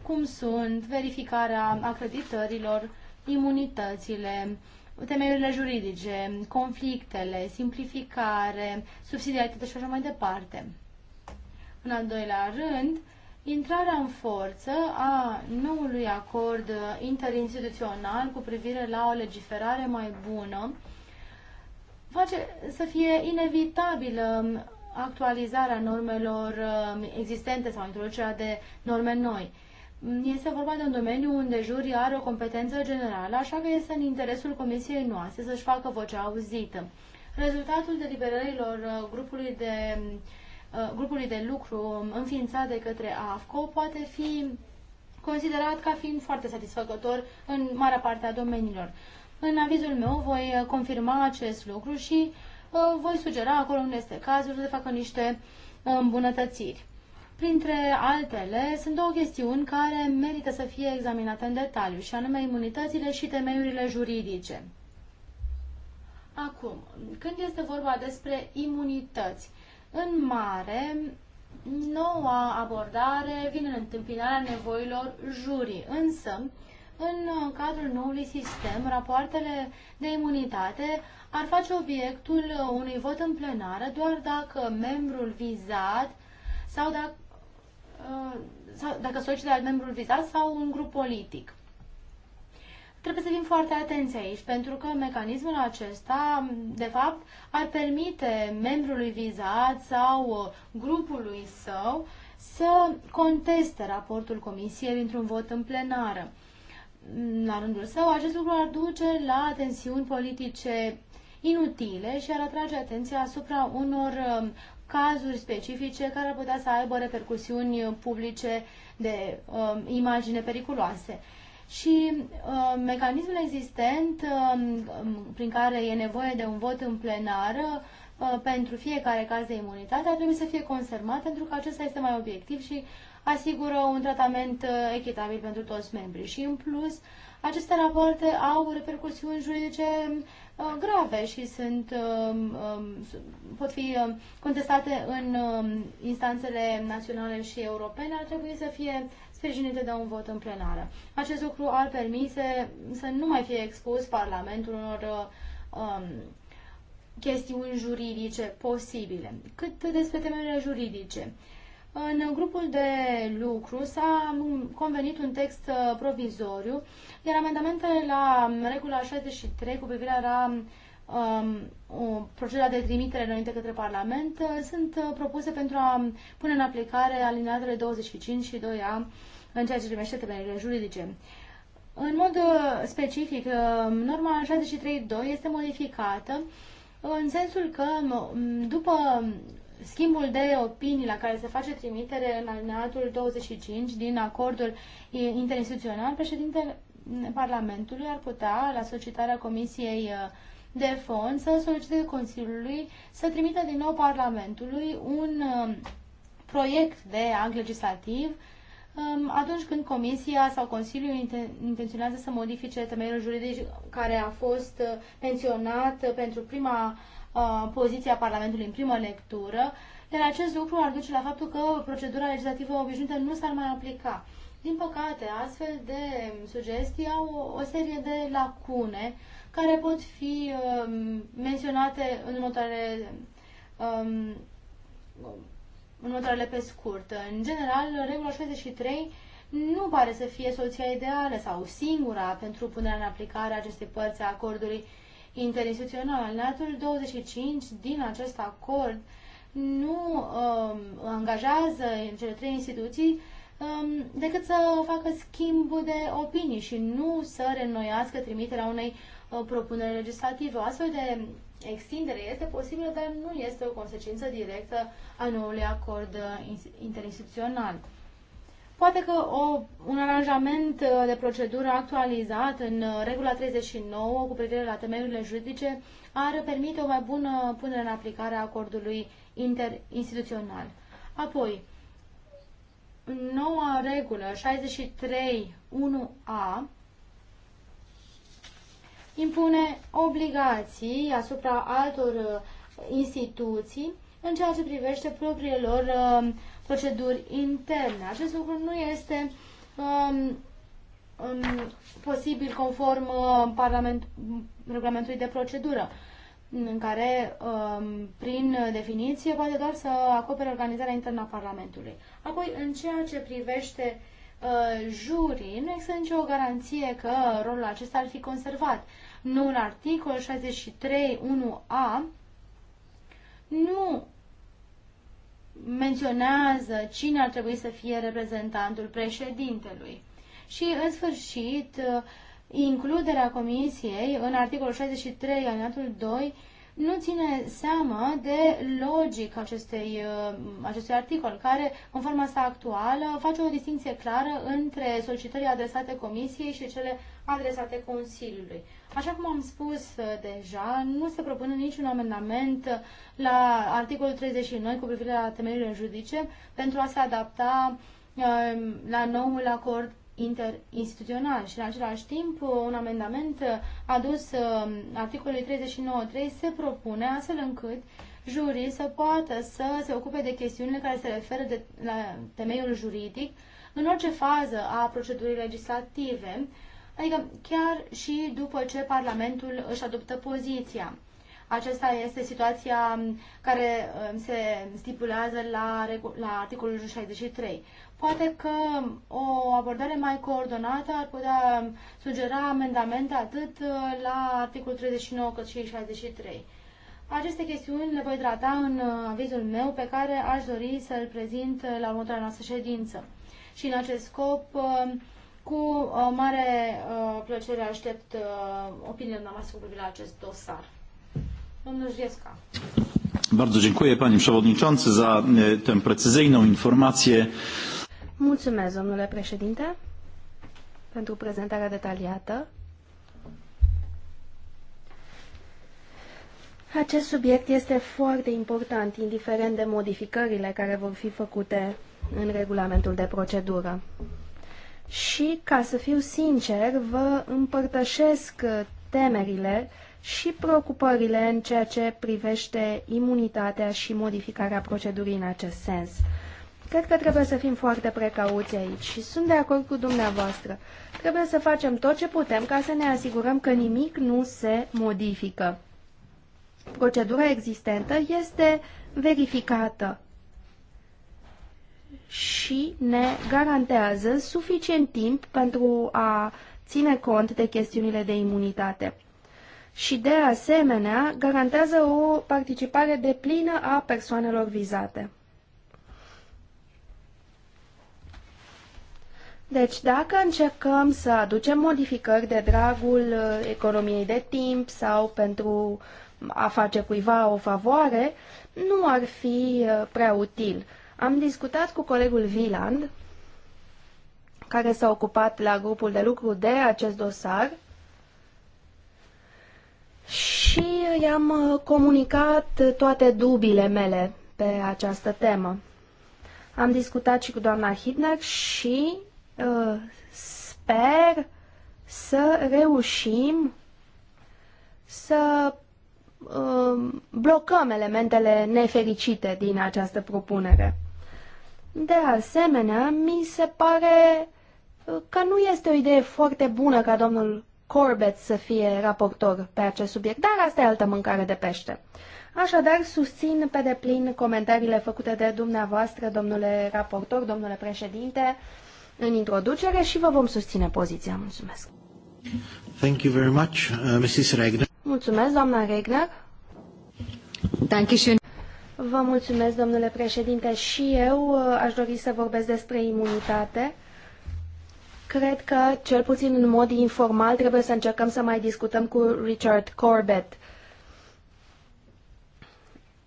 cum sunt verificarea acreditărilor, imunitățile, temeiurile juridice, conflictele, simplificare, subsidiaritate și așa mai departe. În al doilea rând, intrarea în forță a noului acord interinstituțional cu privire la o legiferare mai bună face să fie inevitabilă actualizarea normelor um, existente sau introducerea de norme noi. Este vorba de un domeniu unde jurii are o competență generală, așa că este în interesul comisiei noastre să-și facă vocea auzită. Rezultatul deliberărilor uh, grupului de um, Uh, grupului de lucru înființat de către AFCO poate fi considerat ca fiind foarte satisfăcător în marea parte a domeniilor. În avizul meu voi confirma acest lucru și uh, voi sugera acolo unde este cazul să facă niște îmbunătățiri. Printre altele, sunt două chestiuni care merită să fie examinate în detaliu, și anume imunitățile și temeiurile juridice. Acum, când este vorba despre imunități, în mare, noua abordare vine în întâmpinarea nevoilor jurii, însă, în cadrul noului sistem, rapoartele de imunitate ar face obiectul unui vot în plenară doar dacă membrul vizat sau dacă, uh, sau dacă solicită membrul vizat sau un grup politic. Trebuie să fim foarte atenți aici, pentru că mecanismul acesta, de fapt, ar permite membrului vizat sau uh, grupului său să conteste raportul comisiei într un vot în plenară. Mm, la rândul său, acest lucru ar duce la tensiuni politice inutile și ar atrage atenția asupra unor um, cazuri specifice care ar putea să aibă repercusiuni uh, publice de um, imagine periculoase și uh, mecanismul existent uh, prin care e nevoie de un vot în plenară uh, pentru fiecare caz de imunitate ar trebui să fie conservat pentru că acesta este mai obiectiv și asigură un tratament uh, echitabil pentru toți membrii. Și în plus, aceste rapoarte au repercusiuni juridice uh, grave și sunt, uh, uh, pot fi contestate în uh, instanțele naționale și europene. Ar trebui să fie sprijinite de un vot în plenară. Acest lucru ar permite să nu mai fie expus Parlamentul unor um, chestiuni juridice posibile. Cât despre temele juridice, în grupul de lucru s-a convenit un text uh, provizoriu, iar amendamentele la regula 63 cu privire la Um, o procedura de trimitere înainte către Parlament sunt uh, propuse pentru a pune în aplicare alineatele 25 și 2A în ceea ce privește temerile juridice. În mod uh, specific, uh, norma 63.2 este modificată în sensul că după schimbul de opinii la care se face trimitere în alineatul 25 din acordul interinstituțional, președintele Parlamentului ar putea, la solicitarea Comisiei de fond să solicite Consiliului să trimită din nou Parlamentului un um, proiect de act legislativ um, atunci când Comisia sau Consiliul intenționează să modifice temeiul juridic care a fost uh, menționat pentru prima uh, poziție a Parlamentului în primă lectură, iar acest lucru ar duce la faptul că procedura legislativă obișnuită nu s-ar mai aplica. Din păcate, astfel de um, sugestii au o, o serie de lacune care pot fi um, menționate în următoarele, um, în următoarele pe scurt. În general, regula 63 nu pare să fie soluția ideală sau singura pentru punerea în aplicare a acestei părți a acordului interinstituțional. Natul 25 din acest acord nu um, angajează în cele trei instituții um, decât să facă schimb de opinii și nu să reînnoiască trimiterea unei o propunere legislativă. O astfel de extindere este posibilă, dar nu este o consecință directă a noului acord uh, interinstituțional. Poate că o, un aranjament uh, de procedură actualizat în uh, regula 39 cu privire la temeiurile juridice ar permite o mai bună punere în aplicare a acordului interinstituțional. Apoi, noua regulă 63.1a impune obligații asupra altor uh, instituții în ceea ce privește propriile lor uh, proceduri interne. Acest lucru nu este um, um, posibil conform uh, parlament, regulamentului de procedură, în care, um, prin definiție, poate doar să acopere organizarea internă a Parlamentului. Apoi, în ceea ce privește uh, Uh, jurii, nu există nicio garanție că rolul acesta ar fi conservat. Nu în articol 63.1a nu menționează cine ar trebui să fie reprezentantul președintelui. Și, în sfârșit, uh, includerea comisiei în articolul 63, alineatul 2, nu ține seama de logica acestei, uh, acestui articol, care, în forma sa actuală, face o distinție clară între solicitările adresate Comisiei și cele adresate Consiliului. Așa cum am spus uh, deja, nu se propune niciun amendament la articolul 39 cu privire la temerile judice pentru a se adapta uh, la noul acord interinstituțional și în același timp un amendament adus um, articolului 39.3 se propune astfel încât jurii să poată să se ocupe de chestiunile care se referă de, la temeiul juridic în orice fază a procedurii legislative, adică chiar și după ce Parlamentul își adoptă poziția. Aceasta este situația um, care um, se stipulează la, la articolul 63. Poate că o abordare mai coordonată ar putea sugera amendamente atât la articolul 39 cât și 63. Aceste chestiuni le voi trata în uh, avizul meu pe care aș dori să-l prezint uh, la următoarea noastră ședință. Și în acest scop, uh, cu o mare plăcere aștept opinia noastră cu privire la acest dosar. Domnul Jiesca. Bardzo dziękuję Panie Przewodniczący za tę precyzyjną informację. Mulțumesc, domnule președinte, pentru prezentarea detaliată. Acest subiect este foarte important, indiferent de modificările care vor fi făcute în regulamentul de procedură. Și, ca să fiu sincer, vă împărtășesc temerile și preocupările în ceea ce privește imunitatea și modificarea procedurii în acest sens. Cred că trebuie să fim foarte precauți aici și sunt de acord cu dumneavoastră. Trebuie să facem tot ce putem ca să ne asigurăm că nimic nu se modifică. Procedura existentă este verificată și ne garantează suficient timp pentru a ține cont de chestiunile de imunitate. Și de asemenea, garantează o participare deplină a persoanelor vizate. Deci dacă încercăm să aducem modificări de dragul uh, economiei de timp sau pentru a face cuiva o favoare, nu ar fi uh, prea util. Am discutat cu colegul Viland, care s-a ocupat la grupul de lucru de acest dosar și i-am uh, comunicat toate dubile mele pe această temă. Am discutat și cu doamna Hidner și Uh, sper să reușim să uh, blocăm elementele nefericite din această propunere. De asemenea, mi se pare uh, că nu este o idee foarte bună ca domnul Corbett să fie raportor pe acest subiect, dar asta e altă mâncare de pește. Așadar, susțin pe deplin comentariile făcute de dumneavoastră, domnule raportor, domnule președinte, în introducere și vă vom susține poziția. Mulțumesc! Thank you very much, uh, Mrs. Regner. Mulțumesc, doamna Regner. Thank you. Vă mulțumesc, domnule președinte, și eu uh, aș dori să vorbesc despre imunitate. Cred că, cel puțin în mod informal, trebuie să încercăm să mai discutăm cu Richard Corbett.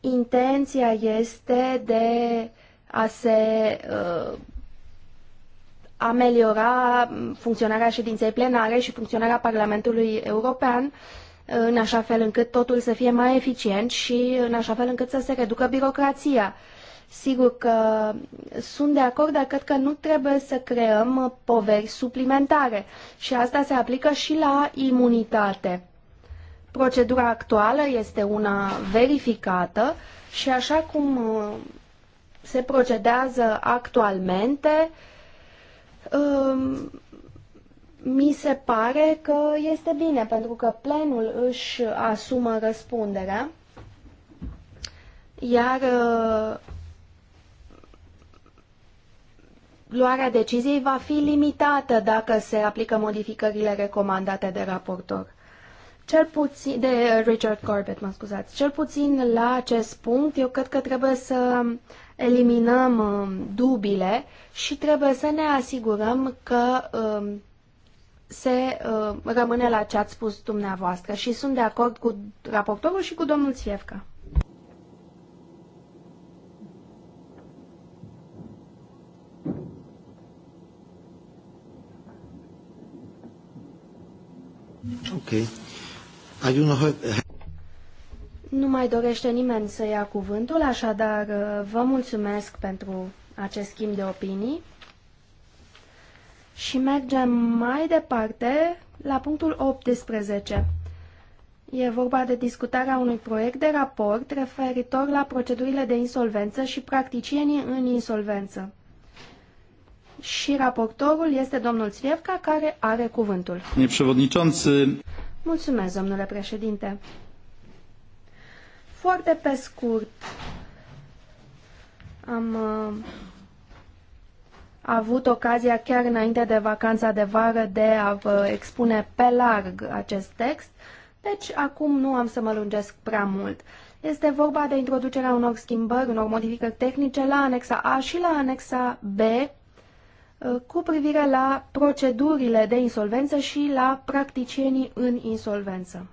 Intenția este de a se uh, ameliora funcționarea ședinței plenare și funcționarea Parlamentului European, în așa fel încât totul să fie mai eficient și în așa fel încât să se reducă birocrația. Sigur că sunt de acord, dar cred că nu trebuie să creăm poveri suplimentare și asta se aplică și la imunitate. Procedura actuală este una verificată și așa cum se procedează actualmente, uh, Ehm, mi se pare că este bine, pentru că plenul își asumă răspunderea, iar ehm, luarea deciziei va fi limitată dacă se aplică modificările recomandate de raportor. Cel puțin, de Richard Corbett, mă scuzați. Cel puțin la acest punct, eu cred că trebuie să eliminăm um, dubile și trebuie să ne asigurăm că um, se um, rămâne la ce ați spus dumneavoastră și sunt de acord cu raportorul și cu domnul Țievcă. Ok. I do not have... Nu mai dorește nimeni să ia cuvântul, așadar uh, vă mulțumesc pentru acest schimb de opinii. Și mergem mai departe la punctul 18. E vorba de discutarea unui proiect de raport referitor la procedurile de insolvență și practicienii în insolvență. Și raportorul este domnul Țvievca, care are cuvântul. Mulțumesc, domnule președinte foarte pe scurt. Am uh, avut ocazia chiar înainte de vacanța de vară de a vă expune pe larg acest text, deci acum nu am să mă lungesc prea mult. Este vorba de introducerea unor schimbări, unor modificări tehnice la anexa A și la anexa B uh, cu privire la procedurile de insolvență și la practicienii în insolvență.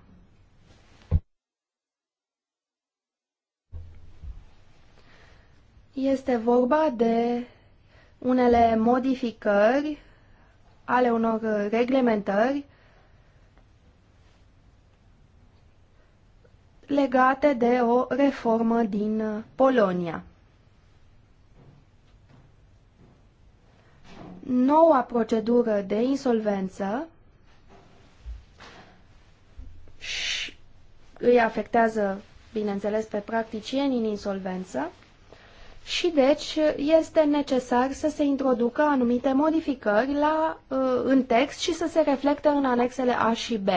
Este vorba de unele modificări ale unor reglementări legate de o reformă din Polonia. Noua procedură de insolvență îi afectează, bineînțeles, pe practicieni în insolvență, și deci este necesar să se introducă anumite modificări la, uh, în text și să se reflecte în anexele A și B.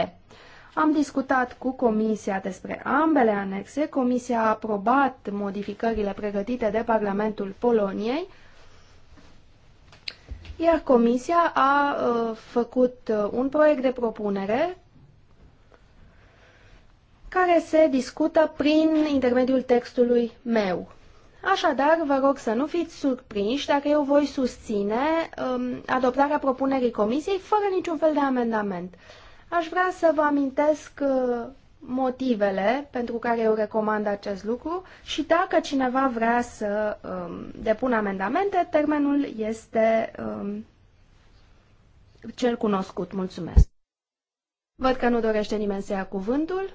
Am discutat cu Comisia despre ambele anexe. Comisia a aprobat modificările pregătite de Parlamentul Poloniei, iar Comisia a uh, făcut uh, un proiect de propunere care se discută prin intermediul textului meu. Așadar, vă rog să nu fiți surprinși dacă eu voi susține um, adoptarea propunerii comisiei fără niciun fel de amendament. Aș vrea să vă amintesc uh, motivele pentru care eu recomand acest lucru și dacă cineva vrea să um, depună amendamente, termenul este um, cel cunoscut. Mulțumesc! Văd că nu dorește nimeni să ia cuvântul.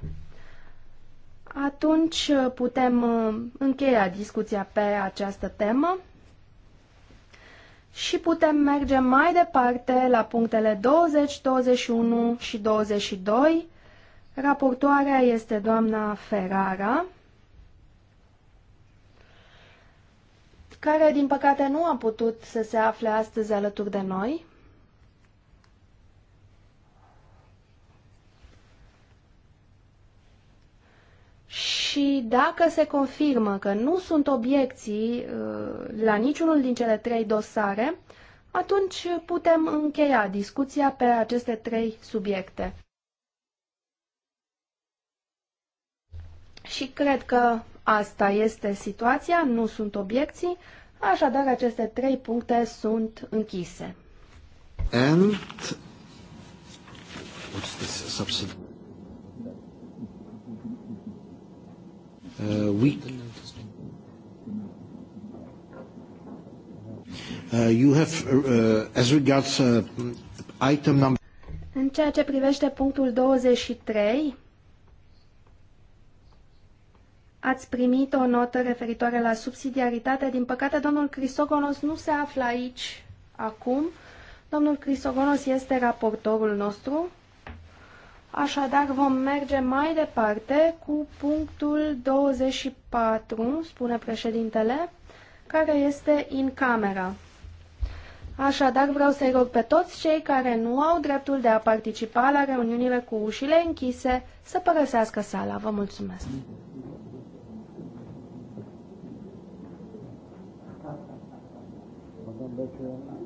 Atunci uh, putem uh, încheia discuția pe această temă și putem merge mai departe la punctele 20, 21 și 22. Raportoarea este doamna Ferrara, care din păcate nu a putut să se afle astăzi alături de noi. Și dacă se confirmă că nu sunt obiecții uh, la niciunul din cele trei dosare, atunci putem încheia discuția pe aceste trei subiecte. Și cred că asta este situația, nu sunt obiecții, așadar aceste trei puncte sunt închise. And what's this uh, we uh, you have uh, uh, as regards uh, item number în ceea ce privește punctul 23, ați primit o notă referitoare la subsidiaritate. Din păcate, domnul Crisogonos nu se află aici acum. Domnul Crisogonos este raportorul nostru Așadar, vom merge mai departe cu punctul 24, spune președintele, care este în camera. Așadar, vreau să-i rog pe toți cei care nu au dreptul de a participa la reuniunile cu ușile închise să părăsească sala. Vă mulțumesc! Thank you.